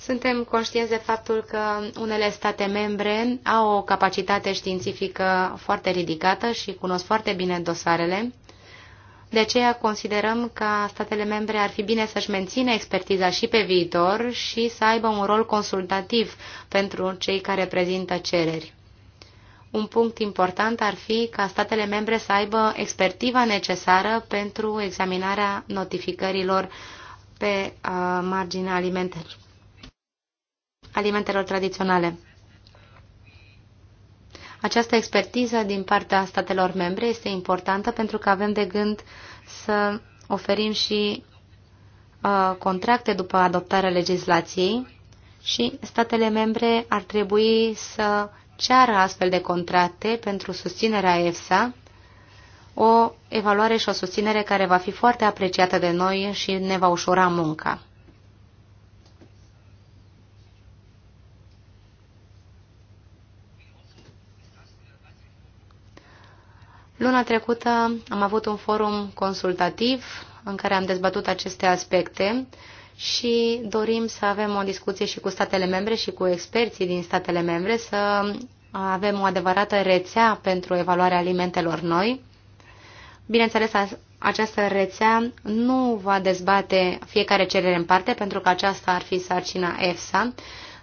Suntem conștienți de faptul că unele state membre au o capacitate științifică foarte ridicată și cunosc foarte bine dosarele, de aceea considerăm că statele membre ar fi bine să-și mențină expertiza și pe viitor și să aibă un rol consultativ pentru cei care prezintă cereri. Un punct important ar fi ca statele membre să aibă expertiva necesară pentru examinarea notificărilor pe uh, marginea alimentelor, alimentelor tradiționale. Această expertiză din partea statelor membre este importantă pentru că avem de gând să oferim și uh, contracte după adoptarea legislației și statele membre ar trebui să ceară astfel de contracte pentru susținerea EFSA, o evaluare și o susținere care va fi foarte apreciată de noi și ne va ușura munca. Luna trecută am avut un forum consultativ în care am dezbătut aceste aspecte și dorim să avem o discuție și cu statele membre și cu experții din statele membre să avem o adevărată rețea pentru evaluarea alimentelor noi. Bineînțeles, această rețea nu va dezbate fiecare cerere în parte, pentru că aceasta ar fi sarcina EFSA,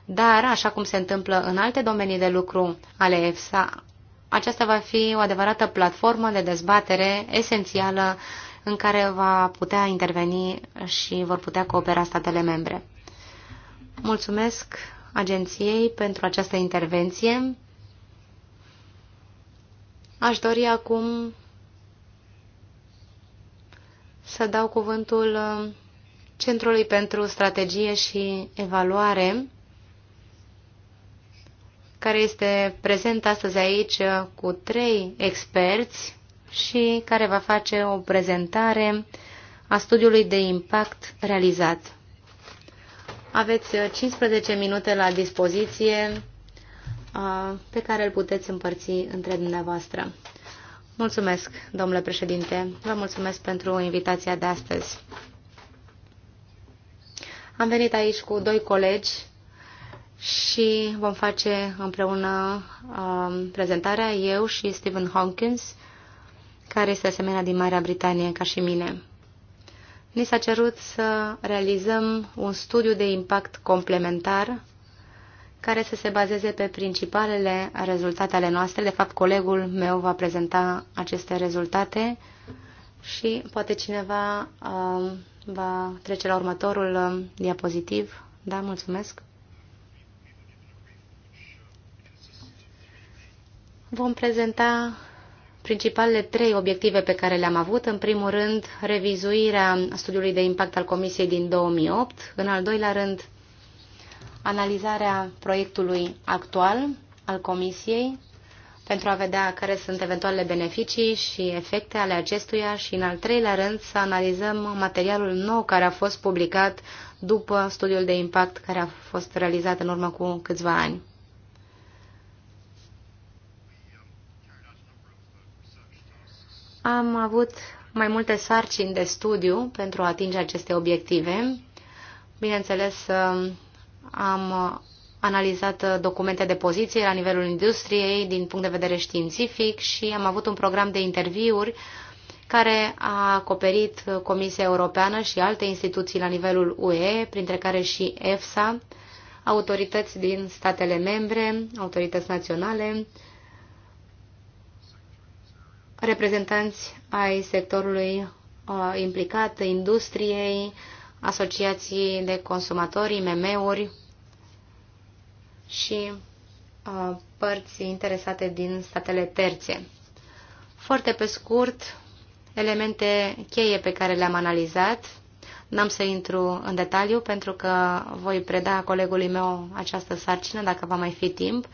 dar, așa cum se întâmplă în alte domenii de lucru ale EFSA, aceasta va fi o adevărată platformă de dezbatere esențială în care va putea interveni și vor putea coopera statele membre. Mulțumesc agenției pentru această intervenție. Aș dori acum să dau cuvântul uh, Centrului pentru Strategie și Evaluare care este prezent astăzi aici uh, cu trei experți și care va face o prezentare a studiului de impact realizat. Aveți 15 uh, minute la dispoziție uh, pe care îl puteți împărți între dumneavoastră. Mulțumesc, domnule președinte. Vă mulțumesc pentru invitația de astăzi. Am venit aici cu doi colegi și vom face împreună um, prezentarea eu și Stephen Hawkins, care este asemenea din Marea Britanie ca și mine. Ni s-a cerut să realizăm un studiu de impact complementar care să se bazeze pe principalele rezultate ale noastre. De fapt, colegul meu va prezenta aceste rezultate și poate cineva uh, va trece la următorul uh, diapozitiv. Da, mulțumesc. vom prezenta principalele trei obiective pe care le-am avut. În primul rând, revizuirea studiului de impact al Comisiei din 2008. În al doilea rând, analizarea proiectului actual al Comisiei pentru a vedea care sunt eventualele beneficii și efecte ale acestuia și, în al treilea rând, să analizăm materialul nou care a fost publicat după studiul de impact care a fost realizat în urmă cu câțiva ani. Am avut mai multe sarcini de studiu pentru a atinge aceste obiective. Bineînțeles, uh, am uh, analizat uh, documente de poziție la nivelul industriei din punct de vedere științific și am avut un program de interviuri care a acoperit Comisia Europeană și alte instituții la nivelul UE, printre care și EFSA, autorități din statele membre, autorități naționale, reprezentanți ai sectorului uh, implicat, industriei, asociații de consumatori, IMM-uri și uh, părți interesate din statele terțe. Foarte pe scurt, elemente cheie pe care le-am analizat. N-am să intru în detaliu pentru că voi preda colegului meu această sarcină dacă va mai fi timp,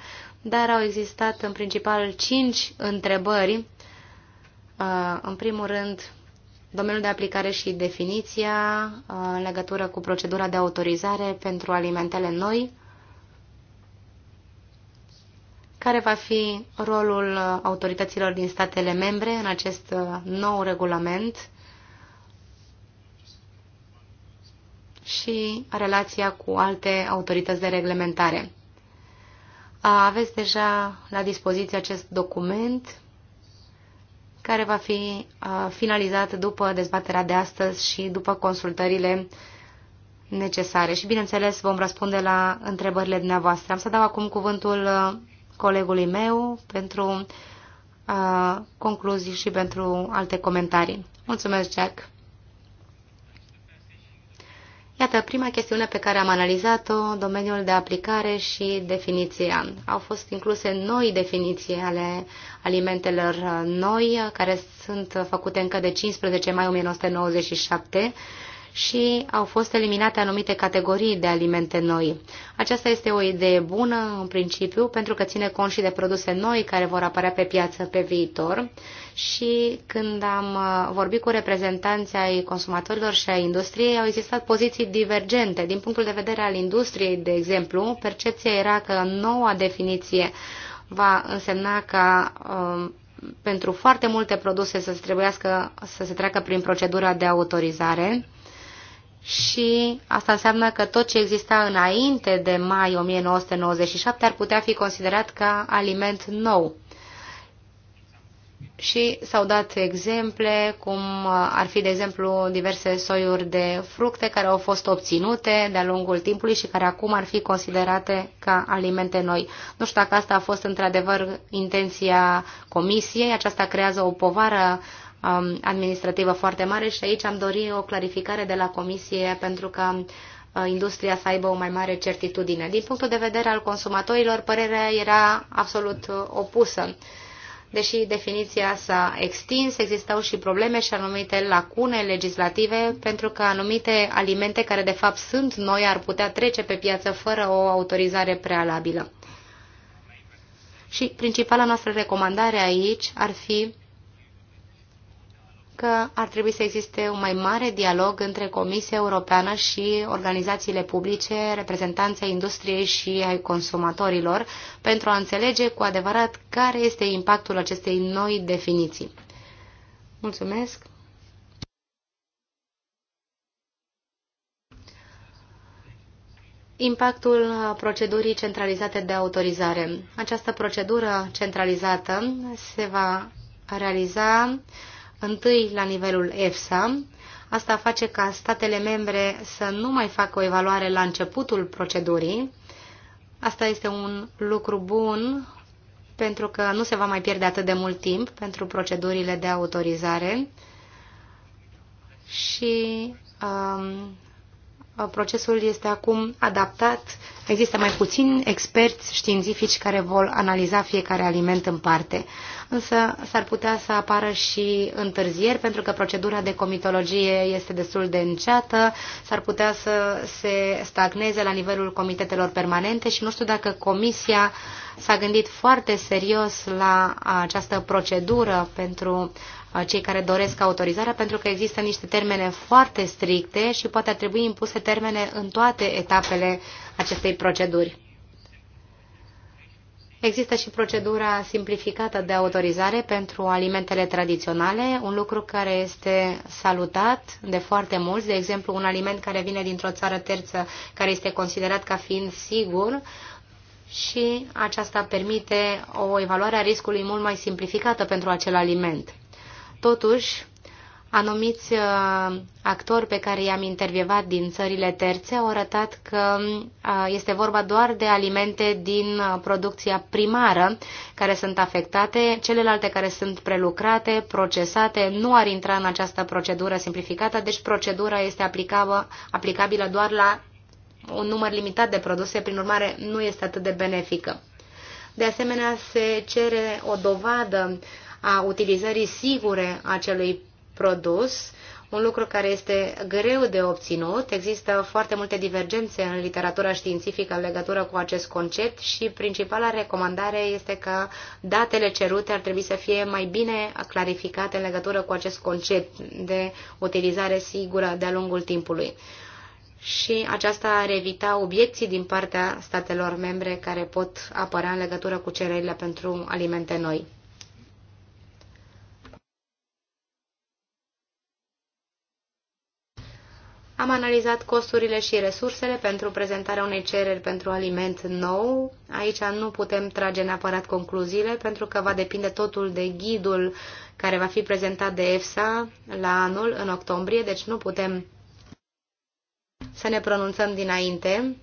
dar au existat în principal cinci întrebări Uh, în primul rând, domeniul de aplicare și definiția uh, în legătură cu procedura de autorizare pentru alimentele noi, care va fi rolul uh, autorităților din statele membre în acest nou regulament și relația cu alte autorități de reglementare. Aveți deja la dispoziție acest document care va fi uh, finalizat după dezbaterea de astăzi și după consultările necesare. Și, bineînțeles, vom răspunde la întrebările dumneavoastră. Am să dau acum cuvântul uh, colegului meu pentru uh, concluzii și pentru alte comentarii. Mulțumesc, Jack! Iată, prima chestiune pe care am analizat-o, domeniul de aplicare și definiția. Au fost incluse noi definiții ale alimentelor noi, care sunt făcute încă de 15 mai 1997, și au fost eliminate anumite categorii de alimente noi. Aceasta este o idee bună, în principiu, pentru că ține cont și de produse noi care vor apărea pe piață pe viitor și când am uh, vorbit cu reprezentanții ai consumatorilor și ai industriei, au existat poziții divergente. Din punctul de vedere al industriei, de exemplu, percepția era că noua definiție va însemna ca um, pentru foarte multe produse să se, trebuiască, să se treacă prin procedura de autorizare și asta înseamnă că tot ce exista înainte de mai 1997 ar putea fi considerat ca aliment nou. Și s-au dat exemple, cum ar fi, de exemplu, diverse soiuri de fructe care au fost obținute de-a lungul timpului și care acum ar fi considerate ca alimente noi. Nu știu dacă asta a fost într-adevăr intenția comisiei, aceasta creează o povară um, administrativă foarte mare și aici am dorit o clarificare de la Comisie pentru că uh, industria să aibă o mai mare certitudine. Din punctul de vedere al consumatorilor, părerea era absolut uh, opusă. Deși definiția s-a extins, existau și probleme și anumite lacune legislative, pentru că anumite alimente care de fapt sunt noi ar putea trece pe piață fără o autorizare prealabilă. Și principala noastră recomandare aici ar fi că ar trebui să existe un mai mare dialog între Comisia Europeană și organizațiile publice, reprezentanța industriei și ai consumatorilor, pentru a înțelege cu adevărat care este impactul acestei noi definiții. Mulțumesc! Impactul procedurii centralizate de autorizare. Această procedură centralizată se va realiza uh, întâi la nivelul EFSA. Asta face ca statele membre să nu mai facă o evaluare la începutul procedurii. Asta este un lucru bun pentru că nu se va mai pierde atât de mult timp pentru procedurile de autorizare și um, procesul este acum adaptat. Există mai puțini experți științifici care vor analiza fiecare aliment în parte însă s-ar putea să apară și întârzieri, pentru că procedura de comitologie este destul de înceată, s-ar putea să se stagneze la nivelul comitetelor permanente și nu știu dacă Comisia s-a gândit foarte serios la această procedură pentru uh, cei care doresc autorizarea, pentru că există niște termene foarte stricte și poate ar trebui impuse termene în toate etapele acestei proceduri. Există și procedura simplificată de autorizare pentru alimentele tradiționale, un lucru care este salutat de foarte mulți. De exemplu, un aliment care vine dintr-o țară terță care este considerat ca fiind sigur și aceasta permite o evaluare a riscului mult mai simplificată pentru acel aliment. Totuși, Anumiți uh, actori pe care i-am intervievat din țările terțe au arătat că uh, este vorba doar de alimente din uh, producția primară care sunt afectate, celelalte care sunt prelucrate, procesate, nu ar intra în această procedură simplificată, deci procedura este aplicabilă, aplicabilă doar la un număr limitat de produse, prin urmare nu este atât de benefică. De asemenea, se cere o dovadă a utilizării sigure a acelui produs, un lucru care este greu de obținut. Există foarte multe divergențe în literatura științifică în legătură cu acest concept și principala recomandare este că datele cerute ar trebui să fie mai bine clarificate în legătură cu acest concept de utilizare sigură de-a lungul timpului. Și aceasta ar evita obiecții din partea statelor membre care pot apărea în legătură cu cererile pentru alimente noi. Am analizat costurile și resursele pentru prezentarea unei cereri pentru aliment nou. Aici nu putem trage neapărat concluziile, pentru că va depinde totul de ghidul care va fi prezentat de EFSA la anul, în octombrie, deci nu putem să ne pronunțăm dinainte.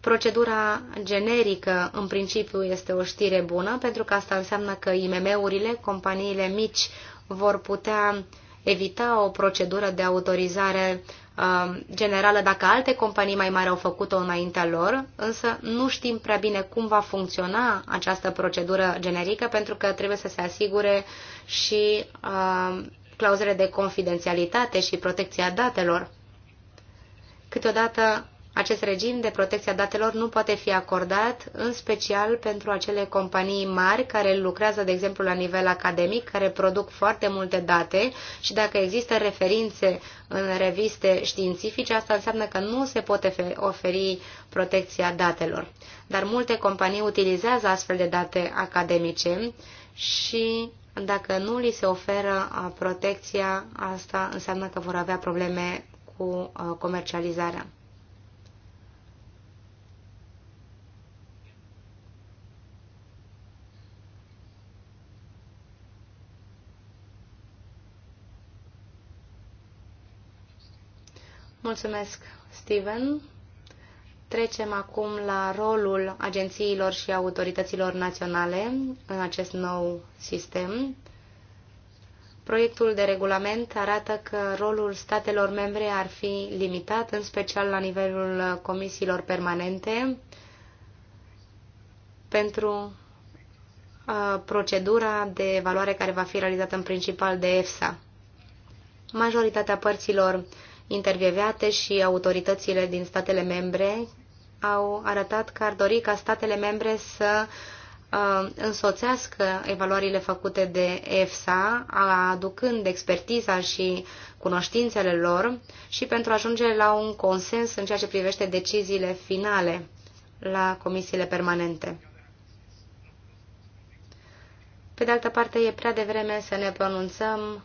Procedura generică, în principiu, este o știre bună, pentru că asta înseamnă că IMM-urile, companiile mici, vor putea evita o procedură de autorizare Um, generală dacă alte companii mai mari au făcut-o înaintea lor, însă nu știm prea bine cum va funcționa această procedură generică pentru că trebuie să se asigure și uh, clauzele de confidențialitate și protecția datelor. Câteodată acest regim de protecție a datelor nu poate fi acordat, în special pentru acele companii mari care lucrează, de exemplu, la nivel academic, care produc foarte multe date și dacă există referințe în reviste științifice, asta înseamnă că nu se poate oferi protecția datelor. Dar multe companii utilizează astfel de date academice și dacă nu li se oferă protecția, asta înseamnă că vor avea probleme cu comercializarea. Mulțumesc, Steven. Trecem acum la rolul agențiilor și autorităților naționale în acest nou sistem. Proiectul de regulament arată că rolul statelor membre ar fi limitat, în special la nivelul comisiilor permanente, pentru uh, procedura de evaluare care va fi realizată în principal de EFSA. Majoritatea părților uh, intervievate și autoritățile din statele membre au arătat că ar dori ca statele membre să uh, însoțească evaluările făcute de EFSA, aducând expertiza și cunoștințele lor și pentru a ajunge la un consens în ceea ce privește deciziile finale la comisiile permanente. Pe de altă parte, e prea devreme să ne pronunțăm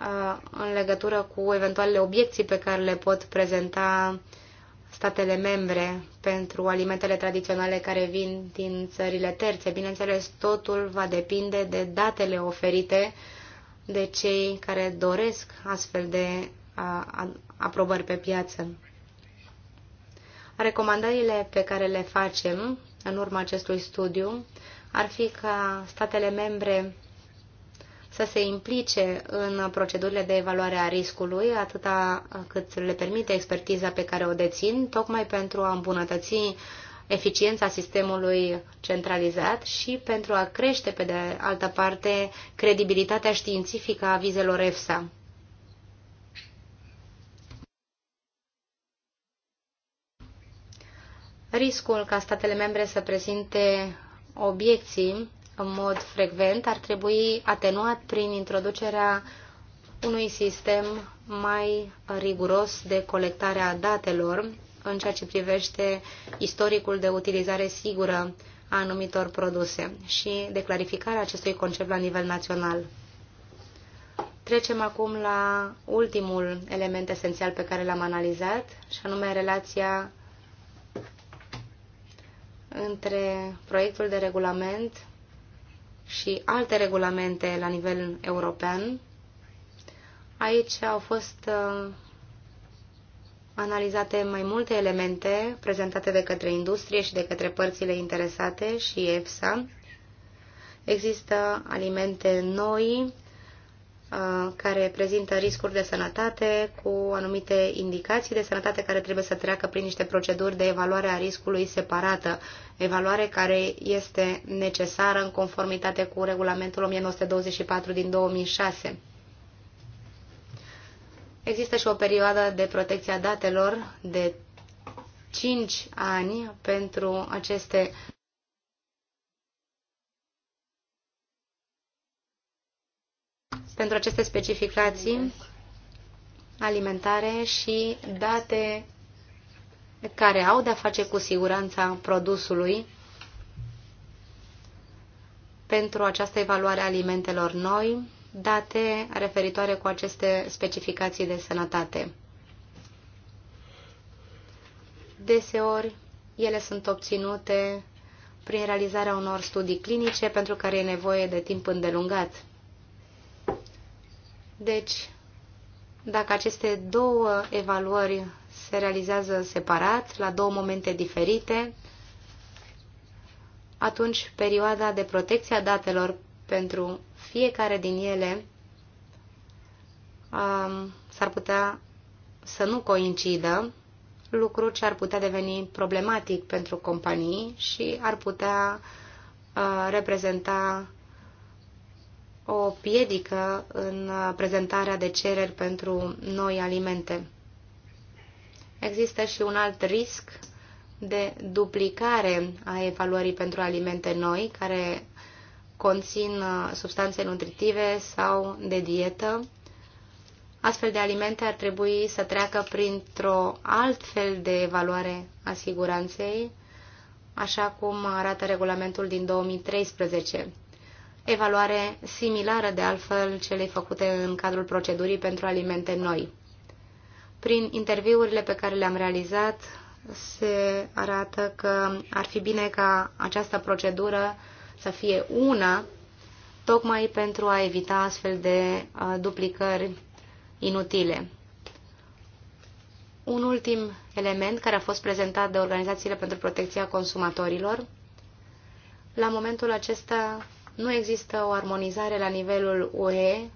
Uh, în legătură cu eventualele obiecții pe care le pot prezenta statele membre pentru alimentele tradiționale care vin din țările terțe. Bineînțeles, totul va depinde de datele oferite de cei care doresc astfel de uh, aprobări pe piață. Recomandările pe care le facem în urma acestui studiu ar fi ca statele membre să se implice în procedurile de evaluare a riscului, atâta cât le permite expertiza pe care o dețin, tocmai pentru a îmbunătăți eficiența sistemului centralizat și pentru a crește, pe de altă parte, credibilitatea științifică a vizelor EFSA. Riscul ca statele membre să prezinte obiecții în mod frecvent ar trebui atenuat prin introducerea unui sistem mai riguros de colectare a datelor în ceea ce privește istoricul de utilizare sigură a anumitor produse și de clarificarea acestui concept la nivel național. Trecem acum la ultimul element esențial pe care l-am analizat, și anume relația între proiectul de regulament și alte regulamente la nivel european. Aici au fost uh, analizate mai multe elemente prezentate de către industrie și de către părțile interesate și EFSA. Există alimente noi care prezintă riscuri de sănătate cu anumite indicații de sănătate care trebuie să treacă prin niște proceduri de evaluare a riscului separată, evaluare care este necesară în conformitate cu regulamentul 1924 din 2006. Există și o perioadă de protecție a datelor de 5 ani pentru aceste pentru aceste specificații alimentare și date care au de-a face cu siguranța produsului pentru această evaluare a alimentelor noi, date referitoare cu aceste specificații de sănătate. Deseori, ele sunt obținute prin realizarea unor studii clinice pentru care e nevoie de timp îndelungat deci, dacă aceste două evaluări se realizează separat, la două momente diferite, atunci perioada de protecție a datelor pentru fiecare din ele um, s-ar putea să nu coincidă, lucru ce ar putea deveni problematic pentru companii și ar putea uh, reprezenta o piedică în prezentarea de cereri pentru noi alimente. Există și un alt risc de duplicare a evaluării pentru alimente noi, care conțin uh, substanțe nutritive sau de dietă. Astfel de alimente ar trebui să treacă printr-o fel de evaluare a siguranței, așa cum arată regulamentul din 2013 evaluare similară de altfel celei făcute în cadrul procedurii pentru alimente noi. Prin interviurile pe care le-am realizat, se arată că ar fi bine ca această procedură să fie una, tocmai pentru a evita astfel de uh, duplicări inutile. Un ultim element care a fost prezentat de organizațiile pentru protecția consumatorilor. La momentul acesta nu există o armonizare la nivelul UE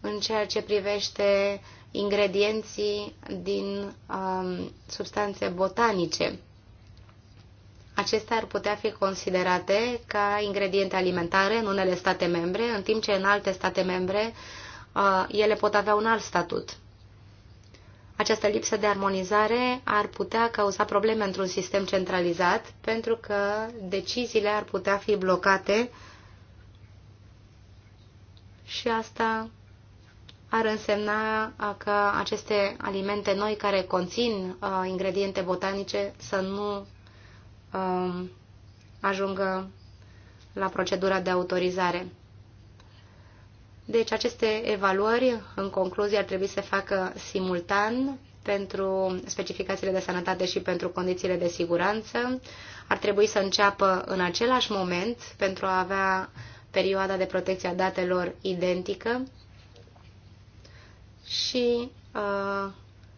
în ceea ce privește ingredienții din um, substanțe botanice. Acestea ar putea fi considerate ca ingrediente alimentare în unele state membre, în timp ce în alte state membre uh, ele pot avea un alt statut. Această lipsă de armonizare ar putea cauza probleme într-un sistem centralizat, pentru că deciziile ar putea fi blocate uh, și asta ar însemna că aceste alimente noi care conțin uh, ingrediente botanice să nu uh, ajungă la procedura de autorizare. Deci aceste evaluări, în concluzie, ar trebui să facă simultan pentru specificațiile de sănătate și pentru condițiile de siguranță. Ar trebui să înceapă în același moment pentru a avea uh, perioada de protecție a datelor identică și uh,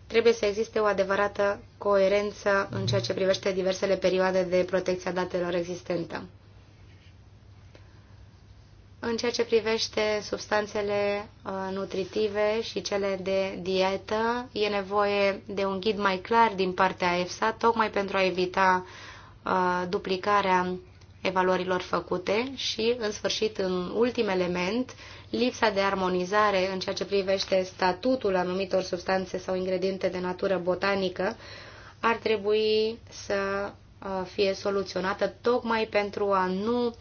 trebuie să existe o adevărată coerență în ceea ce privește diversele perioade de protecție a datelor existentă. În ceea ce privește substanțele uh, nutritive și cele de dietă, e nevoie de un ghid mai clar din partea EFSA, tocmai pentru a evita uh, duplicarea evaluărilor făcute și, în sfârșit, în ultim element, lipsa de armonizare în ceea ce privește statutul anumitor substanțe sau ingrediente de natură botanică ar trebui să uh, fie soluționată tocmai pentru a nu uh,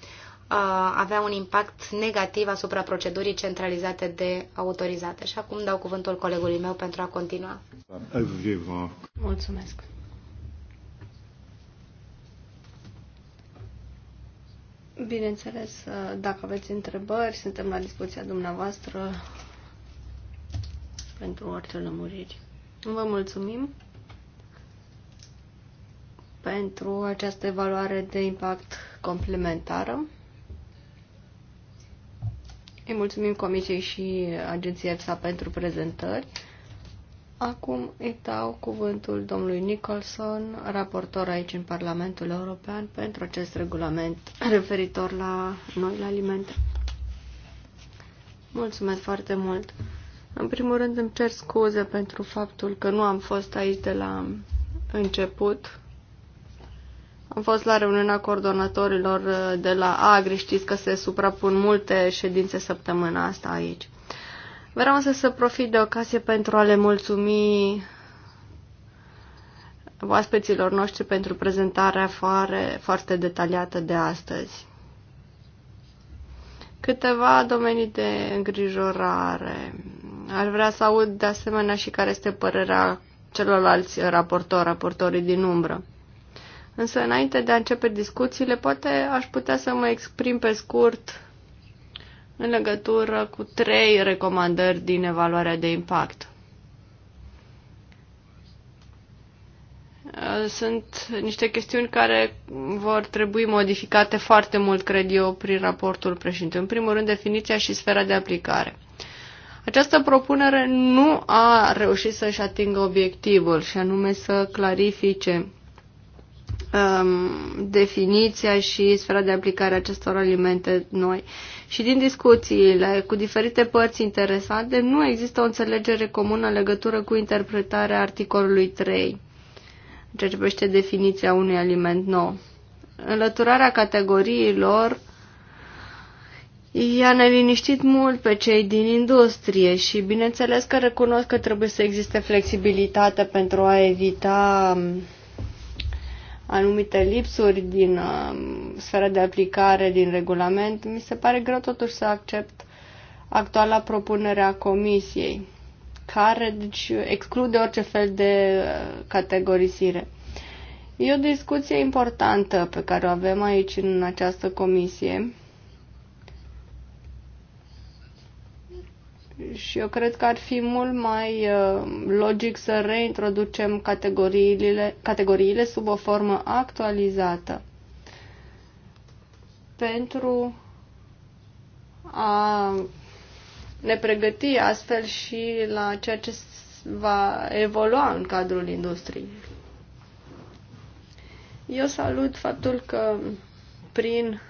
avea un impact negativ asupra procedurii centralizate de autorizate. Și acum dau cuvântul colegului meu pentru a continua. Mulțumesc. Bineînțeles, uh, dacă aveți întrebări, suntem la dispoziția dumneavoastră pentru orice lămuriri. Vă mulțumim pentru această evaluare de impact complementară. Îi mulțumim Comisiei și Agenției EFSA pentru prezentări. Acum îi dau cuvântul domnului Nicholson, raportor aici în Parlamentul European, pentru acest regulament referitor la noi la alimente. Mulțumesc foarte mult! În primul rând îmi cer scuze pentru faptul că nu am fost aici de la început. Am fost la reuniunea coordonatorilor uh, de la AGRI, știți că se suprapun multe ședințe săptămâna asta aici. Vreau să să profit de ocazie pentru a le mulțumi oaspeților noștri pentru prezentarea foarte, foarte detaliată de astăzi. Câteva domenii de îngrijorare. Ar vrea să aud de asemenea și care este părerea celorlalți raportori, raportorii din umbră. Însă, înainte de a începe discuțiile, poate aș putea să mă exprim pe scurt în legătură cu trei recomandări din evaluarea de impact. Sunt niște chestiuni care vor trebui modificate foarte mult, cred eu, prin raportul președinte. În primul rând, definiția și sfera de aplicare. Această propunere nu a reușit să-și atingă obiectivul, și anume să clarifice um, definiția și sfera de aplicare a acestor alimente noi. Și din discuțiile cu diferite părți interesate, nu există o înțelegere comună în legătură cu interpretarea articolului 3, în ceea ce privește definiția unui aliment nou. Înlăturarea categoriilor I-a neliniștit mult pe cei din industrie și bineînțeles că recunosc că trebuie să existe flexibilitate pentru a evita um, anumite lipsuri din uh, sfera de aplicare, din regulament, mi se pare greu totuși să accept actuala propunere a Comisiei, care deci, exclude orice fel de uh, categorisire. E o discuție importantă pe care o avem aici în această comisie Și eu cred că ar fi mult mai uh, logic să reintroducem categoriile, categoriile sub o formă actualizată pentru a ne pregăti astfel și la ceea ce va evolua în cadrul industriei. Eu salut faptul că prin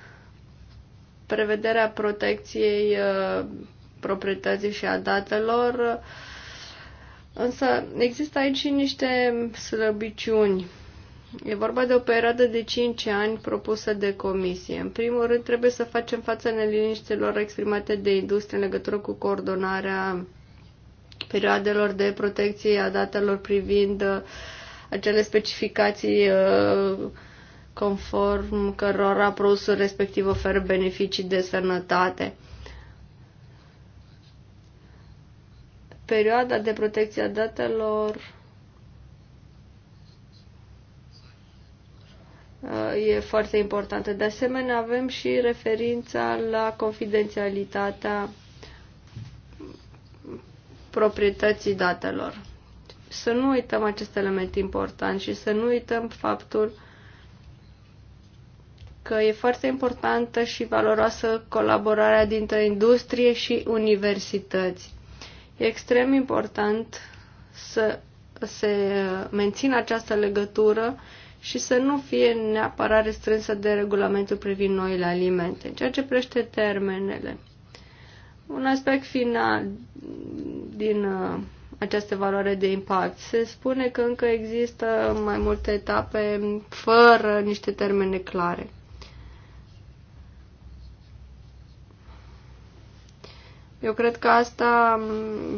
prevederea protecției uh, proprietății și a datelor, însă există aici și niște slăbiciuni. E vorba de o perioadă de 5 ani propusă de comisie. În primul rând, trebuie să facem față neliniștilor exprimate de industrie în legătură cu coordonarea perioadelor de protecție a datelor privind uh, acele specificații uh, conform cărora produsul respectiv oferă beneficii de sănătate. perioada de protecție a datelor uh, e foarte importantă. De asemenea, avem și referința la confidențialitatea proprietății datelor. Să nu uităm acest element important și să nu uităm faptul că e foarte importantă și valoroasă colaborarea dintre industrie și universități. E extrem important să se mențină această legătură și să nu fie neapărat restrânsă de regulamentul privind noile alimente, ceea ce prește termenele. Un aspect final din uh, această valoare de impact. Se spune că încă există mai multe etape fără niște termene clare. Eu cred că asta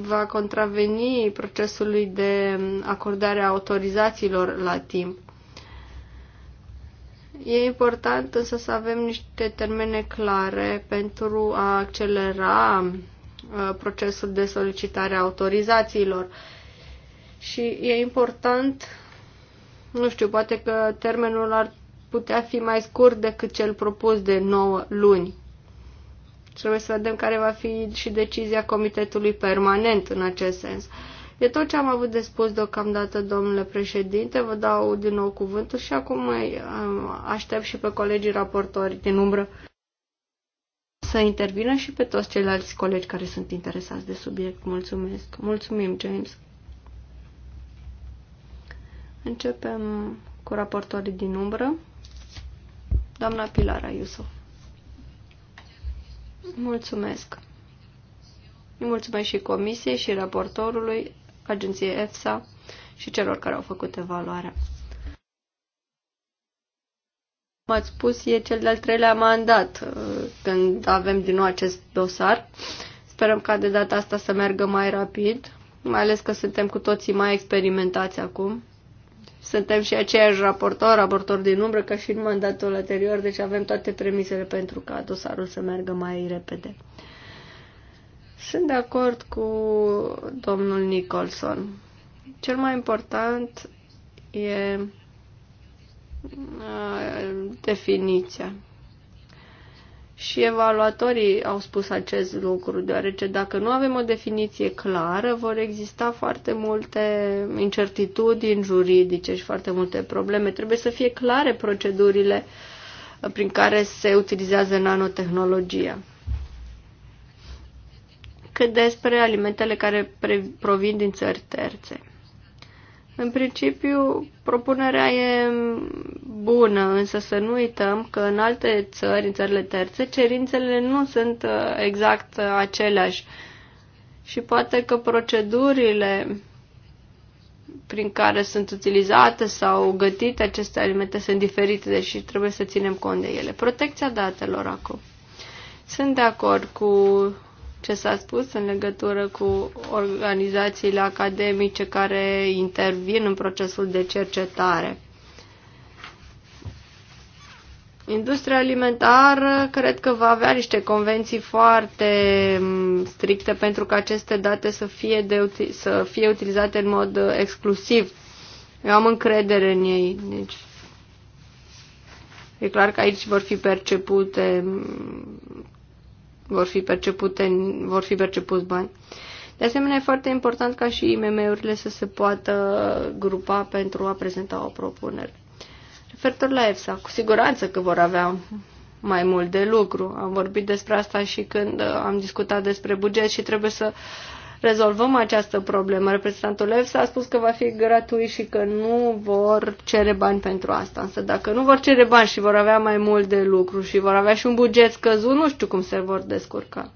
va contraveni procesului de acordare a autorizațiilor la timp. E important însă să avem niște termene clare pentru a accelera uh, procesul de solicitare a autorizațiilor. Și e important, nu știu, poate că termenul ar putea fi mai scurt decât cel propus de 9 luni Trebuie să vedem care va fi și decizia Comitetului Permanent în acest sens. E tot ce am avut de spus deocamdată, domnule președinte. Vă dau din nou cuvântul și acum aștept și pe colegii raportori din umbră să intervină și pe toți ceilalți colegi care sunt interesați de subiect. Mulțumesc. Mulțumim, James. Începem cu raportorii din umbră. Doamna Pilara Iusof. Mulțumesc. Îi mulțumesc și comisiei și raportorului, agenției EFSA și celor care au făcut evaluarea. Cum ați spus, e cel de-al treilea mandat uh, când avem din nou acest dosar. Sperăm ca de data asta să meargă mai rapid, mai ales că suntem cu toții mai experimentați acum. Suntem și aceiași raportor, raportor din umbră, ca și în mandatul anterior, deci avem toate premisele pentru ca dosarul să meargă mai repede. Sunt de acord cu domnul Nicholson. Cel mai important e definiția. Și evaluatorii au spus acest lucru, deoarece dacă nu avem o definiție clară, vor exista foarte multe incertitudini juridice și foarte multe probleme. Trebuie să fie clare procedurile prin care se utilizează nanotehnologia. Cât despre alimentele care provin din țări terțe. În principiu, propunerea e bună, însă să nu uităm că în alte țări, în țările terțe, cerințele nu sunt uh, exact aceleași. Și poate că procedurile prin care sunt utilizate sau gătite aceste alimente sunt diferite, deși trebuie să ținem cont de ele. Protecția datelor acum. Sunt de acord cu ce s-a spus în legătură cu organizațiile academice care intervin în procesul de cercetare. Industria alimentară cred că va avea niște convenții foarte mm, stricte pentru că aceste date să fie, de, să fie utilizate în mod exclusiv. Eu am încredere în ei. Deci, e clar că aici vor fi percepute mm, vor fi, percepute, vor fi percepuți bani. De asemenea, e foarte important ca și IMM-urile să se poată grupa pentru a prezenta o propunere. Referitor la EFSA, cu siguranță că vor avea mai mult de lucru. Am vorbit despre asta și când uh, am discutat despre buget și trebuie să rezolvăm această problemă. Reprezentantul EFSA a spus că va fi gratuit și că nu vor cere bani pentru asta. Însă dacă nu vor cere bani și vor avea mai mult de lucru și vor avea și un buget scăzut, nu știu cum se vor descurca.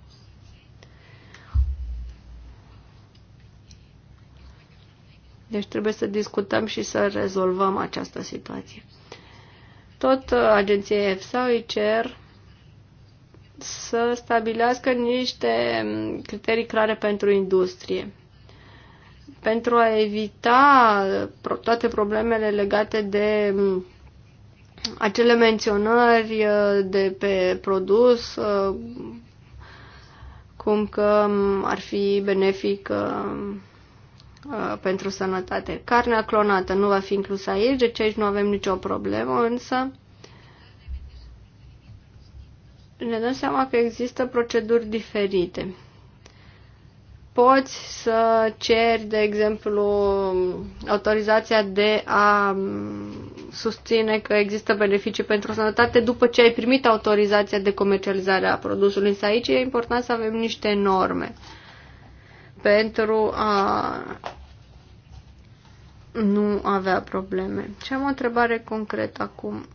Deci trebuie să discutăm și să rezolvăm această situație. Tot uh, agenției EFSA îi cer să stabilească niște criterii clare pentru industrie. Pentru a evita toate problemele legate de mm, acele menționări uh, de pe produs, uh, cum că mm, ar fi benefic uh, pentru sănătate. Carnea clonată nu va fi inclusă aici, deci aici nu avem nicio problemă, însă ne dăm seama că există proceduri diferite. Poți să ceri, de exemplu, autorizația de a susține că există beneficii pentru sănătate după ce ai primit autorizația de comercializare a produsului. Însă aici e important să avem niște norme pentru a nu avea probleme. Și am o întrebare concretă acum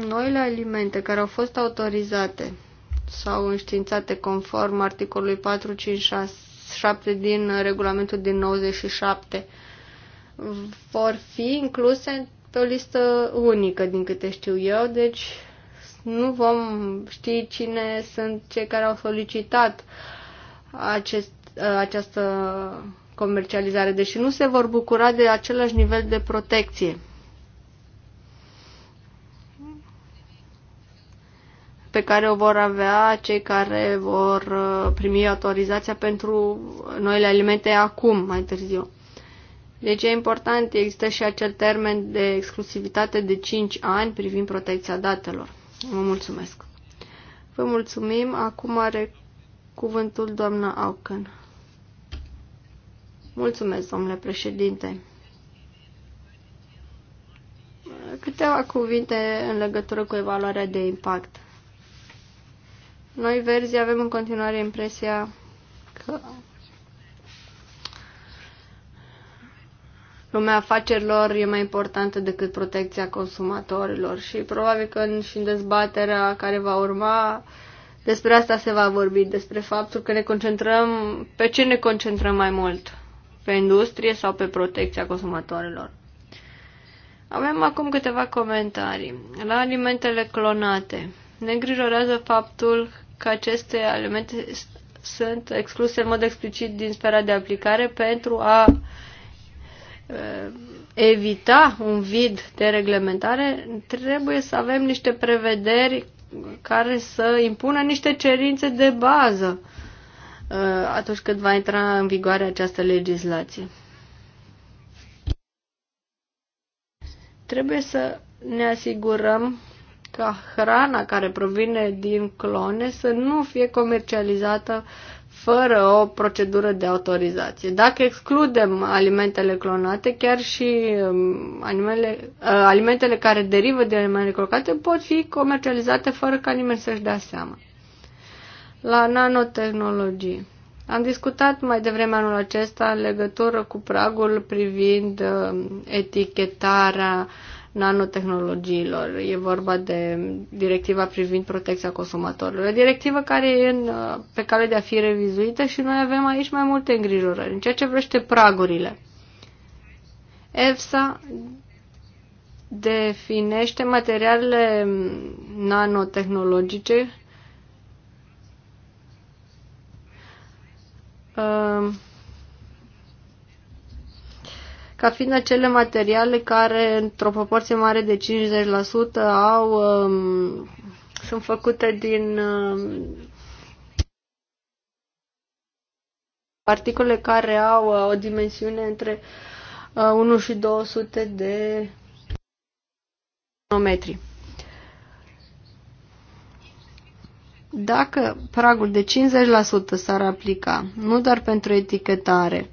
noile alimente care au fost autorizate sau înștiințate conform articolului 457 din regulamentul din 97 vor fi incluse pe o listă unică, din câte știu eu, deci nu vom ști cine sunt cei care au solicitat acest, această comercializare, deși nu se vor bucura de același nivel de protecție. pe care o vor avea cei care vor uh, primi autorizația pentru noile alimente acum, mai târziu. Deci e important, există și acel termen de exclusivitate de 5 ani privind protecția datelor. Vă mulțumesc. Vă mulțumim. Acum are cuvântul doamna Auken. Mulțumesc, domnule președinte. Câteva cuvinte în legătură cu evaluarea de impact. Noi verzi avem în continuare impresia că lumea afacerilor e mai importantă decât protecția consumatorilor și probabil că în, și în dezbaterea care va urma despre asta se va vorbi, despre faptul că ne concentrăm, pe ce ne concentrăm mai mult, pe industrie sau pe protecția consumatorilor. Avem acum câteva comentarii. La alimentele clonate. Ne îngrijorează faptul că aceste elemente sunt excluse în mod explicit din sfera de aplicare pentru a uh, evita un vid de reglementare, trebuie să avem niște prevederi care să impună niște cerințe de bază uh, atunci când va intra în vigoare această legislație. Trebuie să ne asigurăm ca hrana care provine din clone să nu fie comercializată fără o procedură de autorizație. Dacă excludem alimentele clonate, chiar și um, animele, uh, alimentele care derivă din alimentele clonate pot fi comercializate fără ca nimeni să-și dea seama. La nanotehnologie. Am discutat mai devreme anul acesta în legătură cu pragul privind um, etichetarea nanotehnologiilor. E vorba de directiva privind protecția consumatorilor. O directivă care e în, pe cale de a fi revizuită și noi avem aici mai multe îngrijorări. În ceea ce vrește pragurile, EFSA definește materialele nanotehnologice uh, ca fiind acele materiale care, într-o proporție mare de 50%, au, um, sunt făcute din um, particule care au uh, o dimensiune între uh, 1 și 200 de nanometri. Dacă pragul de 50% s-ar aplica, nu doar pentru etichetare,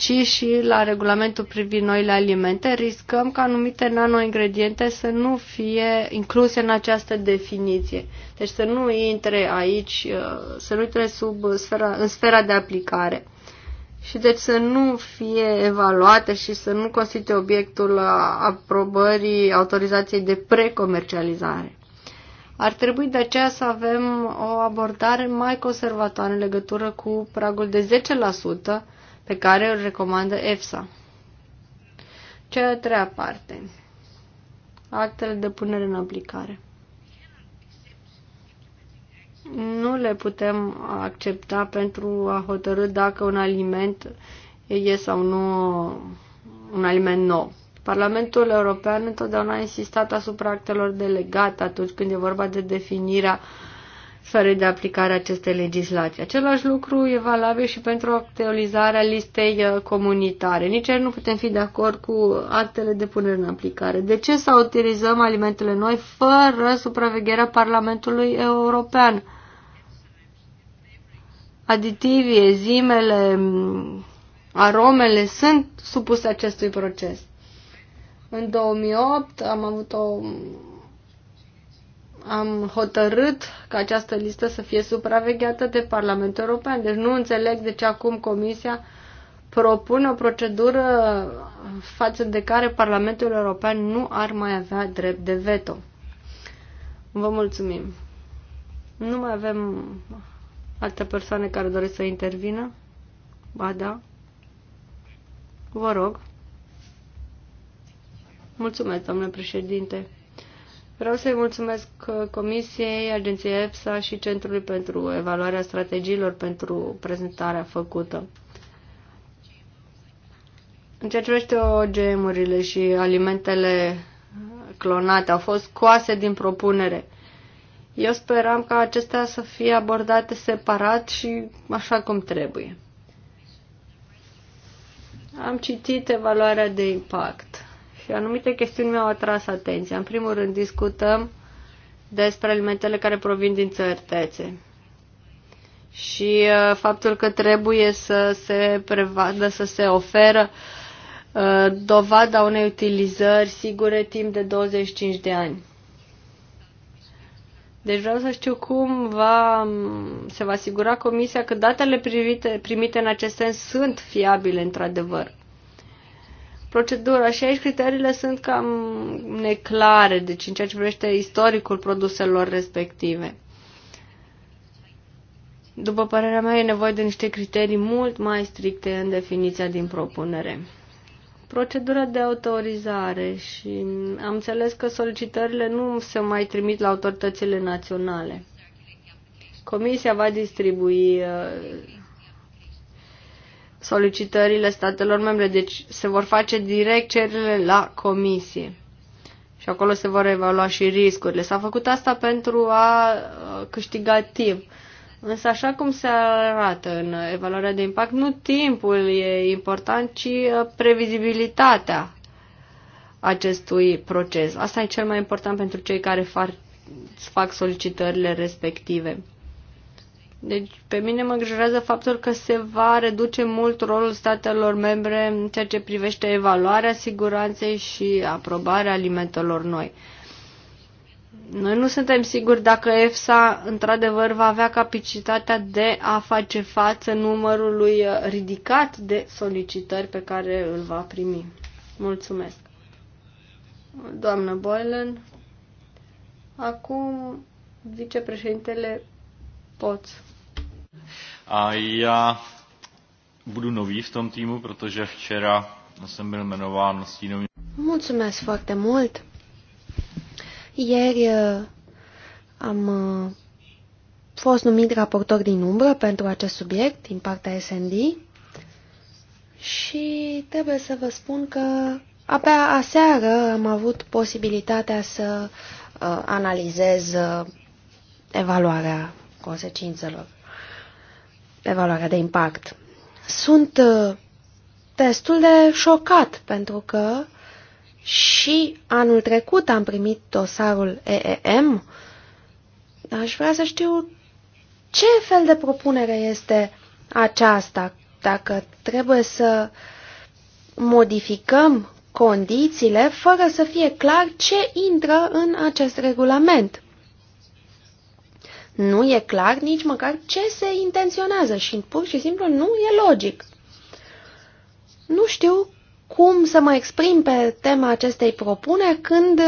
ci și la regulamentul privind noile alimente, riscăm ca anumite nanoingrediente să nu fie incluse în această definiție. Deci să nu intre aici, uh, să nu intre sub sfera, în sfera de aplicare. Și deci să nu fie evaluate și să nu constituie obiectul aprobării autorizației de precomercializare. Ar trebui de aceea să avem o abordare mai conservatoare în legătură cu pragul de 10%, pe care îl recomandă EFSA. Cea de-a treia parte. Actele de punere în aplicare. Nu le putem accepta pentru a hotărâ dacă un aliment e sau nu un aliment nou. Parlamentul European întotdeauna a insistat asupra actelor delegate atunci când e vorba de definirea uh, sferei de aplicare a acestei legislații. Același lucru e valabil și pentru actualizarea listei uh, comunitare. Nici nu putem fi de acord cu actele de punere în aplicare. De ce să utilizăm alimentele noi fără supravegherea Parlamentului European? Aditivii, enzimele, aromele sunt supuse acestui proces. În 2008 am avut o am hotărât ca această listă să fie supravegheată de Parlamentul European. Deci nu înțeleg de ce acum Comisia propune o procedură față de care Parlamentul European nu ar mai avea drept de veto. Vă mulțumim. Nu mai avem alte persoane care doresc să intervină? Ba da. Vă rog. Mulțumesc, domnule președinte. Vreau să-i mulțumesc uh, Comisiei, Agenției EFSA și Centrului pentru Evaluarea Strategiilor pentru prezentarea făcută. În ceea ce privește OGM-urile și alimentele clonate, au fost coase din propunere. Eu speram ca acestea să fie abordate separat și așa cum trebuie. Am citit evaluarea de impact. Și anumite chestiuni mi-au atras atenția. În primul rând, discutăm despre alimentele care provin din țări tețe și uh, faptul că trebuie să se prevadă, să se oferă uh, dovada unei utilizări sigure timp de 25 de ani. Deci vreau să știu cum va, se va asigura Comisia că datele primite, primite în acest sens sunt fiabile într-adevăr procedura și aici criteriile sunt cam neclare, deci în ceea ce privește istoricul produselor respective. După părerea mea, e nevoie de niște criterii mult mai stricte în definiția din propunere. Procedura de autorizare și am înțeles că solicitările nu se mai trimit la autoritățile naționale. Comisia va distribui uh, solicitările statelor membre. Deci se vor face direct cererile la comisie. Și acolo se vor evalua și riscurile. S-a făcut asta pentru a uh, câștiga timp. Însă așa cum se arată în evaluarea de impact, nu timpul e important, ci uh, previzibilitatea acestui proces. Asta e cel mai important pentru cei care fac, solicitările respective. Deci pe mine mă îngrijorează faptul că se va reduce mult rolul statelor membre în ceea ce privește evaluarea siguranței și aprobarea alimentelor noi. Noi nu suntem siguri dacă EFSA într-adevăr va avea capacitatea de a face față numărului ridicat de solicitări pe care îl va primi. Mulțumesc. Doamnă Boylan, acum vicepreședintele Poți. A já budu nový v tom týmu, protože včera jsem byl jmenován stínovým. Mulțumesc foarte mult! Ieri eh, am eh, fost numit raportor din umbră pentru acest subiect din partea SND și trebuie să vă spun că abia aseară am avut posibilitatea să uh, analizez uh, evaluarea consecințelor evaluarea de impact. Sunt uh, destul de șocat pentru că și anul trecut am primit dosarul EEM. Aș vrea să știu ce fel de propunere este aceasta, dacă trebuie să modificăm condițiile fără să fie clar ce intră în acest regulament. Nu e clar nici măcar ce se intenționează și pur și simplu nu e logic. Nu știu cum să mă exprim pe tema acestei propune când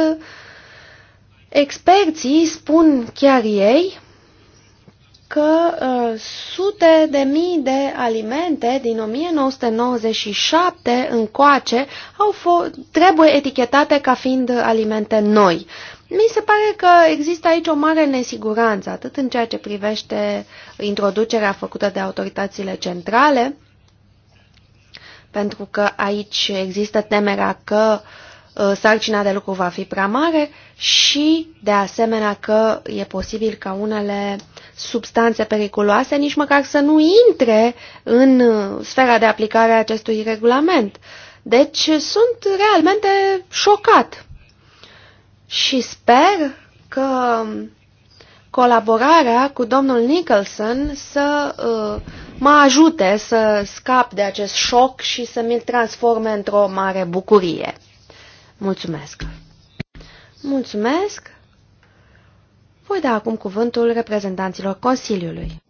experții spun chiar ei că uh, sute de mii de alimente din 1997 încoace au trebuie etichetate ca fiind alimente noi. Mi se pare că există aici o mare nesiguranță, atât în ceea ce privește introducerea făcută de autoritățile centrale, pentru că aici există temerea că ă, sarcina de lucru va fi prea mare și, de asemenea, că e posibil ca unele substanțe periculoase nici măcar să nu intre în sfera de aplicare a acestui regulament. Deci sunt realmente șocat și sper că colaborarea cu domnul Nicholson să uh, mă ajute să scap de acest șoc și să mi-l transforme într-o mare bucurie. Mulțumesc! Mulțumesc! Voi da acum cuvântul reprezentanților Consiliului.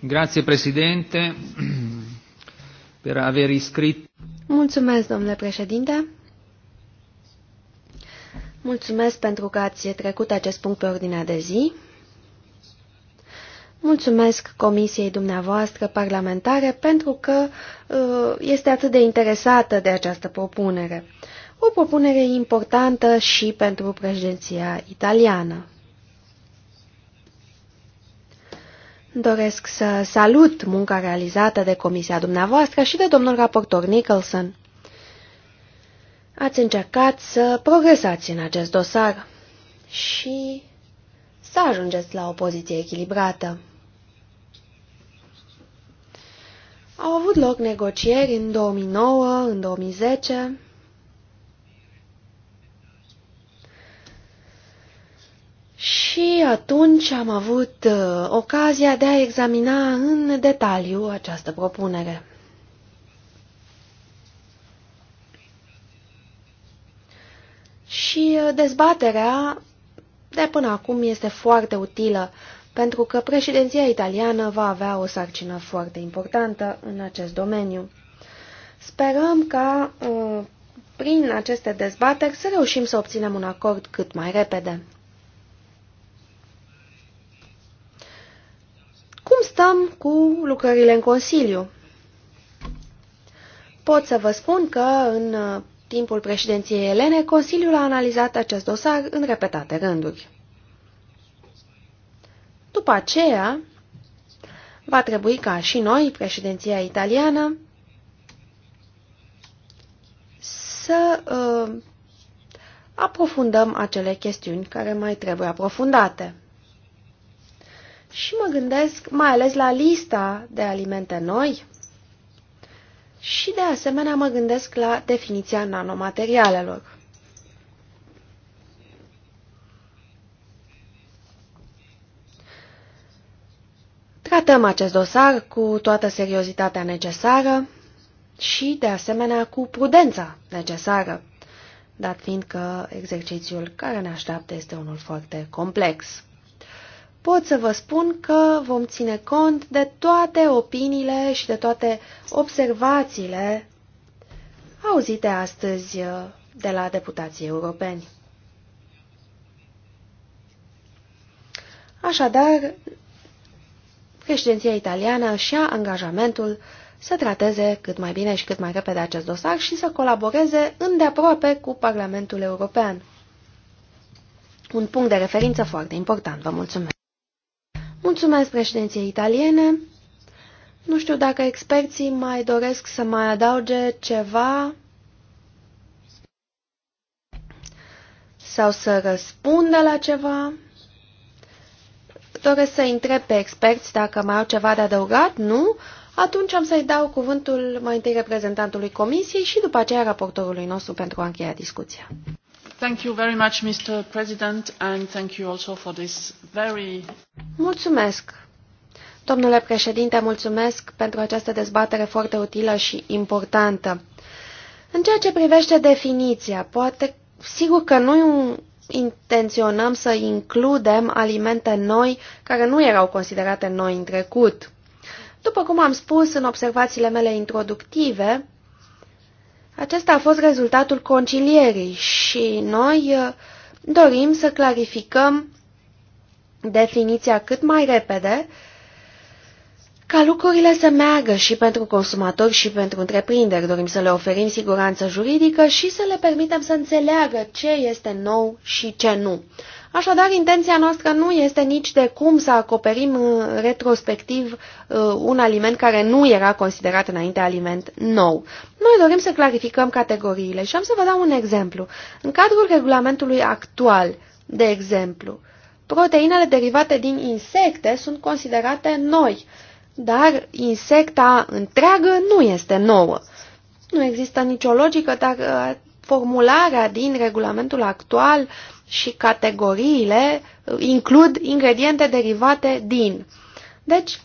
Grazie Presidente per aver iscritto Mulțumesc, domnule președinte. Mulțumesc pentru că ați trecut acest punct pe ordinea de zi. Mulțumesc Comisiei dumneavoastră parlamentare pentru că uh, este atât de interesată de această propunere. O propunere importantă și pentru președinția italiană. Doresc să salut munca realizată de comisia dumneavoastră și de domnul raportor Nicholson. Ați încercat să progresați în acest dosar și să ajungeți la o poziție echilibrată. Au avut loc negocieri în 2009, în 2010 Și atunci am avut uh, ocazia de a examina în detaliu această propunere. Și uh, dezbaterea de până acum este foarte utilă, pentru că președinția italiană va avea o sarcină foarte importantă în acest domeniu. Sperăm ca, uh, prin aceste dezbateri, să reușim să obținem un acord cât mai repede. stăm cu lucrările în Consiliu? Pot să vă spun că în uh, timpul președinției elene, Consiliul a analizat acest dosar în repetate rânduri. După aceea, va trebui ca și noi, președinția italiană, să uh, aprofundăm acele chestiuni care mai trebuie aprofundate. Și mă gândesc mai ales la lista de alimente noi și de asemenea mă gândesc la definiția nanomaterialelor. Tratăm acest dosar cu toată seriozitatea necesară și, de asemenea, cu prudența necesară, dat fiind că exercițiul care ne așteaptă este unul foarte complex pot să vă spun că vom ține cont de toate opiniile și de toate observațiile auzite astăzi uh, de la deputații europeni. Așadar, președinția italiană și a angajamentul să trateze cât mai bine și cât mai repede acest dosar și să colaboreze îndeaproape cu Parlamentul European. Un punct de referință foarte important. Vă mulțumesc! Mulțumesc președinției italiene. Nu știu dacă experții mai doresc să mai adauge ceva sau să răspundă la ceva. Doresc să întreb pe experți dacă mai au ceva de adăugat, nu? Atunci am să-i dau cuvântul mai întâi reprezentantului comisiei și după aceea raportorului nostru pentru a încheia discuția. Mulțumesc. Domnule președinte, mulțumesc pentru această dezbatere foarte utilă și importantă. În ceea ce privește definiția, poate, sigur că nu intenționăm să includem alimente noi care nu erau considerate noi în trecut. După cum am spus în observațiile mele introductive, acesta a fost rezultatul concilierii și noi uh, dorim să clarificăm definiția cât mai repede ca lucrurile să meargă și pentru consumatori și pentru întreprinderi. Dorim să le oferim siguranță juridică și să le permitem să înțeleagă ce este nou și ce nu. Așadar, intenția noastră nu este nici de cum să acoperim retrospectiv uh, un aliment care nu era considerat înainte aliment nou. Noi dorim să clarificăm categoriile și am să vă dau un exemplu. În cadrul regulamentului actual, de exemplu, proteinele derivate din insecte sunt considerate noi, dar insecta întreagă nu este nouă. Nu există nicio logică, dar uh, formularea din regulamentul actual și categoriile uh, includ ingrediente derivate din. Deci,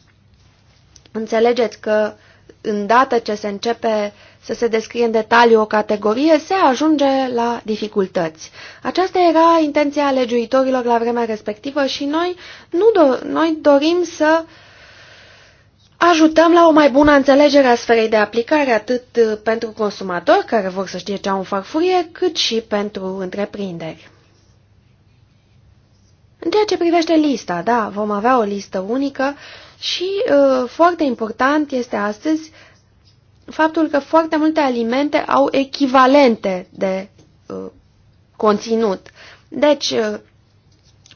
înțelegeți că îndată ce se începe să se descrie în detaliu o categorie, se ajunge la dificultăți. Aceasta era intenția legiuitorilor la vremea respectivă și noi, nu do noi dorim să ajutăm la o mai bună înțelegere a sferei de aplicare, atât uh, pentru consumatori care vor să știe ce au în farfurie, cât și pentru întreprinderi. În ceea ce privește lista, da, vom avea o listă unică și uh, foarte important este astăzi faptul că foarte multe alimente au echivalente de uh, conținut. Deci, uh,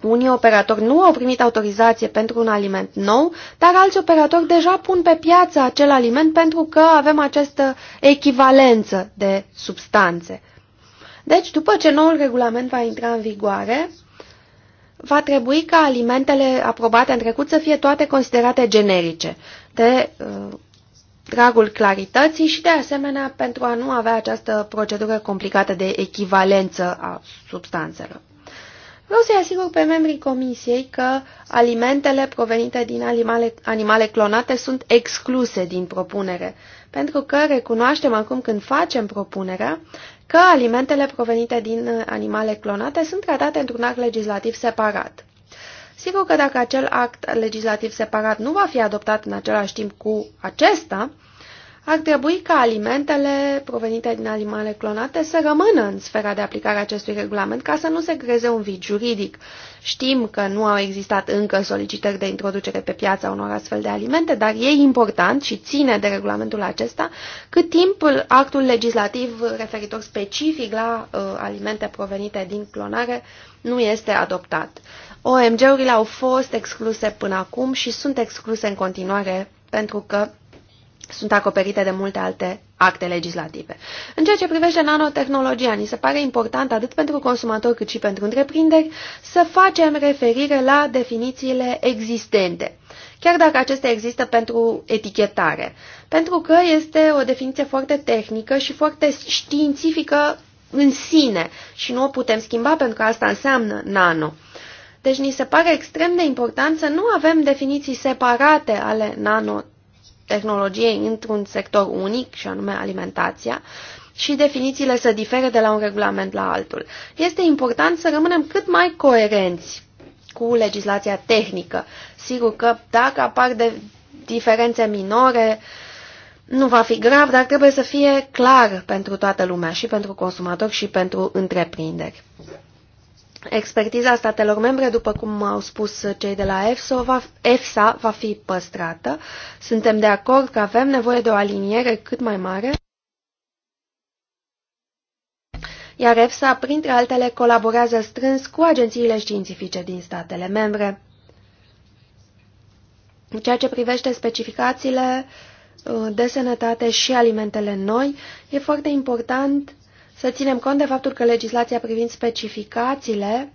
unii operatori nu au primit autorizație pentru un aliment nou, dar alți operatori deja pun pe piață acel aliment pentru că avem această echivalență de substanțe. Deci, după ce noul regulament va intra în vigoare, va trebui ca alimentele aprobate în trecut să fie toate considerate generice, de uh, dragul clarității și de asemenea pentru a nu avea această procedură complicată de echivalență a substanțelor. Vreau să-i asigur pe membrii comisiei că alimentele provenite din animale, animale clonate sunt excluse din propunere, pentru că recunoaștem acum când facem propunerea că alimentele provenite din uh, animale clonate sunt tratate într-un act legislativ separat. Sigur că dacă acel act legislativ separat nu va fi adoptat în același timp cu acesta, ar trebui ca alimentele provenite din animale clonate să rămână în sfera de aplicare a acestui regulament ca să nu se creeze un vid juridic. Știm că nu au existat încă solicitări de introducere pe piața unor astfel de alimente, dar e important și ține de regulamentul acesta cât timp actul legislativ referitor specific la uh, alimente provenite din clonare nu este adoptat. OMG-urile au fost excluse până acum și sunt excluse în continuare pentru că sunt acoperite de multe alte acte legislative. În ceea ce privește nanotehnologia, ni se pare important atât pentru consumatori cât și pentru întreprinderi să facem referire la definițiile existente, chiar dacă acestea există pentru etichetare, pentru că este o definiție foarte tehnică și foarte științifică în sine și nu o putem schimba pentru că asta înseamnă nano. Deci ni se pare extrem de important să nu avem definiții separate ale nano tehnologiei într-un sector unic, și anume alimentația, și definițiile să difere de la un regulament la altul. Este important să rămânem cât mai coerenți cu legislația tehnică. Sigur că dacă apar de diferențe minore, nu va fi grav, dar trebuie să fie clar pentru toată lumea, și pentru consumatori, și pentru întreprinderi. Expertiza statelor membre, după cum au spus cei de la EFSO, va, EFSA, va fi păstrată. Suntem de acord că avem nevoie de o aliniere cât mai mare, iar EFSA, printre altele, colaborează strâns cu agențiile științifice din statele membre. În ceea ce privește specificațiile uh, de sănătate și alimentele noi, e foarte important să ținem cont de faptul că legislația privind specificațiile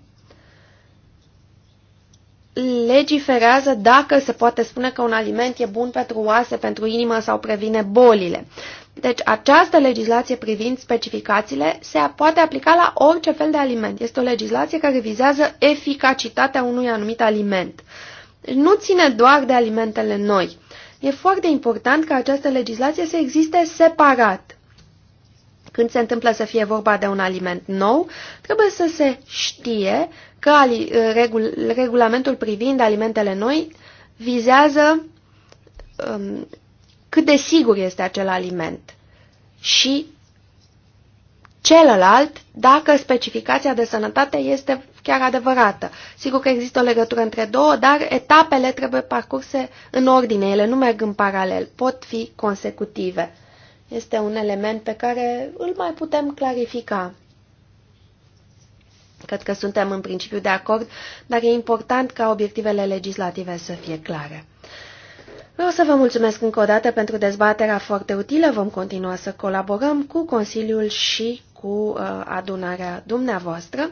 legiferează dacă se poate spune că un aliment e bun pentru oase, pentru inimă sau previne bolile. Deci această legislație privind specificațiile se poate aplica la orice fel de aliment. Este o legislație care vizează eficacitatea unui anumit aliment. Deci, nu ține doar de alimentele noi. E foarte important ca această legislație să existe separat. Când se întâmplă să fie vorba de un aliment nou, trebuie să se știe că ă, regul, regulamentul privind alimentele noi vizează um, cât de sigur este acel aliment și celălalt dacă specificația de sănătate este chiar adevărată. Sigur că există o legătură între două, dar etapele trebuie parcurse în ordine, ele nu merg în paralel, pot fi consecutive. Este un element pe care îl mai putem clarifica. Cred că suntem în principiu de acord, dar e important ca obiectivele legislative să fie clare. Vreau să vă mulțumesc încă o dată pentru dezbaterea foarte utilă. Vom continua să colaborăm cu Consiliul și cu uh, adunarea dumneavoastră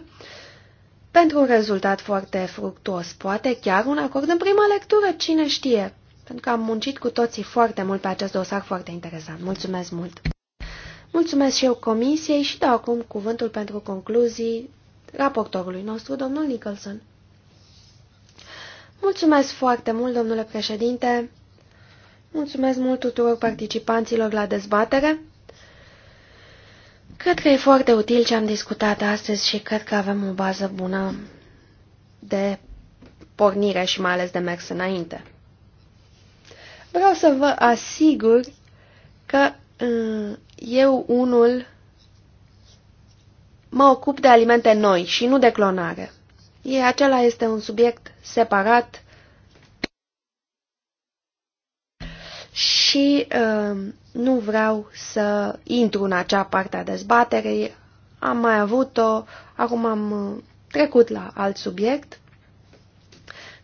pentru un rezultat foarte fructuos, poate chiar un acord în prima lectură, cine știe pentru că am muncit cu toții foarte mult pe acest dosar foarte interesant. Mulțumesc mult! Mulțumesc și eu comisiei și dau acum cuvântul pentru concluzii raportorului nostru, domnul Nicholson. Mulțumesc foarte mult, domnule președinte! Mulțumesc mult tuturor participanților la dezbatere! Cred că e foarte util ce am discutat astăzi și cred că avem o bază bună de pornire și mai ales de mers înainte. Vreau să vă asigur că uh, eu unul mă ocup de alimente noi și nu de clonare. E, acela este un subiect separat și uh, nu vreau să intru în acea parte a dezbaterei. Am mai avut-o, acum am uh, trecut la alt subiect.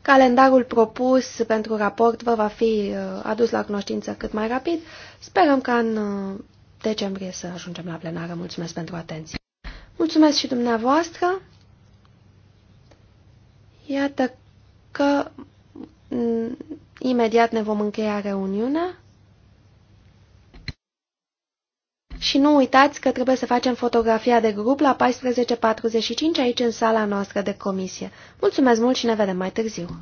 Calendarul propus pentru raport vă va fi uh, adus la cunoștință cât mai rapid. Sperăm că în uh, decembrie să ajungem la plenară. Mulțumesc pentru atenție. Mulțumesc și dumneavoastră. Iată că mm, imediat ne vom încheia reuniunea. Și nu uitați că trebuie să facem fotografia de grup la 14.45 aici în sala noastră de comisie. Mulțumesc mult și ne vedem mai târziu!